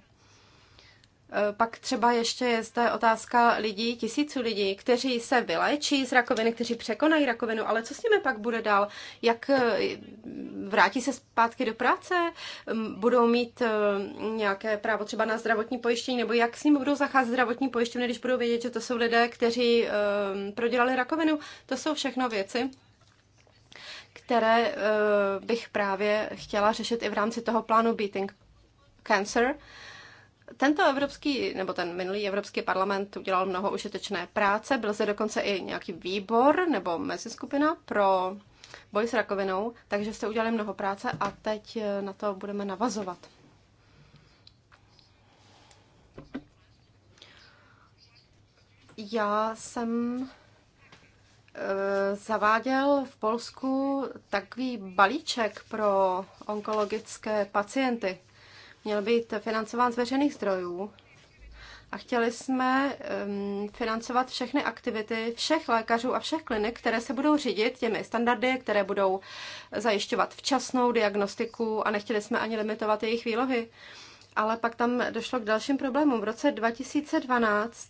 Eh, pak třeba ještě je zde otázka lidí, tisíců lidí, kteří se vylečí z rakoviny, kteří překonají rakovinu, ale co s nimi pak bude dál? Jak eh, vrátí se zpátky do práce? Mm, budou mít eh, nějaké právo třeba na zdravotní pojištění? Nebo jak s nimi budou zacházet zdravotní pojištění, když budou vědět, že to jsou lidé, kteří prodělali rakovinu? To jsou všechno věci, které bych právě chtěla řešit i v rámci toho plánu Beating Cancer tento evropský, nebo ten minulý evropský parlament udělal mnoho užitečné práce, byl zde dokonce i nějaký výbor nebo meziskupina pro boj s rakovinou, takže jste udělali mnoho práce a teď eh, na to budeme navazovat. Já jsem eh, zaváděl v Polsku takový balíček pro onkologické pacienty měl být financován z veřejných zdrojů a chtěli jsme um, financovat všechny aktivity všech lékařů a všech klinik, které se budou řídit těmi standardy, které budou zajišťovat včasnou diagnostiku a nechtěli jsme ani limitovat jejich výlohy. Ale pak tam došlo k dalším problémům. V roce 2012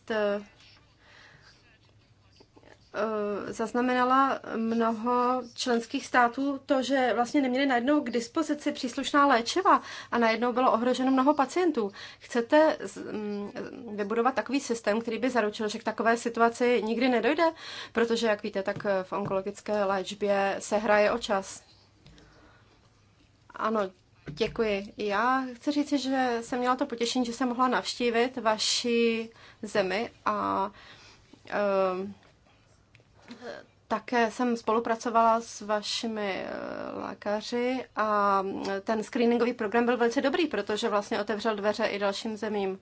Eh, zaznamenala mnoho členských států to, že vlastně neměli najednou k dispozici příslušná léčiva a najednou bylo ohroženo mnoho pacientů. Chcete mm, vybudovat takový systém, který by zaručil, že k takové situaci nikdy nedojde? Protože, jak víte, tak v onkologické léčbě se hraje o čas. Ano, děkuji. Já chci říct, že jsem měla to potěšení, že jsem mohla navštívit vaši zemi a eh, také jsem spolupracovala s vašimi eh, lékaři a ten screeningový program byl velice dobrý, protože vlastně otevřel dveře i dalším zemím.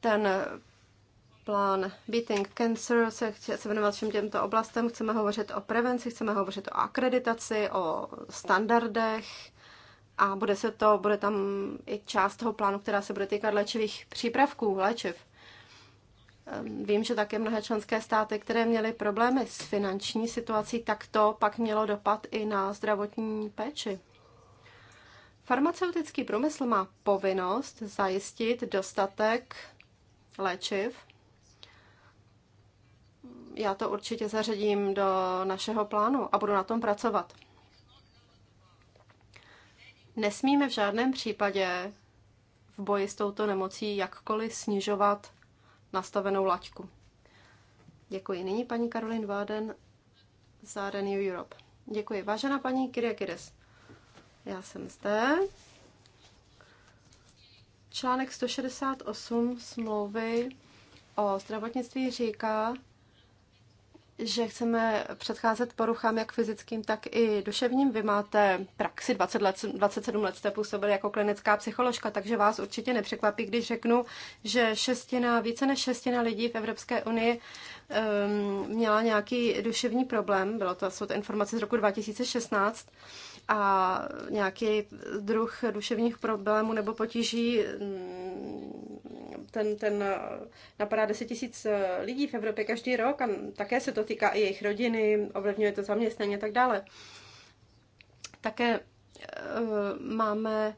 Ten eh, plán Beating Cancer se chce se věnovat všem těmto oblastem. Chceme hovořit o prevenci, chceme hovořit o akreditaci, o standardech a bude se to, bude tam i část toho plánu, která se bude týkat léčivých přípravků, léčiv. Ehm, vím, že také mnohé členské státy, které měly problémy s finanční situací, tak to pak mělo dopad i na zdravotní péči. Farmaceutický průmysl má povinnost zajistit dostatek léčiv. Já to určitě zařadím do našeho plánu a budu na tom pracovat. Nesmíme v žádném případě v boji s touto nemocí jakkoliv snižovat nastavenou laťku. Děkuji. Nyní paní Karolin Váden za Renew Europe. Děkuji. Vážená paní Kyriakides, já jsem zde. Článek 168 smlouvy o zdravotnictví říká, že chceme předcházet poruchám jak fyzickým, tak i duševním. Vy máte praxi 20 let, 27 let jste působili jako klinická psycholožka, takže vás určitě nepřekvapí, když řeknu, že šestina, více než šestina lidí v Evropské unii um, měla nějaký duševní problém. Bylo to, jsou to informace z roku 2016 a nějaký druh duševních problémů nebo potíží, mm, ten, ten napadá 10 tisíc eh, lidí v Evropě každý rok a také se to týká i jejich rodiny, ovlivňuje to zaměstnání a tak dále. Také eh, máme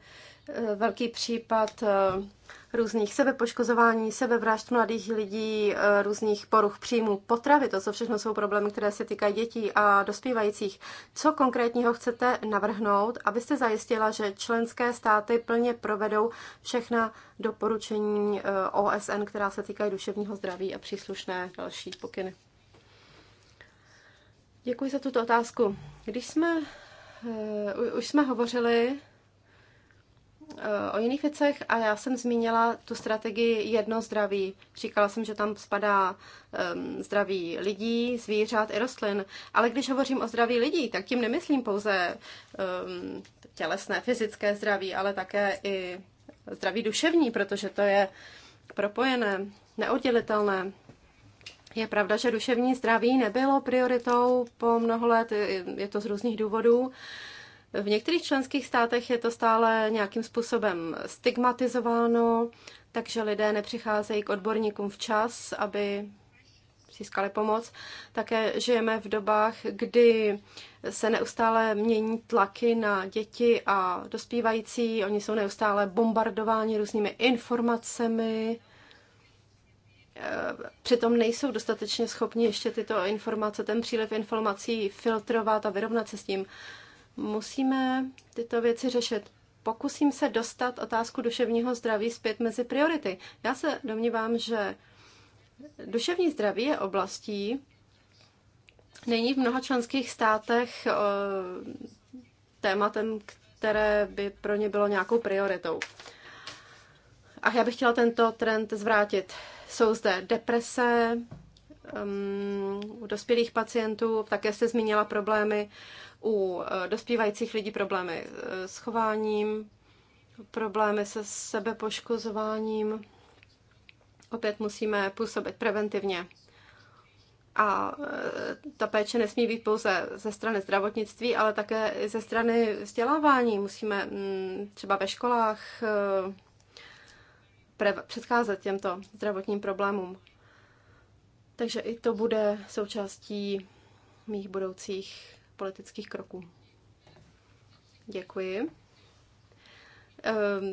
Eh, velký případ eh, různých sebepoškozování, sebevrážd mladých lidí, eh, různých poruch příjmu potravy. To jsou všechno jsou problémy, které se týkají dětí a dospívajících. Co konkrétního chcete navrhnout, abyste zajistila, že členské státy plně provedou všechna doporučení OSN, která se týkají duševního zdraví a příslušné další pokyny? Děkuji za tuto otázku. Když jsme, už jsme hovořili Eh, o jiných věcech a já jsem zmínila tu strategii jedno zdraví. Říkala jsem, že tam spadá um, zdraví lidí, zvířat i rostlin, ale když hovořím o zdraví lidí, tak tím nemyslím pouze um, tělesné, fyzické zdraví, ale také i zdraví duševní, protože to je propojené, neoddělitelné. Je pravda, že duševní zdraví nebylo prioritou po mnoho let, je to z různých důvodů. Uh, v některých členských státech je to stále nějakým způsobem stigmatizováno, takže lidé nepřicházejí k odborníkům včas, aby získali pomoc. Také žijeme v dobách, kdy se neustále mění tlaky na děti a dospívající. Oni jsou neustále bombardováni různými informacemi. Přitom nejsou dostatečně schopni ještě tyto informace, ten příliv informací filtrovat a vyrovnat se s tím. Musíme tyto věci řešit. Pokusím se dostat otázku duševního zdraví zpět mezi priority. Já se domnívám, že duševní zdraví je oblastí, není v mnoha členských státech eh, tématem, které by pro ně bylo nějakou prioritou. A já bych chtěla tento trend zvrátit. Jsou zde deprese um, u dospělých pacientů, také jste zmínila problémy u eh, dospívajících lidí problémy eh, s chováním, problémy se sebepoškozováním. Opět musíme působit preventivně. A eh, ta péče nesmí být pouze ze strany zdravotnictví, ale také ze strany vzdělávání. Musíme mm, třeba ve školách předcházet těmto zdravotním problémům. Takže i to bude součástí mých budoucích politických kroků. Děkuji. Ehm,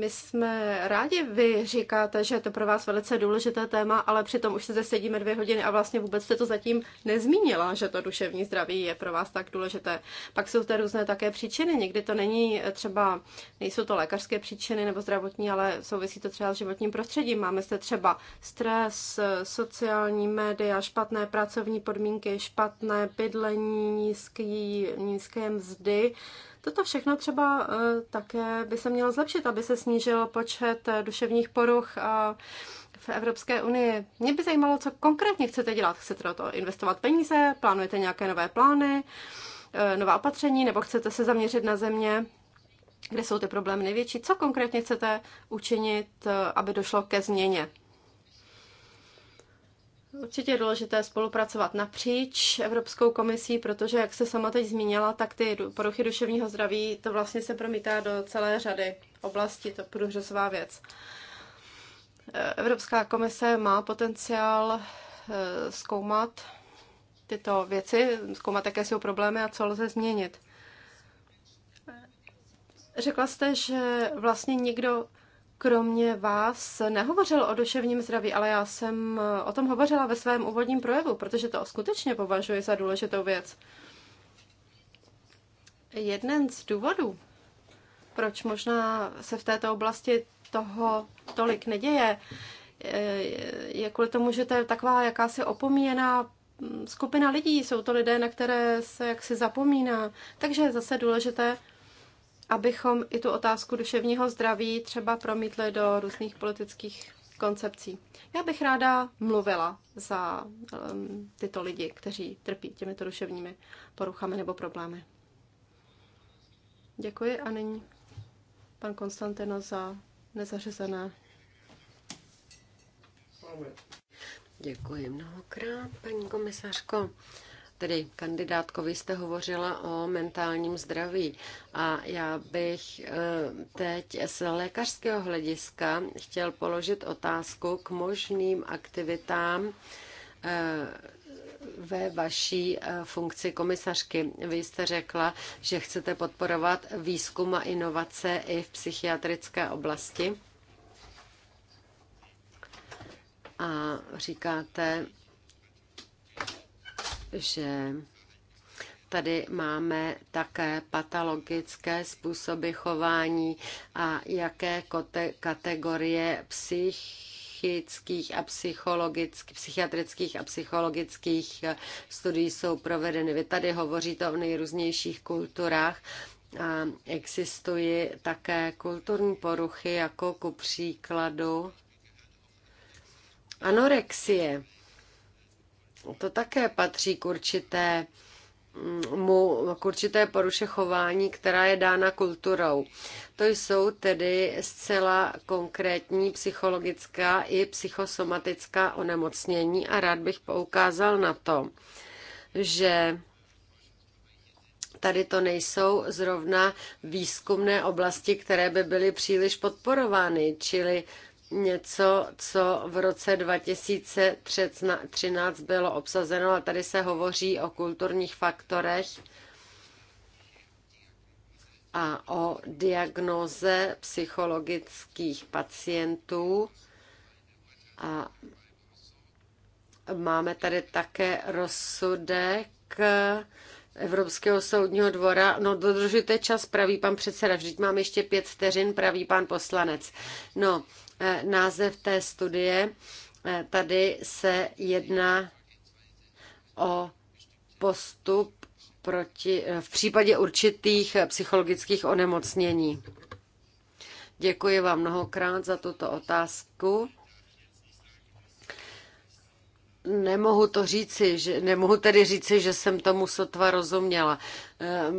my jsme rádi, vy říkáte, že je to pro vás velice důležité téma, ale přitom už se zde sedíme dvě hodiny a vlastně vůbec jste to zatím nezmínila, že to duševní zdraví je pro vás tak důležité. Pak jsou to různé také příčiny. Někdy to není eh, třeba, nejsou to lékařské příčiny nebo zdravotní, ale souvisí to třeba s životním prostředím. Máme zde třeba stres, eh, sociální média, špatné pracovní podmínky, špatné bydlení, nízký, nízké mzdy Toto všechno třeba eh, také by se mělo zlepšit, aby se snížil počet eh, duševních poruch a eh, v Evropské unii. Mě by zajímalo, co konkrétně chcete dělat. Chcete do toho investovat peníze, plánujete nějaké nové plány, nová opatření, nebo chcete se zaměřit na země, kde jsou ty problémy největší. Co konkrétně chcete učinit, aby došlo ke změně? Určitě je důležité spolupracovat napříč Evropskou komisí, protože, jak se sama teď zmínila, tak ty poruchy duševního zdraví, to vlastně se promítá do celé řady oblastí, to průřezová věc. E, Evropská komise má potenciál e, zkoumat tyto věci, zkoumat, jaké jsou problémy a co lze změnit. E, řekla jste, že vlastně nikdo kromě vás nehovořil o duševním zdraví, ale já jsem eh, o tom hovořila ve svém úvodním projevu, protože to skutečně považuji za důležitou věc. Jeden z důvodů, proč možná se v této oblasti toho tolik neděje, eh, je kvůli tomu, že to je taková jakási opomíjená mm, skupina lidí. Jsou to lidé, na které se jaksi zapomíná. Takže je zase důležité abychom i tu otázku duševního zdraví třeba promítli do různých politických koncepcí. Já bych ráda mluvila za um, tyto lidi, kteří trpí těmito duševními poruchami nebo problémy. Děkuji a nyní pan Konstantino za nezařezené. Děkuji mnohokrát, paní komisařko. Tedy kandidátko, vy jste hovořila o mentálním zdraví a já bych eh, teď z lékařského hlediska chtěl položit otázku k možným aktivitám eh, ve vaší eh, funkci komisařky. Vy jste řekla, že chcete podporovat výzkum a inovace i v psychiatrické oblasti. A říkáte, že tady máme také patologické způsoby chování a jaké kategorie psychických a psychologických, psychiatrických a psychologických eh, studií jsou provedeny. Vy tady hovoříte o nejrůznějších kulturách a existují také kulturní poruchy, jako ku příkladu anorexie to také patří k určité mm, mu k určité poruše chování, která je dána kulturou. To jsou tedy zcela konkrétní psychologická i psychosomatická onemocnění a rád bych poukázal na to, že tady to nejsou zrovna výzkumné oblasti, které by byly příliš podporovány, čili něco, co v roce 2013 bylo obsazeno a tady se hovoří o kulturních faktorech a o diagnoze psychologických pacientů. A máme tady také rozsudek Evropského soudního dvora. No, dodržujte čas, pravý pan předseda. Vždyť mám ještě pět vteřin, pravý pan poslanec. No, Eh, název té studie. Eh, tady se jedná o postup proti, eh, v případě určitých psychologických onemocnění. Děkuji vám mnohokrát za tuto otázku. Nemohu to říci, že, nemohu tedy říci, že jsem tomu sotva rozuměla.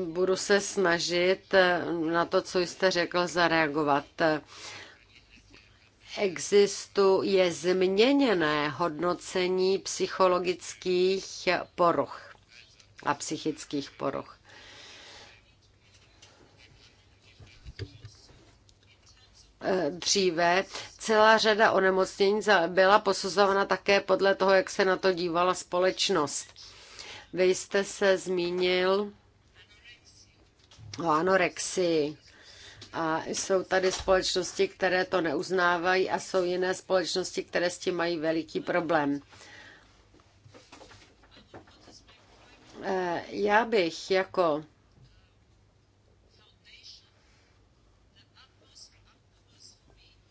Budu se snažit na to, co jste řekl, zareagovat existuje změněné hodnocení psychologických poruch a psychických poruch. Dříve celá řada onemocnění byla posuzována také podle toho, jak se na to dívala společnost. Vy jste se zmínil o anorexii a jsou tady společnosti, které to neuznávají a jsou jiné společnosti, které s tím mají veliký problém. E, já bych jako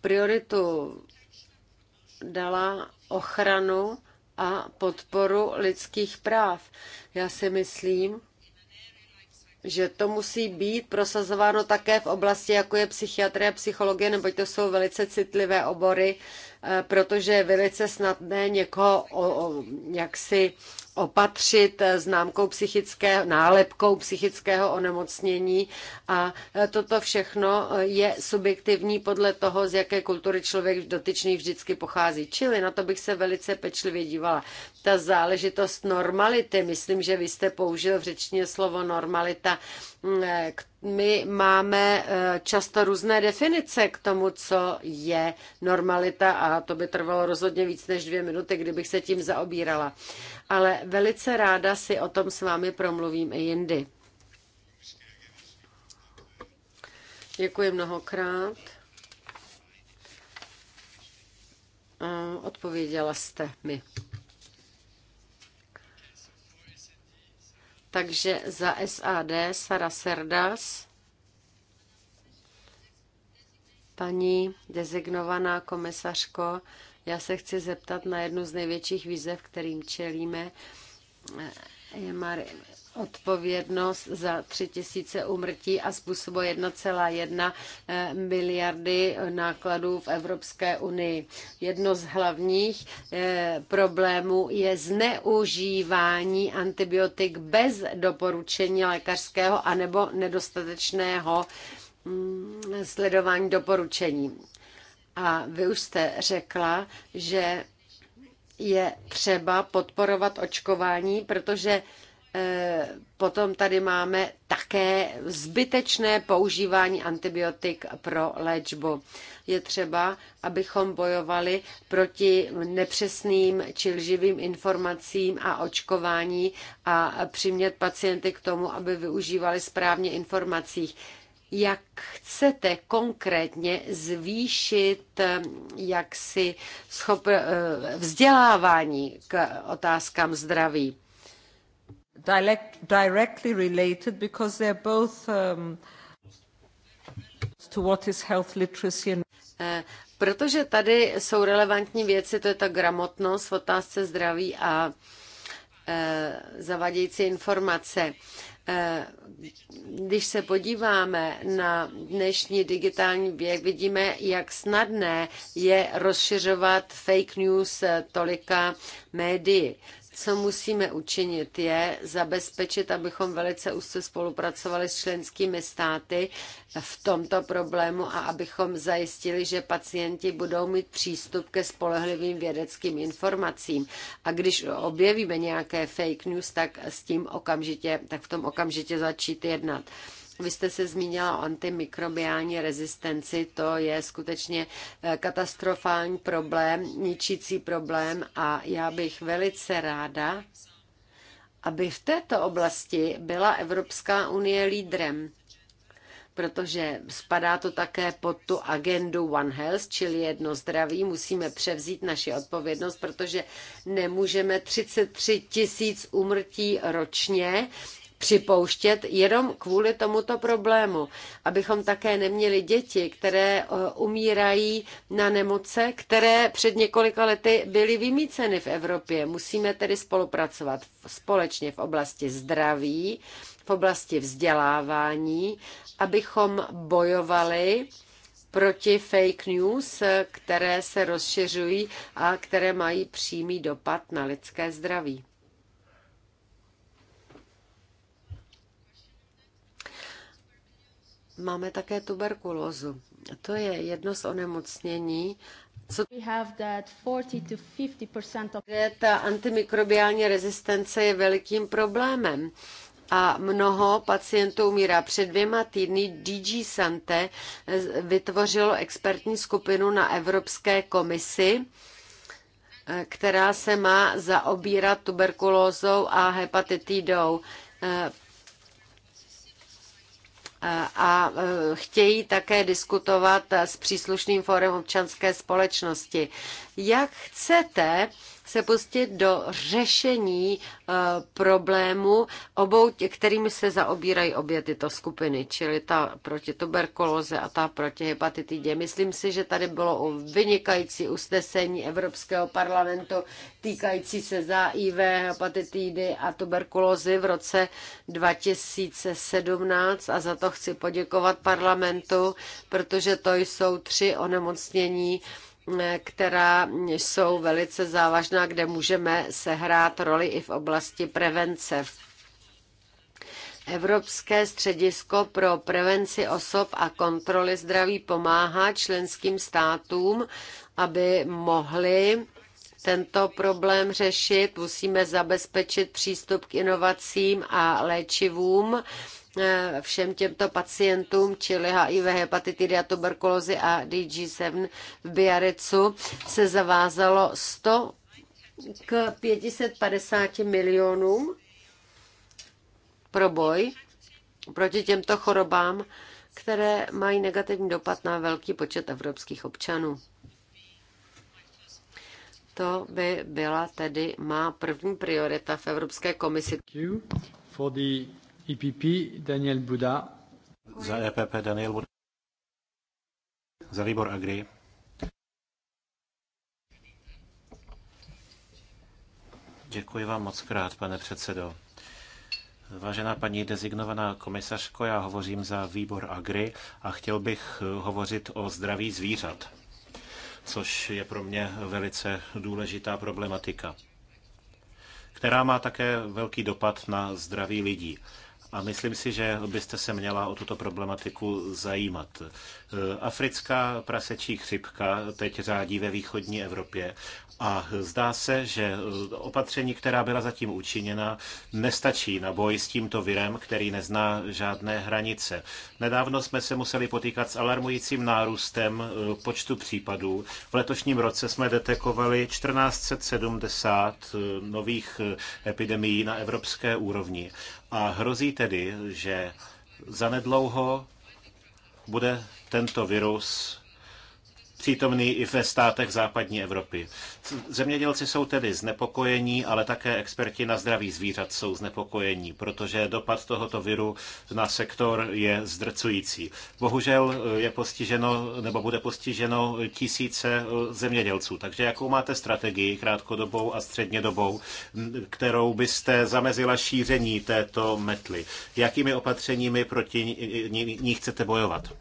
prioritu dala ochranu a podporu lidských práv. Já si myslím, že to musí být prosazováno také v oblasti, jako je psychiatrie a psychologie, neboť to jsou velice citlivé obory, eh, protože je velice snadné někoho jaksi opatřit známkou psychické, nálepkou psychického onemocnění a toto všechno je subjektivní podle toho, z jaké kultury člověk dotyčný vždycky pochází. Čili na to bych se velice pečlivě dívala. Ta záležitost normality, myslím, že vy jste použil v řečtině slovo normalita, my máme eh, často různé definice k tomu, co je normalita a to by trvalo rozhodně víc než dvě minuty, kdybych se tím zaobírala. Ale velice ráda si o tom s vámi promluvím i jindy. Děkuji mnohokrát. Odpověděla jste mi. Takže za SAD Sara Serdas, paní dezignovaná komisařko, já se chci zeptat na jednu z největších výzev, kterým čelíme. Eh, je odpovědnost za 3000 umrtí a způsobo 1,1 eh, miliardy nákladů v Evropské unii. Jedno z hlavních eh, problémů je zneužívání antibiotik bez doporučení lékařského anebo nedostatečného mm, sledování doporučení. A vy už jste řekla, že je třeba podporovat očkování, protože E, potom tady máme také zbytečné používání antibiotik pro léčbu. Je třeba, abychom bojovali proti nepřesným či lživým informacím a očkování a přimět pacienty k tomu, aby využívali správně informací. jak chcete konkrétně zvýšit e, jaksi schop, e, vzdělávání k otázkám zdraví directly related because they're both um, to what is health literacy and eh, Protože tady jsou relevantní věci, to je ta gramotnost v otázce zdraví a e, eh, zavadějící informace. E, když se podíváme na dnešní digitální věk, vidíme, jak snadné je rozšiřovat fake news tolika médií. Co musíme učinit je zabezpečit, abychom velice úzce spolupracovali s členskými státy v tomto problému a abychom zajistili, že pacienti budou mít přístup ke spolehlivým vědeckým informacím. A když objevíme nějaké fake news, tak s tím okamžitě, tak v tom okamžitě začít jednat. Vy jste se zmínila o antimikrobiální rezistenci, to je skutečně eh, katastrofální problém, ničící problém a já bych velice ráda, aby v této oblasti byla Evropská unie lídrem protože spadá to také pod tu agendu One Health, čili jedno zdraví. Musíme převzít naši odpovědnost, protože nemůžeme 33 tisíc umrtí ročně připouštět jenom kvůli tomuto problému. Abychom také neměli děti, které eh, umírají na nemoce, které před několika lety byly vymíceny v Evropě. Musíme tedy spolupracovat společně v oblasti zdraví, v oblasti vzdělávání, abychom bojovali proti fake news, které se rozšiřují a které mají přímý dopad na lidské zdraví. Máme také tuberkulózu. To je jedno z onemocnění, co je ta antimikrobiální rezistence je velikým problémem a mnoho pacientů umírá. Před dvěma týdny DG Sante vytvořilo expertní skupinu na Evropské komisi, která se má zaobírat tuberkulózou a hepatitidou a e, chtějí také diskutovat s příslušným fórem občanské společnosti. Jak chcete se pustit do řešení eh, problému, obou, kterými se zaobírají obě tyto skupiny, čili ta proti tuberkulóze a ta proti hepatitidě. Myslím si, že tady bylo vynikající usnesení Evropského parlamentu týkající se IV hepatitidy a tuberkulózy v roce 2017 a za to chci poděkovat parlamentu, protože to jsou tři onemocnění, která jsou velice závažná, kde můžeme sehrát roli i v oblasti prevence. Evropské středisko pro prevenci osob a kontroly zdraví pomáhá členským státům, aby mohli tento problém řešit. Musíme zabezpečit přístup k inovacím a léčivům Eh, všem těmto pacientům, čili HIV, hepatitidy a tuberkulózy a DG7 v Biarecu se zavázalo 100 k 550 milionům pro boj proti těmto chorobám, které mají negativní dopad na velký počet evropských občanů. To by byla tedy má první priorita v Evropské komisi. EPP Daniel Buda. Za EPP Daniel Buda. Za Agri. Děkuji vám moc krát, pane předsedo. Vážená paní dezignovaná komisařko, já hovořím za výbor Agri a chtěl bych hovořit o zdraví zvířat, což je pro mě velice důležitá problematika, která má také velký dopad na zdraví lidí. A myslím si, že byste se měla o tuto problematiku zajímat. E, africká prasečí chřipka teď řádí ve východní Evropě a zdá se, že e, opatření, která byla zatím učiněna, nestačí na boj s tímto virem, který nezná žádné hranice. Nedávno jsme se museli potýkat s alarmujícím nárůstem e, počtu případů. V letošním roce jsme detekovali 1470 nových epidemií na evropské úrovni. A hrozí tedy, že zanedlouho bude tento virus přítomný i ve státech západní Evropy. Zemědělci jsou tedy znepokojení, ale také experti na zdraví zvířat jsou znepokojení, protože dopad tohoto viru na sektor je zdrcující. Bohužel je postiženo nebo bude postiženo tisíce zemědělců. Takže jakou máte strategii krátkodobou a střednědobou, kterou byste zamezila šíření této metly? Jakými opatřeními proti ní chcete bojovat?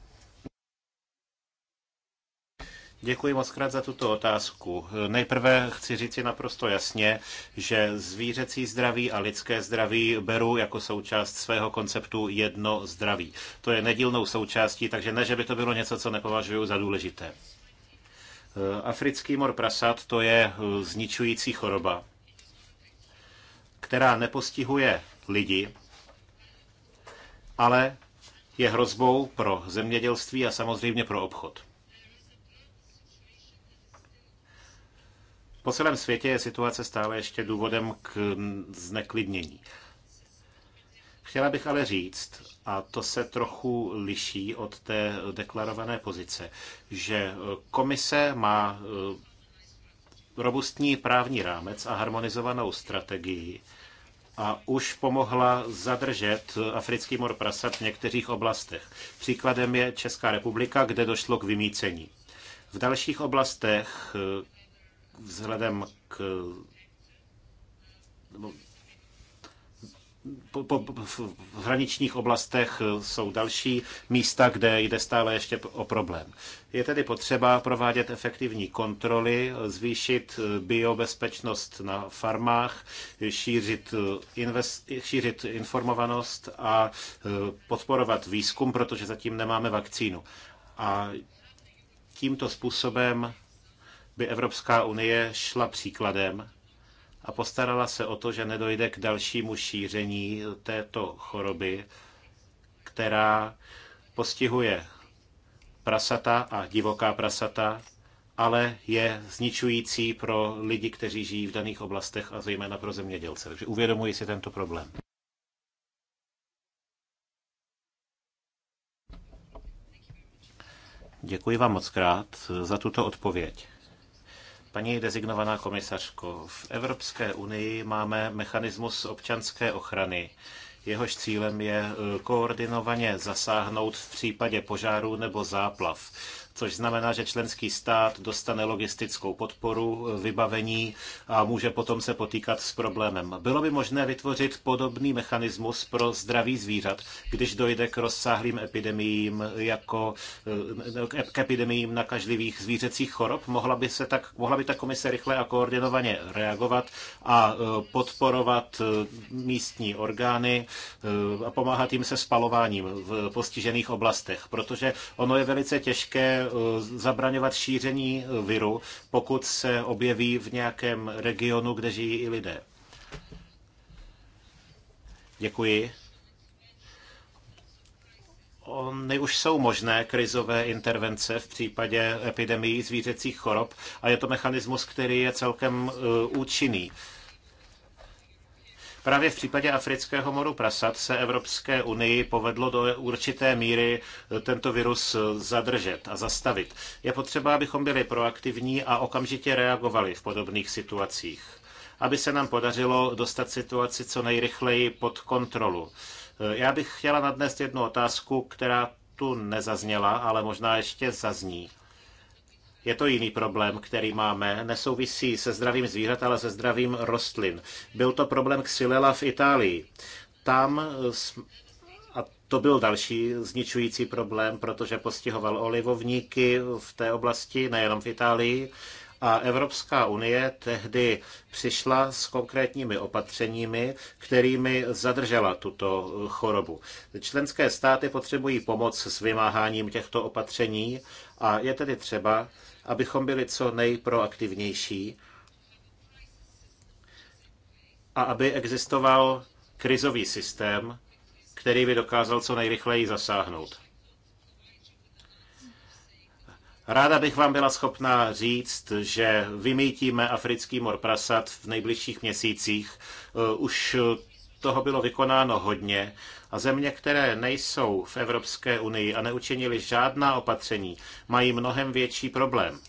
Děkuji moc krát za tuto otázku. Nejprve chci říct, si naprosto jasně, že zvířecí zdraví a lidské zdraví beru jako součást svého konceptu jedno zdraví. To je nedílnou součástí, takže ne, že by to bylo něco, co nepovažuji za důležité. Eh, africký mor prasat to je eh, zničující choroba, která nepostihuje lidi, ale je hrozbou pro zemědělství a samozřejmě pro obchod. Po celém světě je situace stále ještě důvodem k zneklidnění. Chtěla bych ale říct, a to se trochu liší od té deklarované pozice, že komise má eh, robustní právní rámec a harmonizovanou strategii a už pomohla zadržet africký mor prasat v některých oblastech. Příkladem je Česká republika, kde došlo k vymícení. V dalších oblastech eh, vzhledem k nebo po, po, v hraničních oblastech jsou další místa, kde jde stále ještě o problém. Je tedy potřeba provádět efektivní kontroly, zvýšit biobezpečnost na farmách, šířit, invest, šířit informovanost a e, podporovat výzkum, protože zatím nemáme vakcínu. A tímto způsobem by Evropská unie šla příkladem a postarala se o to, že nedojde k dalšímu šíření této choroby, která postihuje prasata a divoká prasata, ale je zničující pro lidi, kteří žijí v daných oblastech a zejména pro zemědělce. Takže uvědomuji si tento problém. Děkuji vám moc krát za tuto odpověď. Paní dezignovaná komisařko, v Evropské unii máme mechanismus občanské ochrany. Jehož cílem je eh, koordinovaně zasáhnout v případě požárů nebo záplav což znamená, že členský stát dostane logistickou podporu, eh, vybavení a může potom se potýkat s problémem. Bylo by možné vytvořit podobný mechanismus pro zdraví zvířat, když dojde k rozsáhlým epidemiím jako eh, k epidemiím nakažlivých zvířecích chorob. Mohla by, se tak, mohla by ta komise rychle a koordinovaně reagovat a eh, podporovat místní orgány a pomáhat jim se spalováním v postižených oblastech, protože ono je velice těžké Eh, zabraňovat šíření eh, viru, pokud se objeví v nějakém regionu, kde žijí i lidé. Děkuji. Ony už jsou možné krizové intervence v případě epidemií zvířecích chorob a je to mechanismus, který je celkem eh, účinný. Právě v případě afrického moru prasat se Evropské unii povedlo do určité míry tento virus zadržet a zastavit. Je potřeba, abychom byli proaktivní a okamžitě reagovali v podobných situacích, aby se nám podařilo dostat situaci co nejrychleji pod kontrolu. Já bych chtěla nadnést jednu otázku, která tu nezazněla, ale možná ještě zazní. Je to jiný problém, který máme. Nesouvisí se zdravím zvířat, ale se zdravím rostlin. Byl to problém Xylella v Itálii. Tam eh, a to byl další zničující problém, protože postihoval olivovníky v té oblasti, nejenom v Itálii. A Evropská unie tehdy přišla s konkrétními opatřeními, kterými zadržela tuto chorobu. Členské státy potřebují pomoc s vymáháním těchto opatření a je tedy třeba, abychom byli co nejproaktivnější a aby existoval krizový systém, který by dokázal co nejrychleji zasáhnout. Ráda bych vám byla schopná říct, že vymítíme africký mor prasat v nejbližších měsících. Už toho bylo vykonáno hodně. A země, které nejsou v Evropské unii a neučinili žádná opatření, mají mnohem větší problém.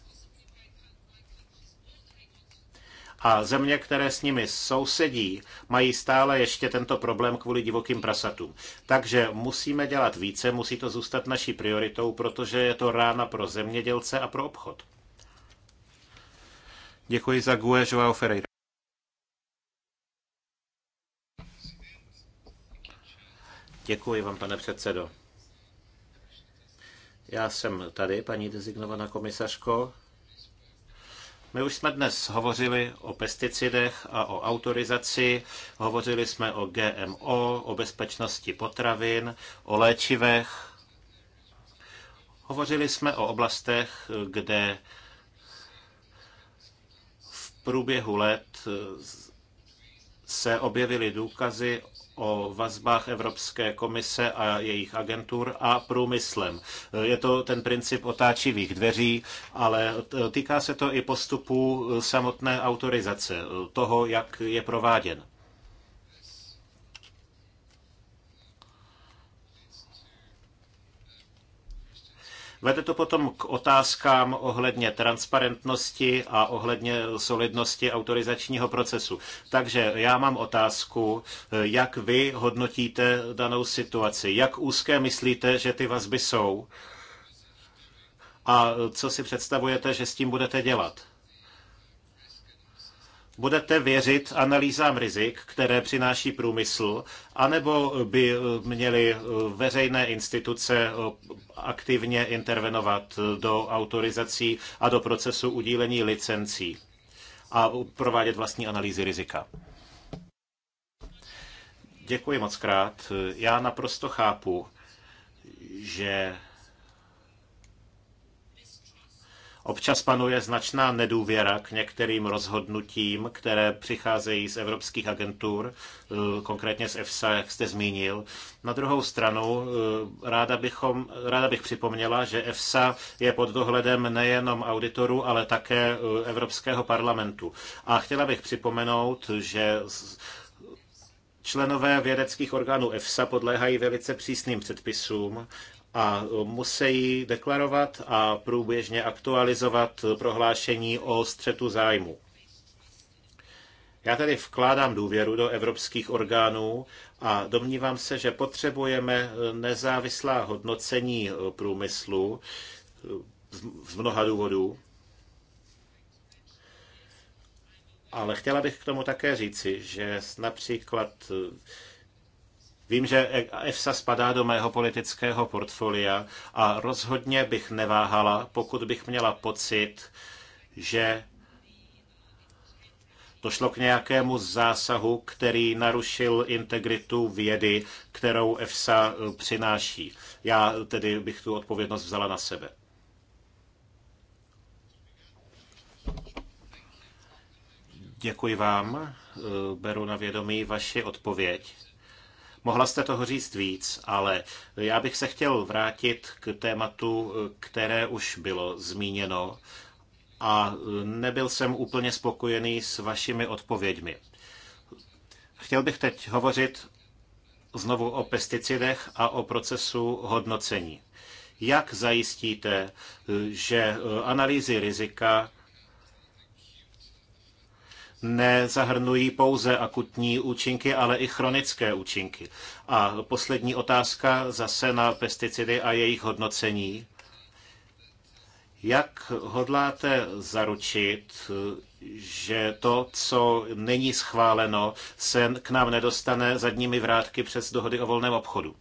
A země, které s nimi sousedí, mají stále ještě tento problém kvůli divokým prasatům. Takže musíme dělat více, musí to zůstat naší prioritou, protože je to rána pro zemědělce a pro obchod. Děkuji za Gue Joao Ferreira. Děkuji vám, pane předsedo. Já jsem tady, paní designovaná komisařko. My už jsme dnes hovořili o pesticidech a o autorizaci, hovořili jsme o GMO, o bezpečnosti potravin, o léčivech. Hovořili jsme o oblastech, kde v průběhu let se objevily důkazy o vazbách Evropské komise a jejich agentur a průmyslem. Je to ten princip otáčivých dveří, ale týká se to i postupu samotné autorizace, toho, jak je prováděn. Vede to potom k otázkám ohledně transparentnosti a ohledně solidnosti autorizačního procesu. Takže já mám otázku, jak vy hodnotíte danou situaci? Jak úzké myslíte, že ty vazby jsou? A co si představujete, že s tím budete dělat? Budete věřit analýzám rizik, které přináší průmysl, anebo by eh, měly eh, veřejné instituce eh, aktivně intervenovat do autorizací a do procesu udílení licencí a provádět vlastní analýzy rizika? Děkuji moc krát. Já naprosto chápu, že Občas panuje značná nedůvěra k některým rozhodnutím, které přicházejí z evropských agentur, eh, konkrétně z EFSA, jak jste zmínil. Na druhou stranu eh, ráda, bychom, ráda bych připomněla, že EFSA je pod dohledem nejenom auditorů, ale také eh, Evropského parlamentu. A chtěla bych připomenout, že Členové vědeckých orgánů EFSA podléhají velice přísným předpisům a musí deklarovat a průběžně aktualizovat prohlášení o střetu zájmu. Já tady vkládám důvěru do evropských orgánů a domnívám se, že potřebujeme nezávislá hodnocení průmyslu z mnoha důvodů. Ale chtěla bych k tomu také říci, že například Vím, že EFSA spadá do mého politického portfolia a rozhodně bych neváhala, pokud bych měla pocit, že došlo k nějakému zásahu, který narušil integritu vědy, kterou EFSA eh, přináší. Já tedy bych tu odpovědnost vzala na sebe. Děkuji vám, eh, beru na vědomí vaši odpověď. Mohla jste toho říct víc, ale já bych se chtěl vrátit k tématu, které už bylo zmíněno a nebyl jsem úplně spokojený s vašimi odpověďmi. Chtěl bych teď hovořit znovu o pesticidech a o procesu hodnocení. Jak zajistíte, že analýzy rizika nezahrnují pouze akutní účinky, ale i chronické účinky. A poslední otázka zase na pesticidy a jejich hodnocení. Jak hodláte zaručit, že to, co není schváleno, se k nám nedostane zadními vrátky přes dohody o volném obchodu?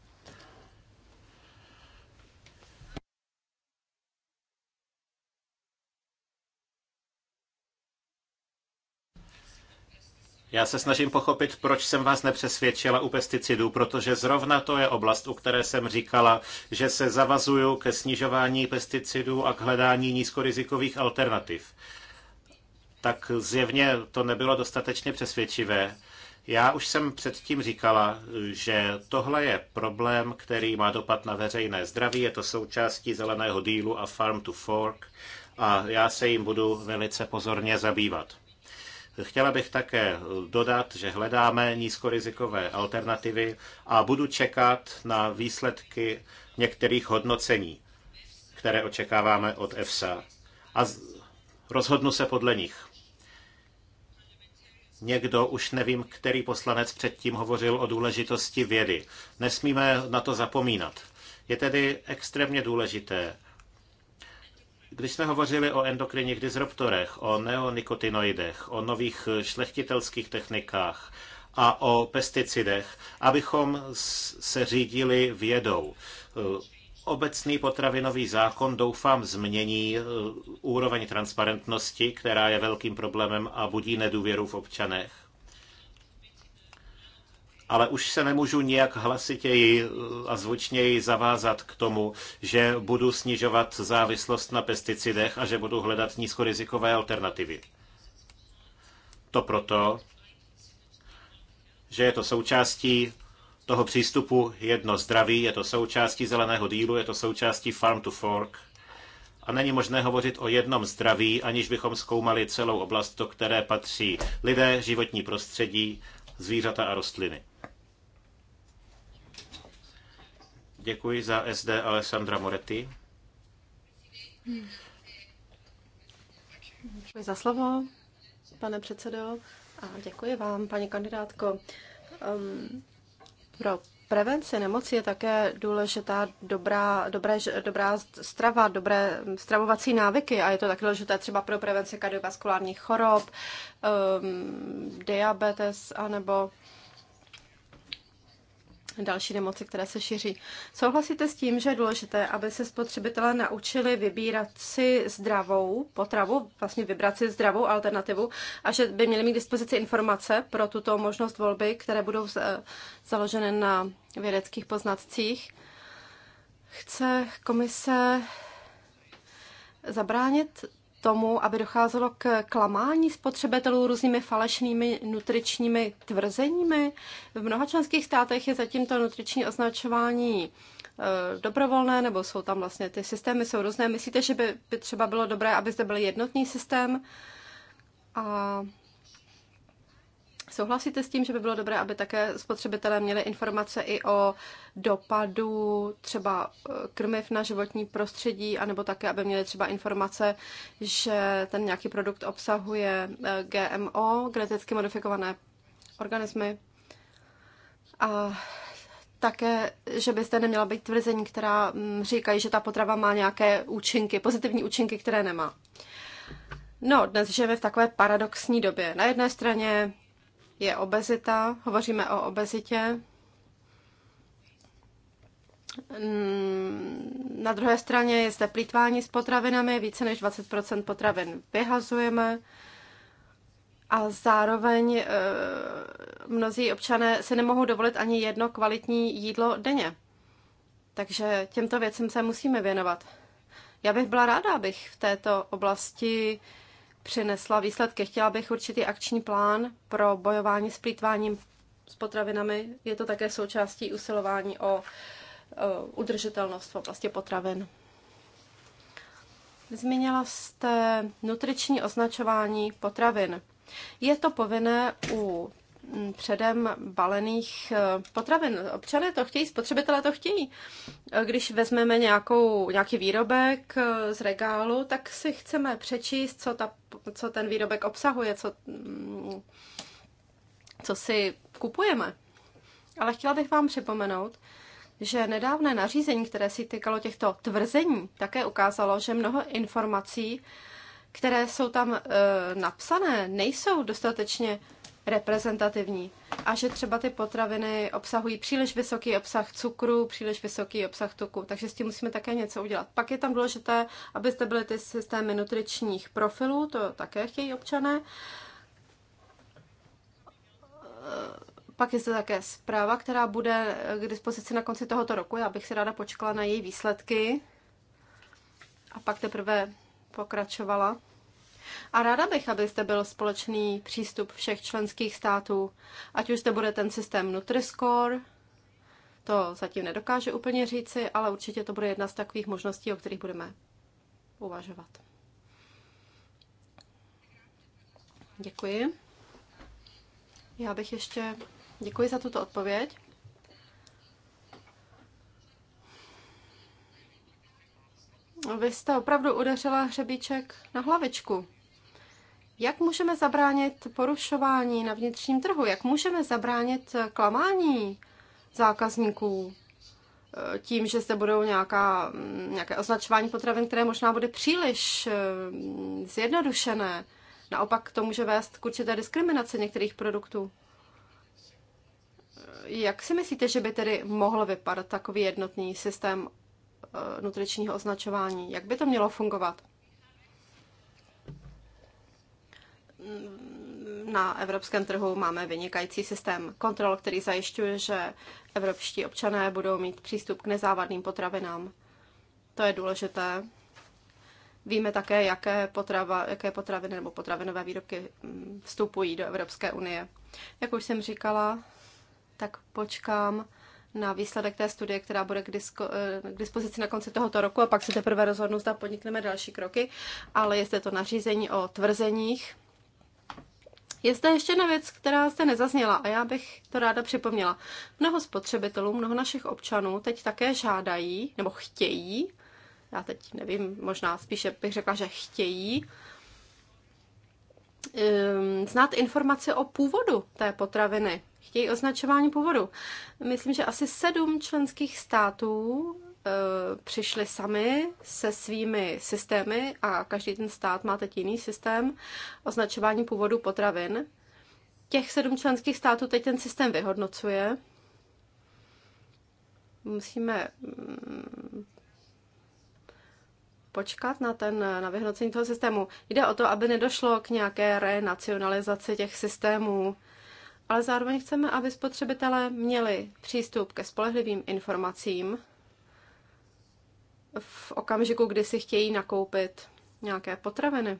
Já se snažím pochopit, proč jsem vás nepřesvědčila u pesticidů, protože zrovna to je oblast, u které jsem říkala, že se zavazuju ke snižování pesticidů a k hledání nízkorizikových alternativ. Tak zjevně to nebylo dostatečně přesvědčivé. Já už jsem předtím říkala, že tohle je problém, který má dopad na veřejné zdraví, je to součástí zeleného dílu a Farm to Fork a já se jim budu velice pozorně zabývat. Chtěla bych také eh, dodat, že hledáme nízkorizikové alternativy a budu čekat na výsledky některých hodnocení, které očekáváme od EFSA a rozhodnu se podle nich. Někdo, už nevím, který poslanec předtím hovořil o důležitosti vědy. Nesmíme na to zapomínat. Je tedy extrémně důležité, když jsme hovořili o endokrinních disruptorech, o neonikotinoidech, o nových eh, šlechtitelských technikách a o pesticidech, abychom se řídili vědou. Eh, obecný potravinový zákon doufám změní eh, úroveň transparentnosti, která je velkým problémem a budí nedůvěru v občanech ale už se nemůžu nijak hlasitěji eh, a zvučněji zavázat k tomu, že budu snižovat závislost na pesticidech a že budu hledat nízkorizikové alternativy. To proto, že je to součástí toho přístupu jedno zdraví, je to součástí zeleného dílu, je to součástí farm to fork. A není možné hovořit o jednom zdraví, aniž bychom zkoumali celou oblast, do které patří lidé, životní prostředí, zvířata a rostliny. Děkuji za SD Alessandra Moretti. Děkuji za slovo, pane předsedo, a děkuji vám, paní kandidátko. Um, pro prevenci nemoci je také důležitá dobrá, dobré, dobrá strava, dobré stravovací návyky a je to také důležité třeba pro prevenci kardiovaskulárních chorob, um, diabetes anebo další nemoci, které se šíří. Souhlasíte s tím, že je důležité, aby se spotřebitelé naučili vybírat si zdravou potravu, vlastně vybrat si zdravou alternativu a že by měli mít k dispozici informace pro tuto možnost volby, které budou založeny na vědeckých poznatcích. Chce komise zabránit tomu, aby docházelo k klamání spotřebitelů různými falešnými nutričními tvrzeními. V mnoha členských státech je zatím to nutriční označování e, dobrovolné, nebo jsou tam vlastně ty systémy, jsou různé. Myslíte, že by, by třeba bylo dobré, aby zde byl jednotný systém? A Souhlasíte s tím, že by bylo dobré, aby také spotřebitelé měli informace i o dopadu třeba eh, krmiv na životní prostředí, anebo také, aby měli třeba informace, že ten nějaký produkt obsahuje eh, GMO, geneticky modifikované organismy. A také, že byste neměla být tvrzení, která mm, říkají, že ta potrava má nějaké účinky, pozitivní účinky, které nemá. No, dnes žijeme v takové paradoxní době. Na jedné straně je obezita, hovoříme o obezitě. Mm, na druhé straně je zde plítvání s potravinami, více než 20 potravin vyhazujeme a zároveň eh, mnozí občané si nemohou dovolit ani jedno kvalitní jídlo denně. Takže těmto věcem se musíme věnovat. Já bych byla ráda, abych v této oblasti přinesla výsledky. Chtěla bych určitý akční plán pro bojování s plýtváním s potravinami. Je to také součástí usilování o udržitelnost v oblasti potravin. Zmínila jste nutriční označování potravin. Je to povinné u Mm, předem balených eh, potravin. Občané to chtějí, spotřebitelé to chtějí. Eh, když vezmeme nějakou, nějaký výrobek eh, z regálu, tak si chceme přečíst, co, ta, co ten výrobek obsahuje, co, mm, co si kupujeme. Ale chtěla bych vám připomenout, že nedávné nařízení, které si týkalo těchto tvrzení, také ukázalo, že mnoho informací, které jsou tam e, napsané, nejsou dostatečně reprezentativní a že třeba ty potraviny obsahují příliš vysoký obsah cukru, příliš vysoký obsah tuku, takže s tím musíme také něco udělat. Pak je tam důležité, abyste byli ty systémy nutričních profilů, to také chtějí občané. Pak je zde také zpráva, která bude k dispozici na konci tohoto roku. Já bych si ráda počkala na její výsledky a pak teprve pokračovala. A ráda bych, abyste byl společný přístup všech členských států, ať už zde bude ten systém Nutriscore, to zatím nedokáže úplně říci, ale určitě to bude jedna z takových možností, o kterých budeme uvažovat. Děkuji. Já bych ještě děkuji za tuto odpověď. Vy jste opravdu udeřila hřebíček na hlavičku. Jak můžeme zabránit porušování na vnitřním trhu? Jak můžeme zabránit klamání zákazníků eh, tím, že se budou nějaká, mm, nějaké označování potravin, které možná bude příliš eh, zjednodušené? Naopak to může vést k určité diskriminaci některých produktů. Eh, jak si myslíte, že by tedy mohl vypadat takový jednotný systém nutričního označování? Jak by to mělo fungovat? na evropském trhu máme vynikající systém kontrol, který zajišťuje, že evropští občané budou mít přístup k nezávadným potravinám. To je důležité. Víme také, jaké, potrava, jaké potraviny nebo potravinové výrobky mm, vstupují do Evropské unie. Jak už jsem říkala, tak počkám na výsledek té studie, která bude k, disko, eh, k dispozici na konci tohoto roku a pak se teprve rozhodnu, zda podnikneme další kroky, ale jestli to nařízení o tvrzeních, je zde ještě jedna věc, která zde nezazněla a já bych to ráda připomněla. Mnoho spotřebitelů, mnoho našich občanů teď také žádají nebo chtějí, já teď nevím, možná spíše bych řekla, že chtějí, ehm, znát informace o původu té potraviny. Chtějí označování původu. Myslím, že asi sedm členských států Eh, přišli sami se svými systémy a každý ten stát má teď jiný systém označování původu potravin. Těch sedm členských států teď ten systém vyhodnocuje. Musíme mm, počkat na, ten, na vyhodnocení toho systému. Jde o to, aby nedošlo k nějaké renacionalizaci těch systémů, ale zároveň chceme, aby spotřebitelé měli přístup ke spolehlivým informacím, v okamžiku, kdy si chtějí nakoupit nějaké potraviny.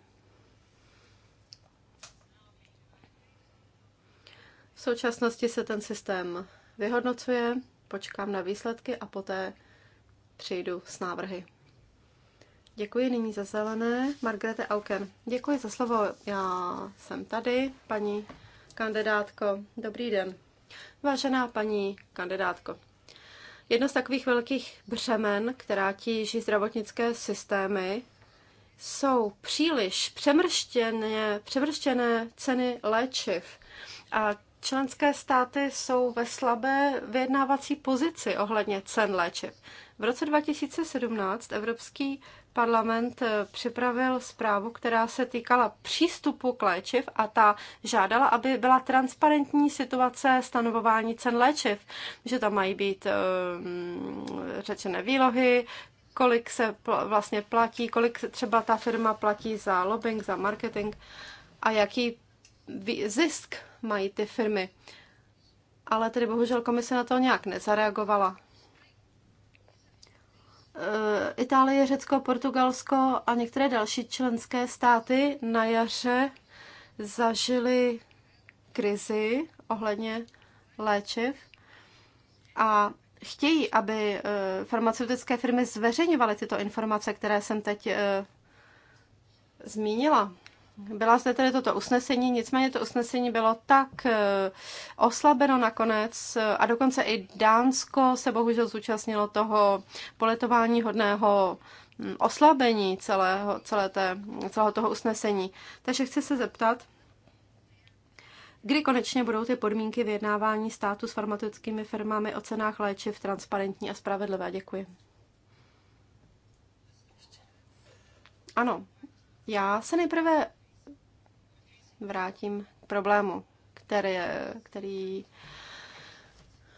V současnosti se ten systém vyhodnocuje, počkám na výsledky a poté přijdu s návrhy. Děkuji nyní za zelené. Margrete Auken. Děkuji za slovo. Já jsem tady, paní kandidátko. Dobrý den. Vážená paní kandidátko, Jedno z takových velkých břemen, která tíží zdravotnické systémy, jsou příliš přemrštěné, přemrštěné ceny léčiv. A členské státy jsou ve slabé vyjednávací pozici ohledně cen léčiv. V roce 2017 Evropský parlament eh, připravil zprávu, která se týkala přístupu k léčiv a ta žádala, aby byla transparentní situace stanovování cen léčiv, že tam mají být eh, řečené výlohy, kolik se vlastně platí, kolik třeba ta firma platí za lobbying, za marketing a jaký zisk mají ty firmy. Ale tedy bohužel komise na to nějak nezareagovala. Eh, Itálie, Řecko, Portugalsko a některé další členské státy na jaře zažili krizi ohledně léčiv a chtějí, aby eh, farmaceutické firmy zveřejňovaly tyto informace, které jsem teď eh, zmínila. Byla zde tedy toto usnesení, nicméně to usnesení bylo tak eh, oslabeno nakonec eh, a dokonce i Dánsko se bohužel zúčastnilo toho poletování hodného hm, oslabení celého, celé té, celého toho usnesení. Takže chci se zeptat, kdy konečně budou ty podmínky vyjednávání státu s farmaceutickými firmami o cenách léčiv transparentní a spravedlivé? Děkuji. Ano, já se nejprve vrátím k problému, který, který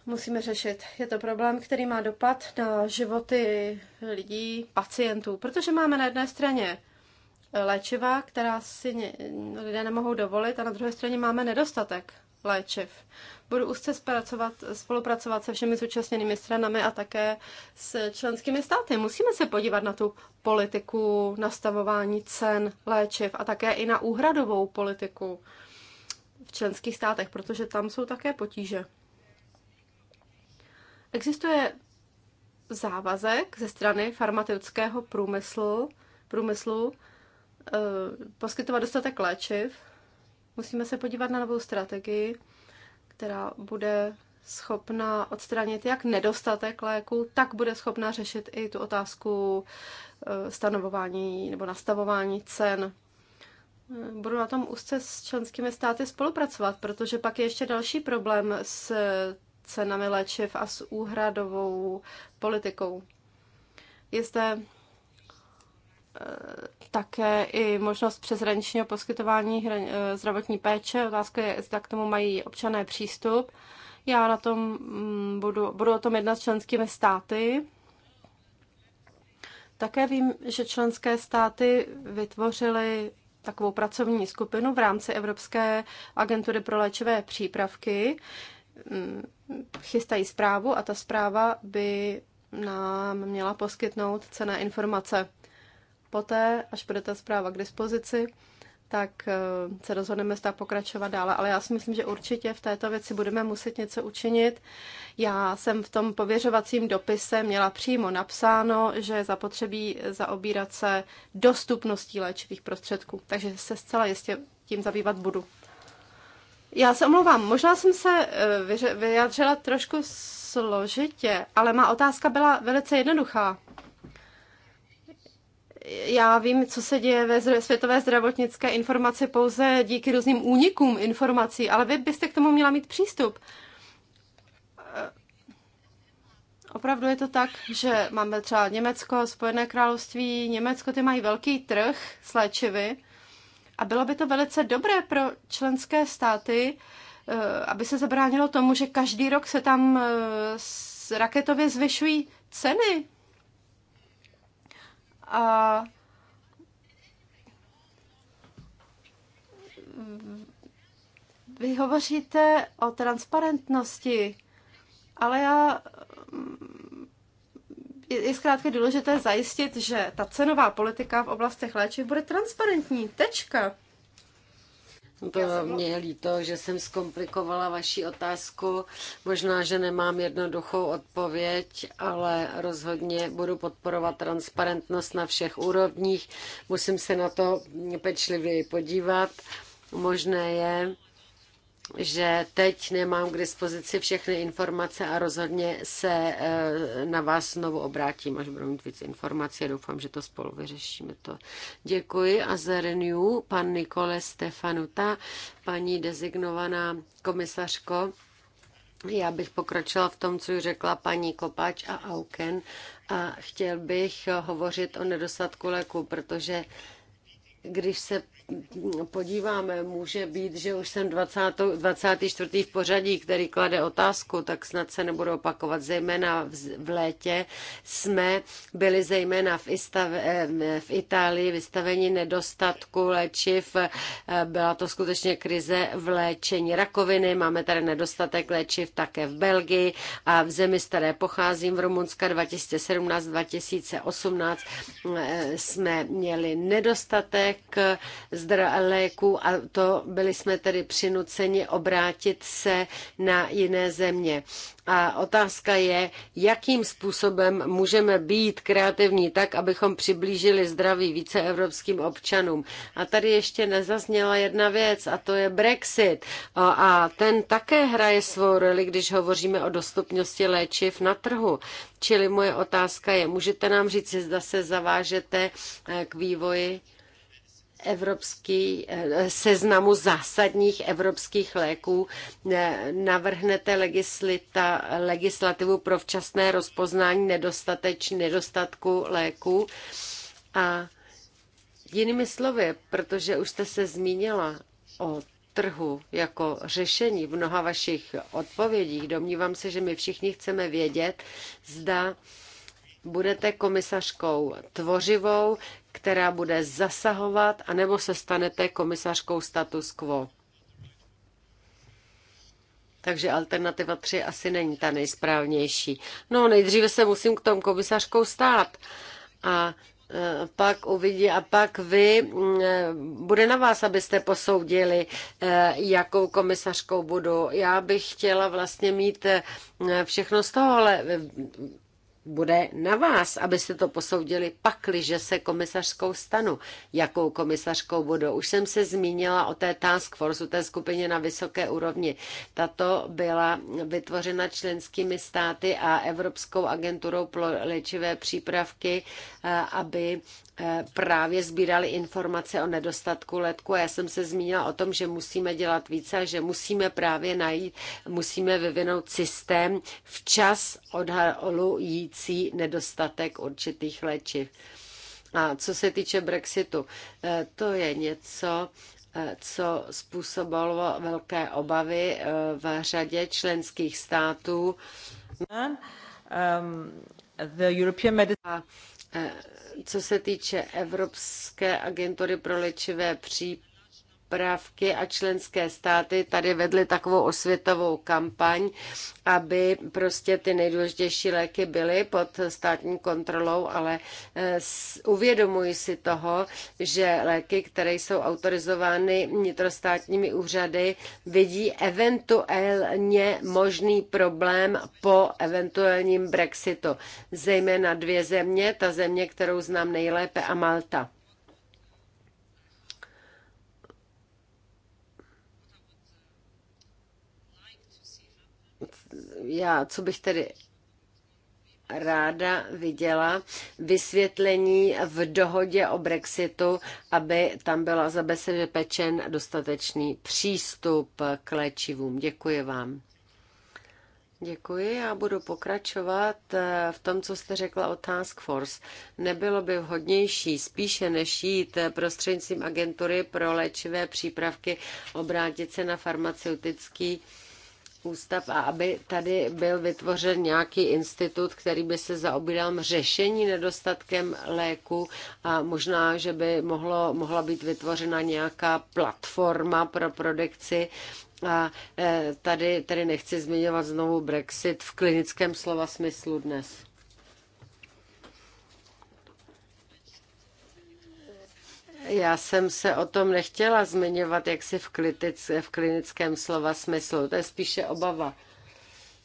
musíme řešit. Je to problém, který má dopad na životy lidí, pacientů, protože máme na jedné straně léčiva, která si lidé nemohou dovolit, a na druhé straně máme nedostatek léčiv. Budu úzce spolupracovat se všemi zúčastněnými stranami a také s členskými státy. Musíme se podívat na tu politiku nastavování cen léčiv a také i na úhradovou politiku v členských státech, protože tam jsou také potíže. Existuje závazek ze strany farmaceutického průmyslu, průmyslu eh, poskytovat dostatek léčiv Musíme se podívat na novou strategii, která bude schopna odstranit jak nedostatek léku, tak bude schopna řešit i tu otázku eh, stanovování nebo nastavování cen. Eh, budu na tom úzce s členskými státy spolupracovat, protože pak je ještě další problém s cenami léčiv a s úhradovou politikou. Je zde Eh, také i možnost přeshraničního poskytování eh, zdravotní péče. Otázka je, zda k tomu mají občané přístup. Já na tom mm, budu, budu o tom jednat s členskými státy. Také vím, že členské státy vytvořily takovou pracovní skupinu v rámci Evropské agentury pro léčivé přípravky. Mm, chystají zprávu a ta zpráva by nám měla poskytnout cené informace. Poté, až bude ta zpráva k dispozici, tak eh, se rozhodneme, zda pokračovat dále. Ale já si myslím, že určitě v této věci budeme muset něco učinit. Já jsem v tom pověřovacím dopise měla přímo napsáno, že zapotřebí zaobírat se dostupností léčivých prostředků. Takže se zcela jistě tím zabývat budu. Já se omlouvám, možná jsem se eh, vyjadřila trošku složitě, ale má otázka byla velice jednoduchá já vím, co se děje ve světové zdravotnické informaci pouze díky různým únikům informací, ale vy byste k tomu měla mít přístup. Eh, opravdu je to tak, že máme třeba Německo, Spojené království, Německo, ty mají velký trh s léčivy a bylo by to velice dobré pro členské státy, eh, aby se zabránilo tomu, že každý rok se tam eh, raketově zvyšují ceny a vy hovoříte o transparentnosti, ale já je zkrátka důležité zajistit, že ta cenová politika v oblastech léčiv bude transparentní. Tečka. To mě je líto, že jsem zkomplikovala vaši otázku. Možná, že nemám jednoduchou odpověď, ale rozhodně budu podporovat transparentnost na všech úrovních. Musím se na to pečlivě podívat. Možné je, že teď nemám k dispozici všechny informace a rozhodně se eh, na vás znovu obrátím, až budu mít víc informací a doufám, že to spolu vyřešíme to. Děkuji a za Renew pan Nikole Stefanuta, paní dezignovaná komisařko. Já bych pokračovala v tom, co ji řekla paní Kopač a Auken a chtěl bych hovořit o nedostatku léku, protože když se podíváme, může být, že už jsem 20, 24. v pořadí, který klade otázku, tak snad se nebudu opakovat. Zejména v, v létě jsme byli zejména v, Istav, eh, v Itálii vystaveni nedostatku léčiv. Eh, byla to skutečně krize v léčení rakoviny. Máme tady nedostatek léčiv také v Belgii a v zemi, z které pocházím, v Rumunska 2017-2018 eh, jsme měli nedostatek léků a to byli jsme tedy přinuceni obrátit se na jiné země. A otázka je, jakým způsobem můžeme být kreativní tak, abychom přiblížili zdraví více evropským občanům. A tady ještě nezazněla jedna věc, a to je Brexit. A ten také hraje svou roli, když hovoříme o dostupnosti léčiv na trhu. Čili moje otázka je, můžete nám říct, zda se zavážete eh, k vývoji evropský, eh, seznamu zásadních evropských léků navrhnete legislita, legislativu pro včasné rozpoznání nedostateč, nedostatku léků. A jinými slovy, protože už jste se zmínila o trhu jako řešení v mnoha vašich odpovědích, domnívám se, že my všichni chceme vědět, zda budete komisařkou tvořivou, která bude zasahovat, anebo se stanete komisařkou status quo. Takže alternativa 3 asi není ta nejsprávnější. No, nejdříve se musím k tomu komisařkou stát. A e, pak uvidí a pak vy, e, bude na vás, abyste posoudili, e, jakou komisařkou budu. Já bych chtěla vlastně mít všechno z toho, ale bude na vás, abyste to posoudili pakli, že se komisařskou stanu. Jakou komisařkou budu? Už jsem se zmínila o té task force, té skupině na vysoké úrovni. Tato byla vytvořena členskými státy a Evropskou agenturou pro léčivé přípravky, eh, aby eh, právě sbírali informace o nedostatku letku a já jsem se zmínila o tom, že musíme dělat více a že musíme právě najít, musíme vyvinout systém včas odhalující hrozící nedostatek určitých léčiv. A co se týče Brexitu, eh, to je něco, eh, co způsobilo velké obavy eh, v řadě členských států. Um, A co se týče Evropské agentury pro léčivé přípravy, právky a členské státy tady vedly takovou osvětovou kampaň, aby prostě ty nejdůležitější léky byly pod státní kontrolou, ale eh, uvědomuji si toho, že léky, které jsou autorizovány vnitrostátními úřady, vidí eventuálně možný problém po eventuálním Brexitu. Zejména dvě země, ta země, kterou znám nejlépe a Malta já, co bych tedy ráda viděla vysvětlení v dohodě o Brexitu, aby tam byla zabezpečen dostatečný přístup k léčivům. Děkuji vám. Děkuji, já budu pokračovat eh, v tom, co jste řekla o Task Force. Nebylo by vhodnější spíše než jít eh, prostřednictvím agentury pro léčivé přípravky obrátit se na farmaceutický ústav a aby tady byl vytvořen nějaký institut, který by se zaobíral řešení nedostatkem léku a možná, že by mohlo, mohla být vytvořena nějaká platforma pro produkci a eh, tady, tady nechci zmiňovat znovu Brexit v klinickém slova smyslu dnes. Já jsem se o tom nechtěla zmiňovat, jak si v, klitic, v klinickém slova smyslu. To je spíše obava.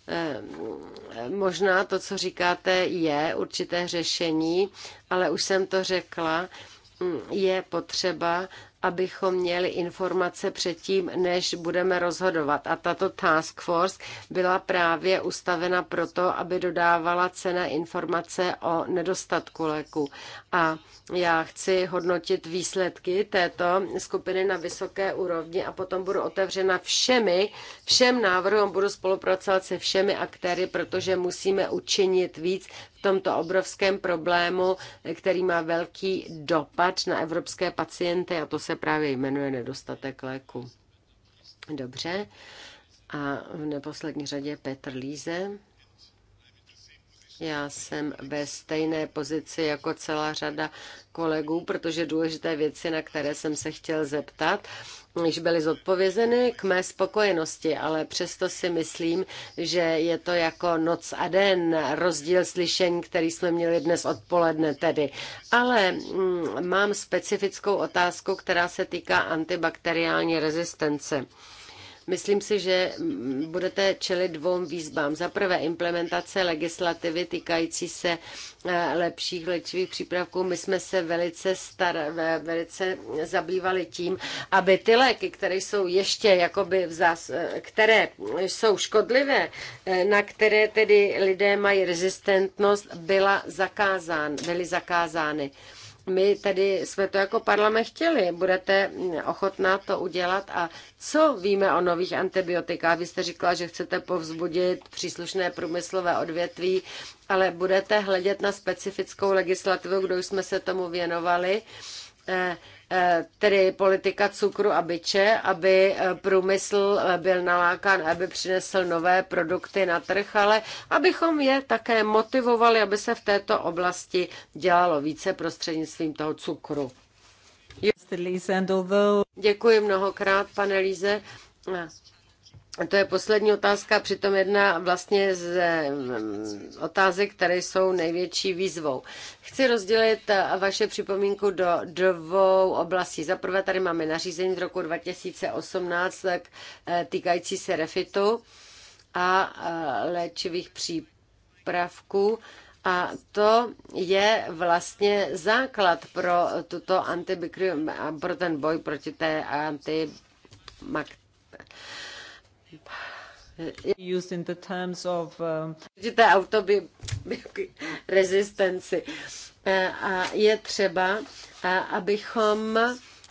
Ehm, možná to, co říkáte, je určité řešení, ale už jsem to řekla, je potřeba abychom měli informace předtím, než budeme rozhodovat. A tato task force byla právě ustavena proto, aby dodávala cené informace o nedostatku léku. A já chci hodnotit výsledky této skupiny na vysoké úrovni a potom budu otevřena všemi, všem návrhům, budu spolupracovat se všemi aktéry, protože musíme učinit víc tomto obrovském problému, který má velký dopad na evropské pacienty a to se právě jmenuje nedostatek léku. Dobře. A v neposlední řadě Petr Líze. Já jsem ve stejné pozici jako celá řada kolegů, protože důležité věci, na které jsem se chtěl zeptat, již byly zodpovězeny k mé spokojenosti, ale přesto si myslím, že je to jako noc a den rozdíl slyšení, který jsme měli dnes odpoledne tedy. Ale mm, mám specifickou otázku, která se týká antibakteriální rezistence. Myslím si, že budete čelit dvou výzvám. Za prvé implementace legislativy týkající se eh, lepších léčivých přípravků. My jsme se velice, star, velice zabývali tím, aby ty léky, které jsou ještě jakoby vzás, které jsou škodlivé, eh, na které tedy lidé mají rezistentnost, byla zakázán, byly zakázány my tady jsme to jako parlament chtěli. Budete ochotná to udělat? A co víme o nových antibiotikách? Vy jste říkala, že chcete povzbudit příslušné průmyslové odvětví, ale budete hledět na specifickou legislativu, kdo jsme se tomu věnovali eh, Eh, tedy politika cukru a byče, aby eh, průmysl eh, byl nalákán, aby přinesl nové produkty na trh, ale abychom je také motivovali, aby se v této oblasti dělalo více prostřednictvím toho cukru. Děkuji mnohokrát, pane Líze to je poslední otázka, přitom jedna vlastně z mm, otázek, které jsou největší výzvou. Chci rozdělit eh, vaše připomínku do dvou oblastí. Za prvé tady máme nařízení z roku 2018 eh, eh, týkající se refitu a léčivých přípravků. A to je vlastně základ pro, tuto pro ten boj proti té anti used in the terms of uh, určité eh, A je třeba, eh, abychom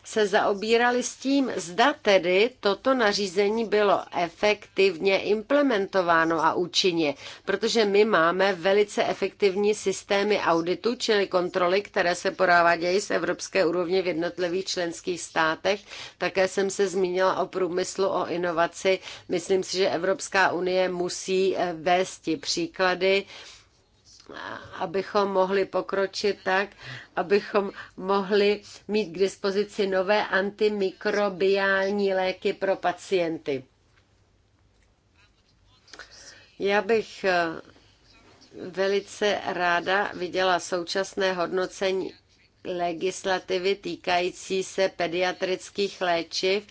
se zaobírali s tím, zda tedy toto nařízení bylo efektivně implementováno a účinně, protože my máme velice efektivní systémy auditu, čili kontroly, které se porávadějí z evropské úrovně v jednotlivých členských státech. Také jsem se zmínila o průmyslu, o inovaci. Myslím si, že Evropská unie musí eh, vést příklady abychom mohli pokročit tak, abychom mohli mít k dispozici nové antimikrobiální léky pro pacienty. Já bych eh, velice ráda viděla současné hodnocení legislativy týkající se pediatrických léčiv,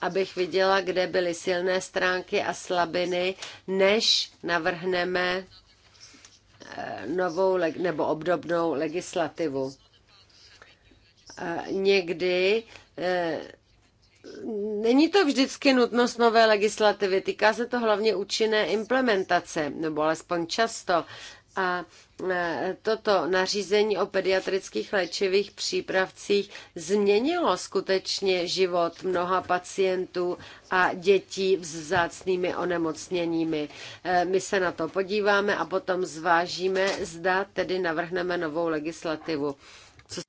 abych viděla, kde byly silné stránky a slabiny, než navrhneme novou nebo obdobnou legislativu. Někdy e, Není to vždycky nutnost nové legislativy, týká se to hlavně účinné implementace, nebo alespoň často. A e, toto nařízení o pediatrických léčivých přípravcích změnilo skutečně život mnoha pacientů a dětí s vzácnými onemocněními. E, my se na to podíváme a potom zvážíme, zda tedy navrhneme novou legislativu. Co...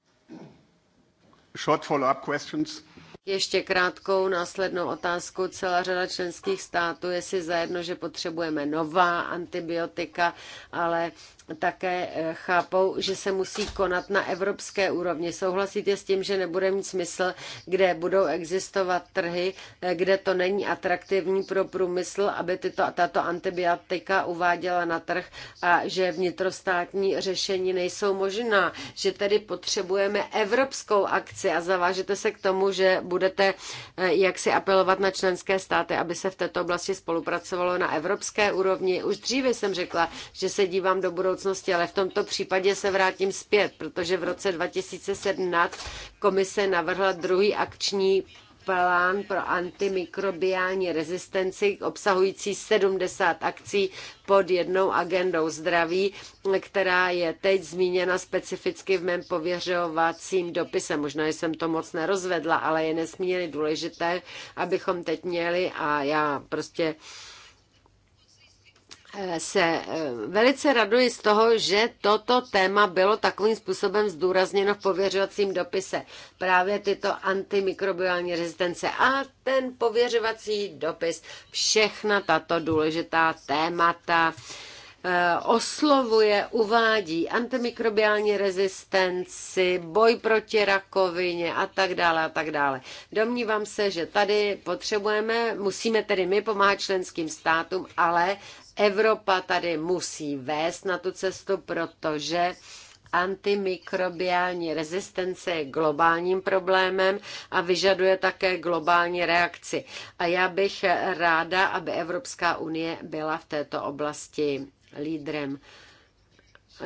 Short follow-up questions. Ještě krátkou následnou otázku. Celá řada členských států je si zajedno, že potřebujeme nová antibiotika, ale také eh, chápou, že se musí konat na evropské úrovni. Souhlasíte s tím, že nebude mít smysl, kde budou existovat trhy, eh, kde to není atraktivní pro průmysl, aby tyto, tato antibiotika uváděla na trh a že vnitrostátní řešení nejsou možná, že tedy potřebujeme evropskou akci a zavážete se k tomu, že budete eh, jaksi apelovat na členské státy, aby se v této oblasti spolupracovalo na evropské úrovni. Už dříve jsem řekla, že se dívám do budoucna budoucnosti, ale v tomto případě se vrátím zpět, protože v roce 2017 komise navrhla druhý akční plán pro antimikrobiální rezistenci obsahující 70 akcí pod jednou agendou zdraví, která je teď zmíněna specificky v mém pověřovacím dopise. Možná jsem to moc nerozvedla, ale je nesmírně důležité, abychom teď měli a já prostě se eh, velice raduji z toho, že toto téma bylo takovým způsobem zdůrazněno v pověřovacím dopise. Právě tyto antimikrobiální rezistence a ten pověřovací dopis, všechna tato důležitá témata eh, oslovuje, uvádí antimikrobiální rezistenci, boj proti rakovině a tak dále a tak dále. Domnívám se, že tady potřebujeme, musíme tedy my pomáhat členským státům, ale Evropa tady musí vést na tu cestu, protože antimikrobiální rezistence je globálním problémem a vyžaduje také globální reakci. A já bych ráda, aby Evropská unie byla v této oblasti lídrem.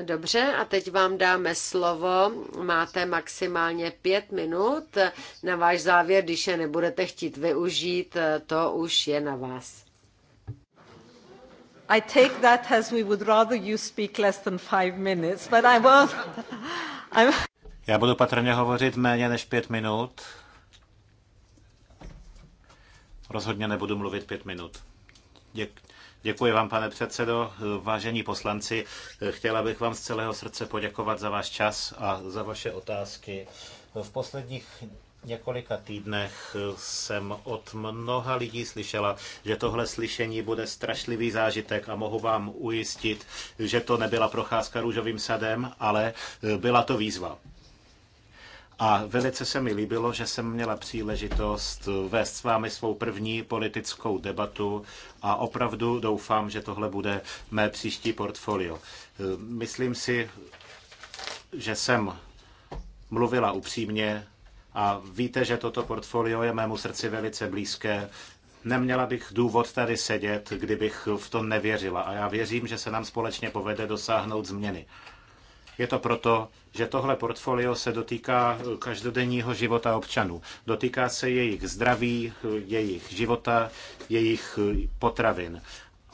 Dobře, a teď vám dáme slovo. Máte maximálně pět minut na váš závěr. Když je nebudete chtít využít, to už je na vás. I take that as we would rather you speak less than five minutes, but I will. I'm... Já budu patrně hovořit méně než pět minut. Rozhodně nebudu mluvit pět minut. Děkuji. Děkuji vám, pane předsedo. Vážení poslanci, chtěla bych vám z celého srdce poděkovat za váš čas a za vaše otázky. V posledních několika týdnech eh, jsem od mnoha lidí slyšela, že tohle slyšení bude strašlivý zážitek a mohu vám ujistit, že to nebyla procházka růžovým sadem, ale eh, byla to výzva. A velice se mi líbilo, že jsem měla příležitost eh, vést s vámi svou první politickou debatu a opravdu doufám, že tohle bude mé příští portfolio. Myslím si, že jsem mluvila upřímně, a víte, že toto portfolio je mému srdci velice blízké. Neměla bych důvod tady sedět, kdybych v to nevěřila. A já věřím, že se nám společně povede dosáhnout změny. Je to proto, že tohle portfolio se dotýká každodenního života občanů. Dotýká se jejich zdraví, jejich života, jejich potravin.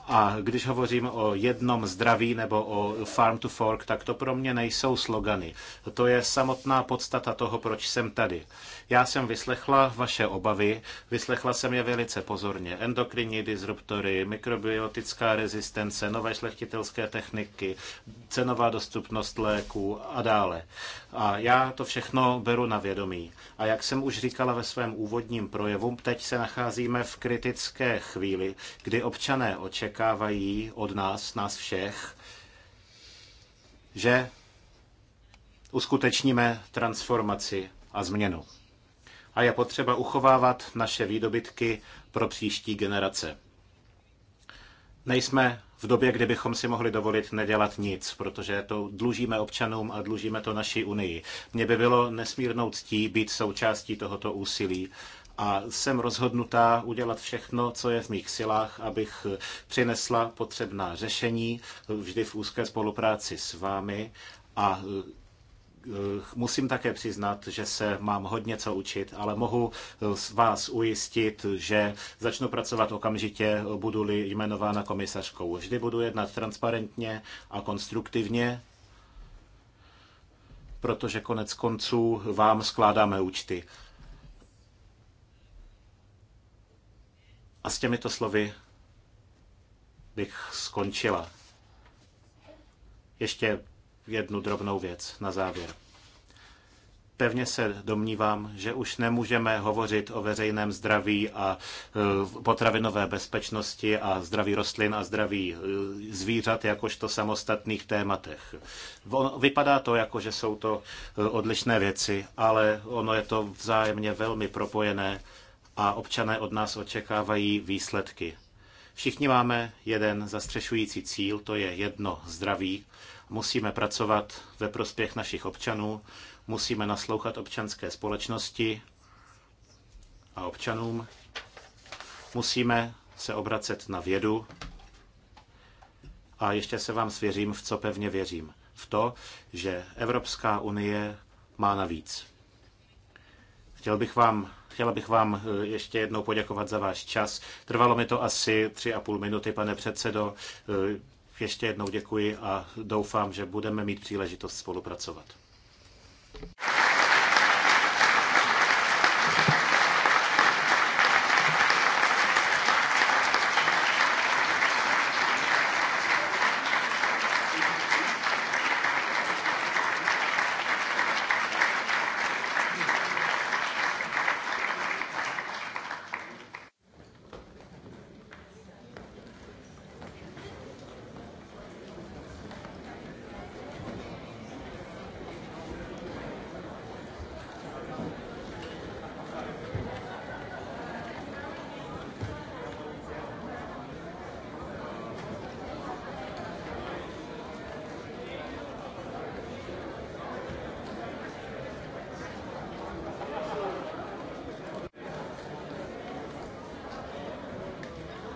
A když hovořím o jednom zdraví nebo o farm to fork, tak to pro mě nejsou slogany. To je samotná podstata toho, proč jsem tady. Já jsem vyslechla vaše obavy, vyslechla jsem je velice pozorně. Endokrinní disruptory, mikrobiotická rezistence, nové šlechtitelské techniky, cenová dostupnost léků a dále. A já to všechno beru na vědomí. A jak jsem už říkala ve svém úvodním projevu, teď se nacházíme v kritické chvíli, kdy občané očekávají od nás, nás všech, že uskutečníme transformaci a změnu a je potřeba uchovávat naše výdobytky pro příští generace. Nejsme v době, kdy bychom si mohli dovolit nedělat nic, protože to dlužíme občanům a dlužíme to naší unii. Mně by bylo nesmírnou ctí být součástí tohoto úsilí a jsem rozhodnutá udělat všechno, co je v mých silách, abych přinesla potřebná řešení vždy v úzké spolupráci s vámi a Eh, musím také přiznat, že se mám hodně co učit, ale mohu eh, vás ujistit, že začnu pracovat okamžitě, eh, budu-li jmenována komisařkou. Vždy budu jednat transparentně a konstruktivně, protože konec konců vám skládáme účty. A s těmito slovy bych skončila. Ještě jednu drobnou věc na závěr. Pevně se domnívám, že už nemůžeme hovořit o veřejném zdraví a e, potravinové bezpečnosti a zdraví rostlin a zdraví e, zvířat jakožto samostatných tématech. Vypadá to jako, že jsou to e, odlišné věci, ale ono je to vzájemně velmi propojené a občané od nás očekávají výsledky. Všichni máme jeden zastřešující cíl, to je jedno zdraví, Musíme pracovat ve prospěch našich občanů, musíme naslouchat občanské společnosti a občanům, musíme se obracet na vědu a ještě se vám svěřím, v co pevně věřím. V to, že Evropská unie má navíc. Chtěl bych vám Chtěla bych vám eh, ještě jednou poděkovat za váš čas. Trvalo mi to asi tři a půl minuty, pane předsedo. Eh, ještě jednou děkuji a doufám, že budeme mít příležitost spolupracovat.